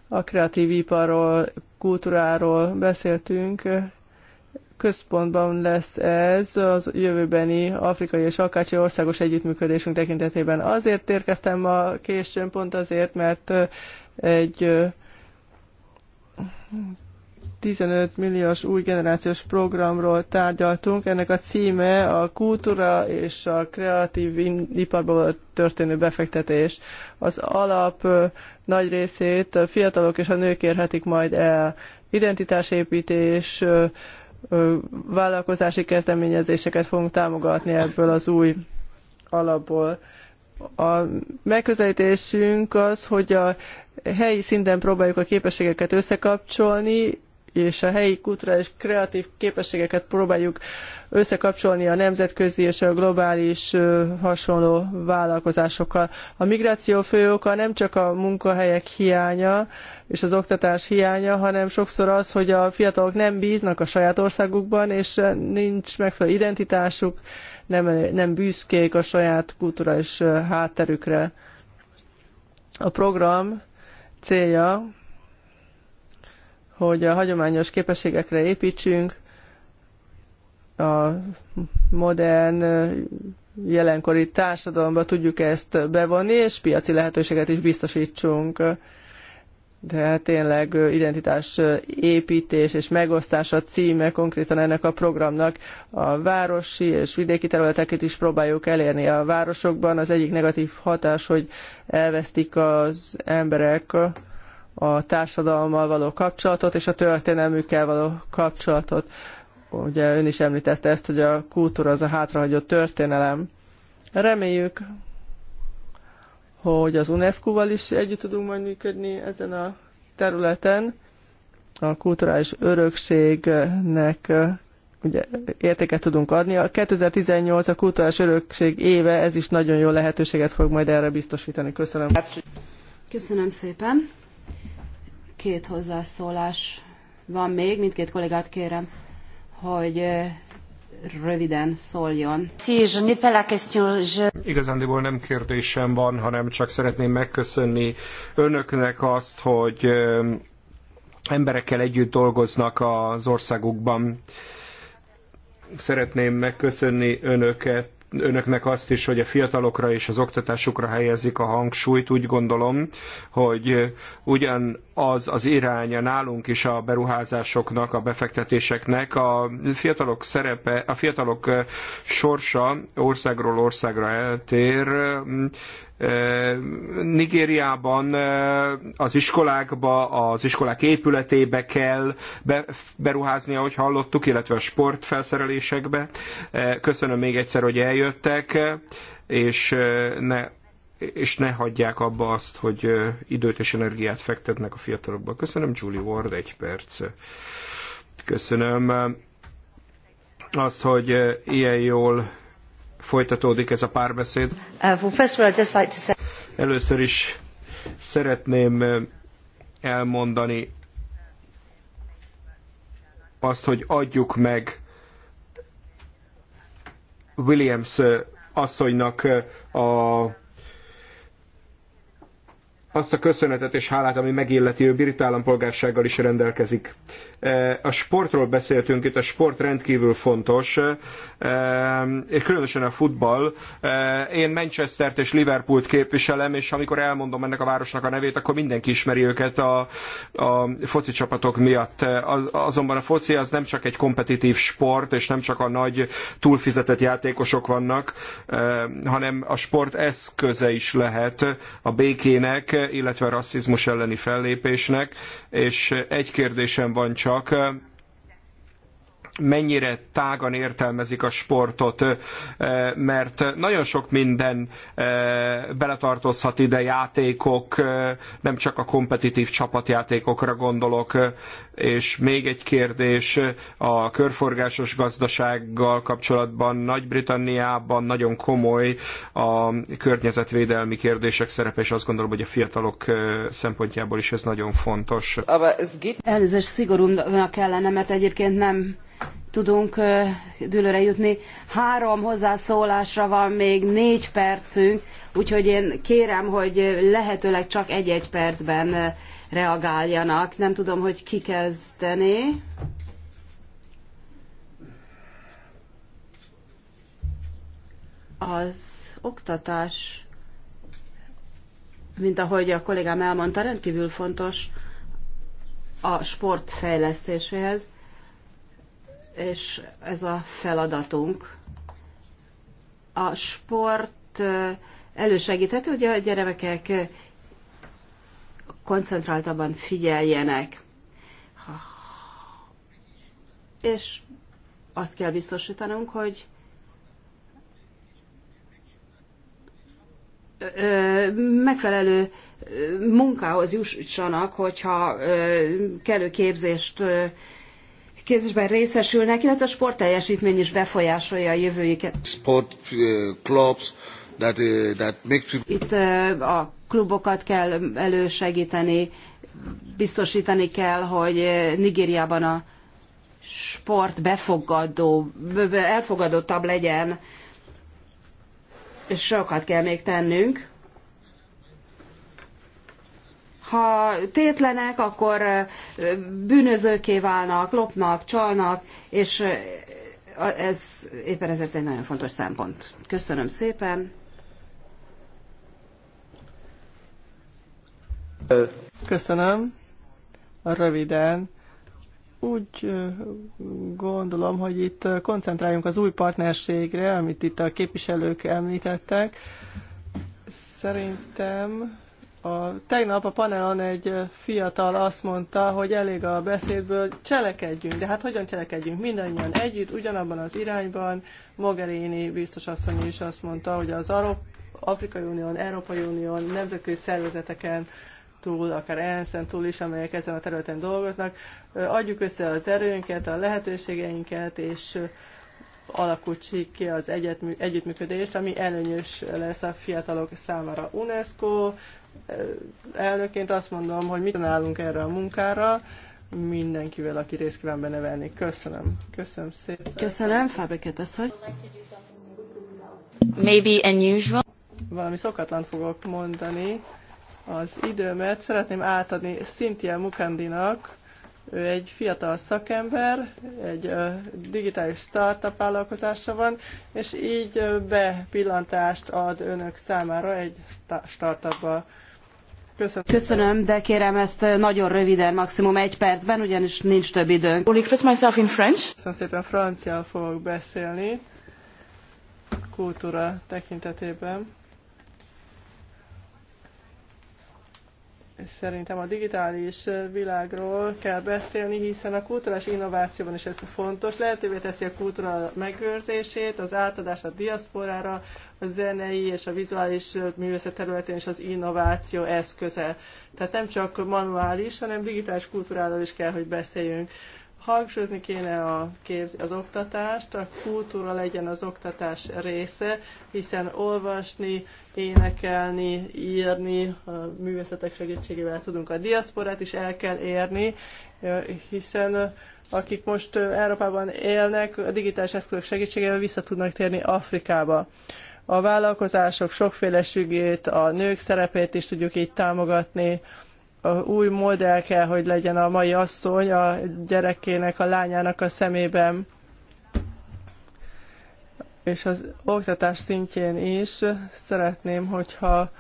Speaker 3: A kreatív iparról, kultúráról beszéltünk, központban lesz ez az jövőbeni afrikai és akácsi országos együttműködésünk tekintetében. Azért érkeztem a későn, pont azért, mert egy 15 milliós új generációs programról tárgyaltunk. Ennek a címe a kultúra és a kreatív iparból történő befektetés. Az alap nagy részét a fiatalok és a nők érhetik majd el. Identitásépítés, vállalkozási kezdeményezéseket fogunk támogatni ebből az új alapból. A megközelítésünk az, hogy a helyi szinten próbáljuk a képességeket összekapcsolni, és a helyi kulturális kreatív képességeket próbáljuk összekapcsolni a nemzetközi és a globális hasonló vállalkozásokkal. A migráció fő oka nem csak a munkahelyek hiánya és az oktatás hiánya, hanem sokszor az, hogy a fiatalok nem bíznak a saját országukban, és nincs megfelelő identitásuk, nem, nem büszkék a saját kulturális hátterükre. A program célja, hogy a hagyományos képességekre építsünk, a modern, jelenkori társadalomba tudjuk ezt bevonni, és piaci lehetőséget is biztosítsunk. De hát tényleg identitás építés és megosztása címe konkrétan ennek a programnak. A városi és vidéki területeket is próbáljuk elérni. A városokban az egyik negatív hatás, hogy elvesztik az emberek a társadalommal való kapcsolatot és a történelmükkel való kapcsolatot. Ugye ön is említette ezt, hogy a kultúra az a hátrahagyott történelem. Reméljük, hogy az UNESCO-val is együtt tudunk majd működni ezen a területen. A kulturális örökségnek ugye, értéket tudunk adni. A 2018 a kulturális örökség éve, ez is nagyon jó lehetőséget fog majd erre biztosítani. Köszönöm.
Speaker 1: Köszönöm szépen. Két hozzászólás van még, mindkét kollégát kérem, hogy röviden szóljon.
Speaker 4: Igazándiból nem kérdésem van, hanem csak szeretném megköszönni önöknek azt, hogy emberekkel együtt dolgoznak az országukban. Szeretném megköszönni önöket önöknek azt is, hogy a fiatalokra és az oktatásukra helyezik a hangsúlyt. Úgy gondolom, hogy ugyan az az iránya nálunk is a beruházásoknak, a befektetéseknek. A fiatalok szerepe, a fiatalok sorsa országról országra eltér. Nigériában az iskolákba, az iskolák épületébe kell beruházni, ahogy hallottuk, illetve a sportfelszerelésekbe. Köszönöm még egyszer, hogy eljöttek, és ne és ne hagyják abba azt, hogy időt és energiát fektetnek a fiatalokba. Köszönöm, Julie Ward, egy perc. Köszönöm azt, hogy ilyen jól folytatódik ez a párbeszéd. Uh, Először is szeretném elmondani azt, hogy adjuk meg Williams asszonynak a azt a köszönetet és hálát, ami megilleti, ő brit állampolgársággal is rendelkezik. Eh, a sportról beszéltünk itt, a sport rendkívül fontos, és eh, eh, különösen a futball. Én Manchester és Liverpoolt képviselem, és amikor elmondom ennek a városnak a nevét, akkor mindenki ismeri őket a, a foci csapatok miatt. Azonban a foci az nem csak egy kompetitív sport, és nem csak a nagy túlfizetett játékosok vannak, hanem a sport eszköze is lehet a békének, illetve a rasszizmus elleni fellépésnek, és egy kérdésem van csak, csak mennyire tágan értelmezik a sportot, mert nagyon sok minden beletartozhat ide játékok, nem csak a kompetitív csapatjátékokra gondolok, és még egy kérdés a körforgásos gazdasággal kapcsolatban Nagy-Britanniában nagyon komoly a környezetvédelmi kérdések szerepe, és azt gondolom, hogy a fiatalok szempontjából is ez nagyon fontos.
Speaker 1: Elnézést szigorúnak kellene, mert egyébként nem tudunk dőlőre jutni. Három hozzászólásra van még négy percünk, úgyhogy én kérem, hogy lehetőleg csak egy-egy percben reagáljanak. Nem tudom, hogy ki kezdené. Az oktatás, mint ahogy a kollégám elmondta, rendkívül fontos a sport fejlesztéséhez és ez a feladatunk. A sport elősegíthető, hogy a gyerekek koncentráltabban figyeljenek. És azt kell biztosítanunk, hogy megfelelő munkához jussanak, hogyha kellő képzést képzésben részesülnek, illetve a sportteljesítmény is befolyásolja a jövőjüket.
Speaker 2: Sport, eh, clubs, that,
Speaker 1: eh, that Itt eh, a klubokat kell elősegíteni, biztosítani kell, hogy Nigériában a sport befogadó, elfogadottabb legyen. Sokat kell még tennünk. Ha tétlenek, akkor bűnözőké válnak, lopnak, csalnak, és ez éppen ezért egy nagyon fontos szempont. Köszönöm szépen.
Speaker 3: Köszönöm. Röviden. Úgy gondolom, hogy itt koncentráljunk az új partnerségre, amit itt a képviselők említettek. Szerintem a, tegnap a panelon egy fiatal azt mondta, hogy elég a beszédből, cselekedjünk. De hát hogyan cselekedjünk? Mindannyian együtt, ugyanabban az irányban. Mogherini biztos asszony is azt mondta, hogy az Arop, Afrikai Unión, Európai Unión, nemzetközi szervezeteken túl, akár ENSZ-en túl is, amelyek ezen a területen dolgoznak. Adjuk össze az erőnket, a lehetőségeinket, és alakultsik ki az egyet együttműködést, ami előnyös lesz a fiatalok számára. UNESCO elnökként azt mondom, hogy mit tanálunk erre a munkára, mindenkivel, aki részt kíván benne venni. Köszönöm. Köszönöm szépen. Köszönöm, Fabriket, az, hogy...
Speaker 2: Maybe unusual.
Speaker 3: Valami szokatlan fogok mondani. Az időmet szeretném átadni Cynthia Mukandinak, ő egy fiatal szakember, egy digitális startup vállalkozása van, és így bepillantást ad önök számára egy startupba. Köszönöm. Köszönöm,
Speaker 1: de kérem ezt
Speaker 3: eh, nagyon röviden, maximum egy percben, ugyanis nincs több időnk. Will express myself in French? Köszönöm szépen, Franciául fogok beszélni, kultúra tekintetében. És szerintem a digitális eh, világról kell beszélni, hiszen a kulturális innovációban is ez fontos. Lehetővé teszi a kultúra megőrzését, az átadását a diaszporára, a zenei és a vizuális művészet területén is az innováció eszköze. Tehát nem csak manuális, hanem digitális kultúráról is kell, hogy beszéljünk. Hangsúlyozni kéne a képz, az oktatást, a kultúra legyen az oktatás része, hiszen olvasni, énekelni, írni, a művészetek segítségével tudunk a diaszporát is el kell érni, hiszen akik most Európában élnek, a digitális eszközök segítségével vissza tudnak térni Afrikába a vállalkozások sokféleségét, a nők szerepét is tudjuk így támogatni. A új modell kell, hogy legyen a mai asszony a gyerekének, a lányának a szemében és az oktatás szintjén is szeretném, hogyha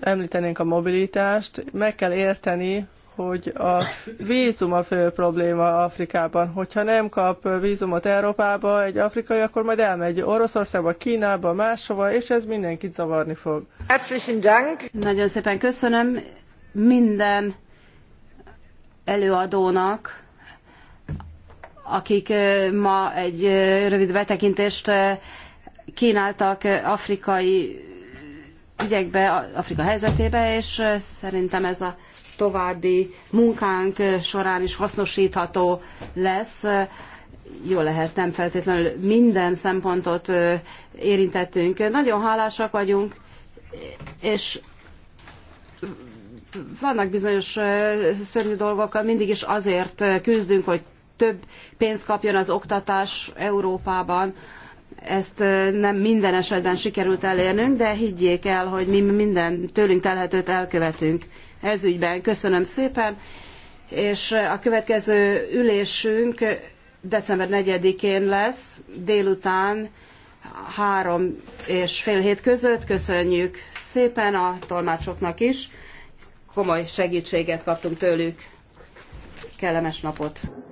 Speaker 3: említenénk a mobilitást, meg kell érteni, hogy a vízum a fő probléma Afrikában. Hogyha nem kap vízumot Európába egy afrikai, akkor majd elmegy Oroszországba, Kínába, máshova, és ez mindenkit zavarni fog. Herzlichen Dank! Nagyon szépen köszönöm minden
Speaker 1: előadónak, akik ma egy rövid betekintést kínáltak afrikai ügyekbe, Afrika helyzetébe, és szerintem ez a további munkánk során is hasznosítható lesz. Jó lehet, nem feltétlenül minden szempontot érintettünk. Nagyon hálásak vagyunk, és vannak bizonyos szörnyű dolgok, mindig is azért küzdünk, hogy több pénzt kapjon az oktatás Európában. Ezt nem minden esetben sikerült elérnünk, de higgyék el, hogy mi minden tőlünk telhetőt elkövetünk ez ügyben. Köszönöm szépen, és eh, a következő ülésünk december 4-én lesz, délután három és fél hét között. Köszönjük szépen a tolmácsoknak is. Komoly segítséget kaptunk tőlük. Kellemes napot!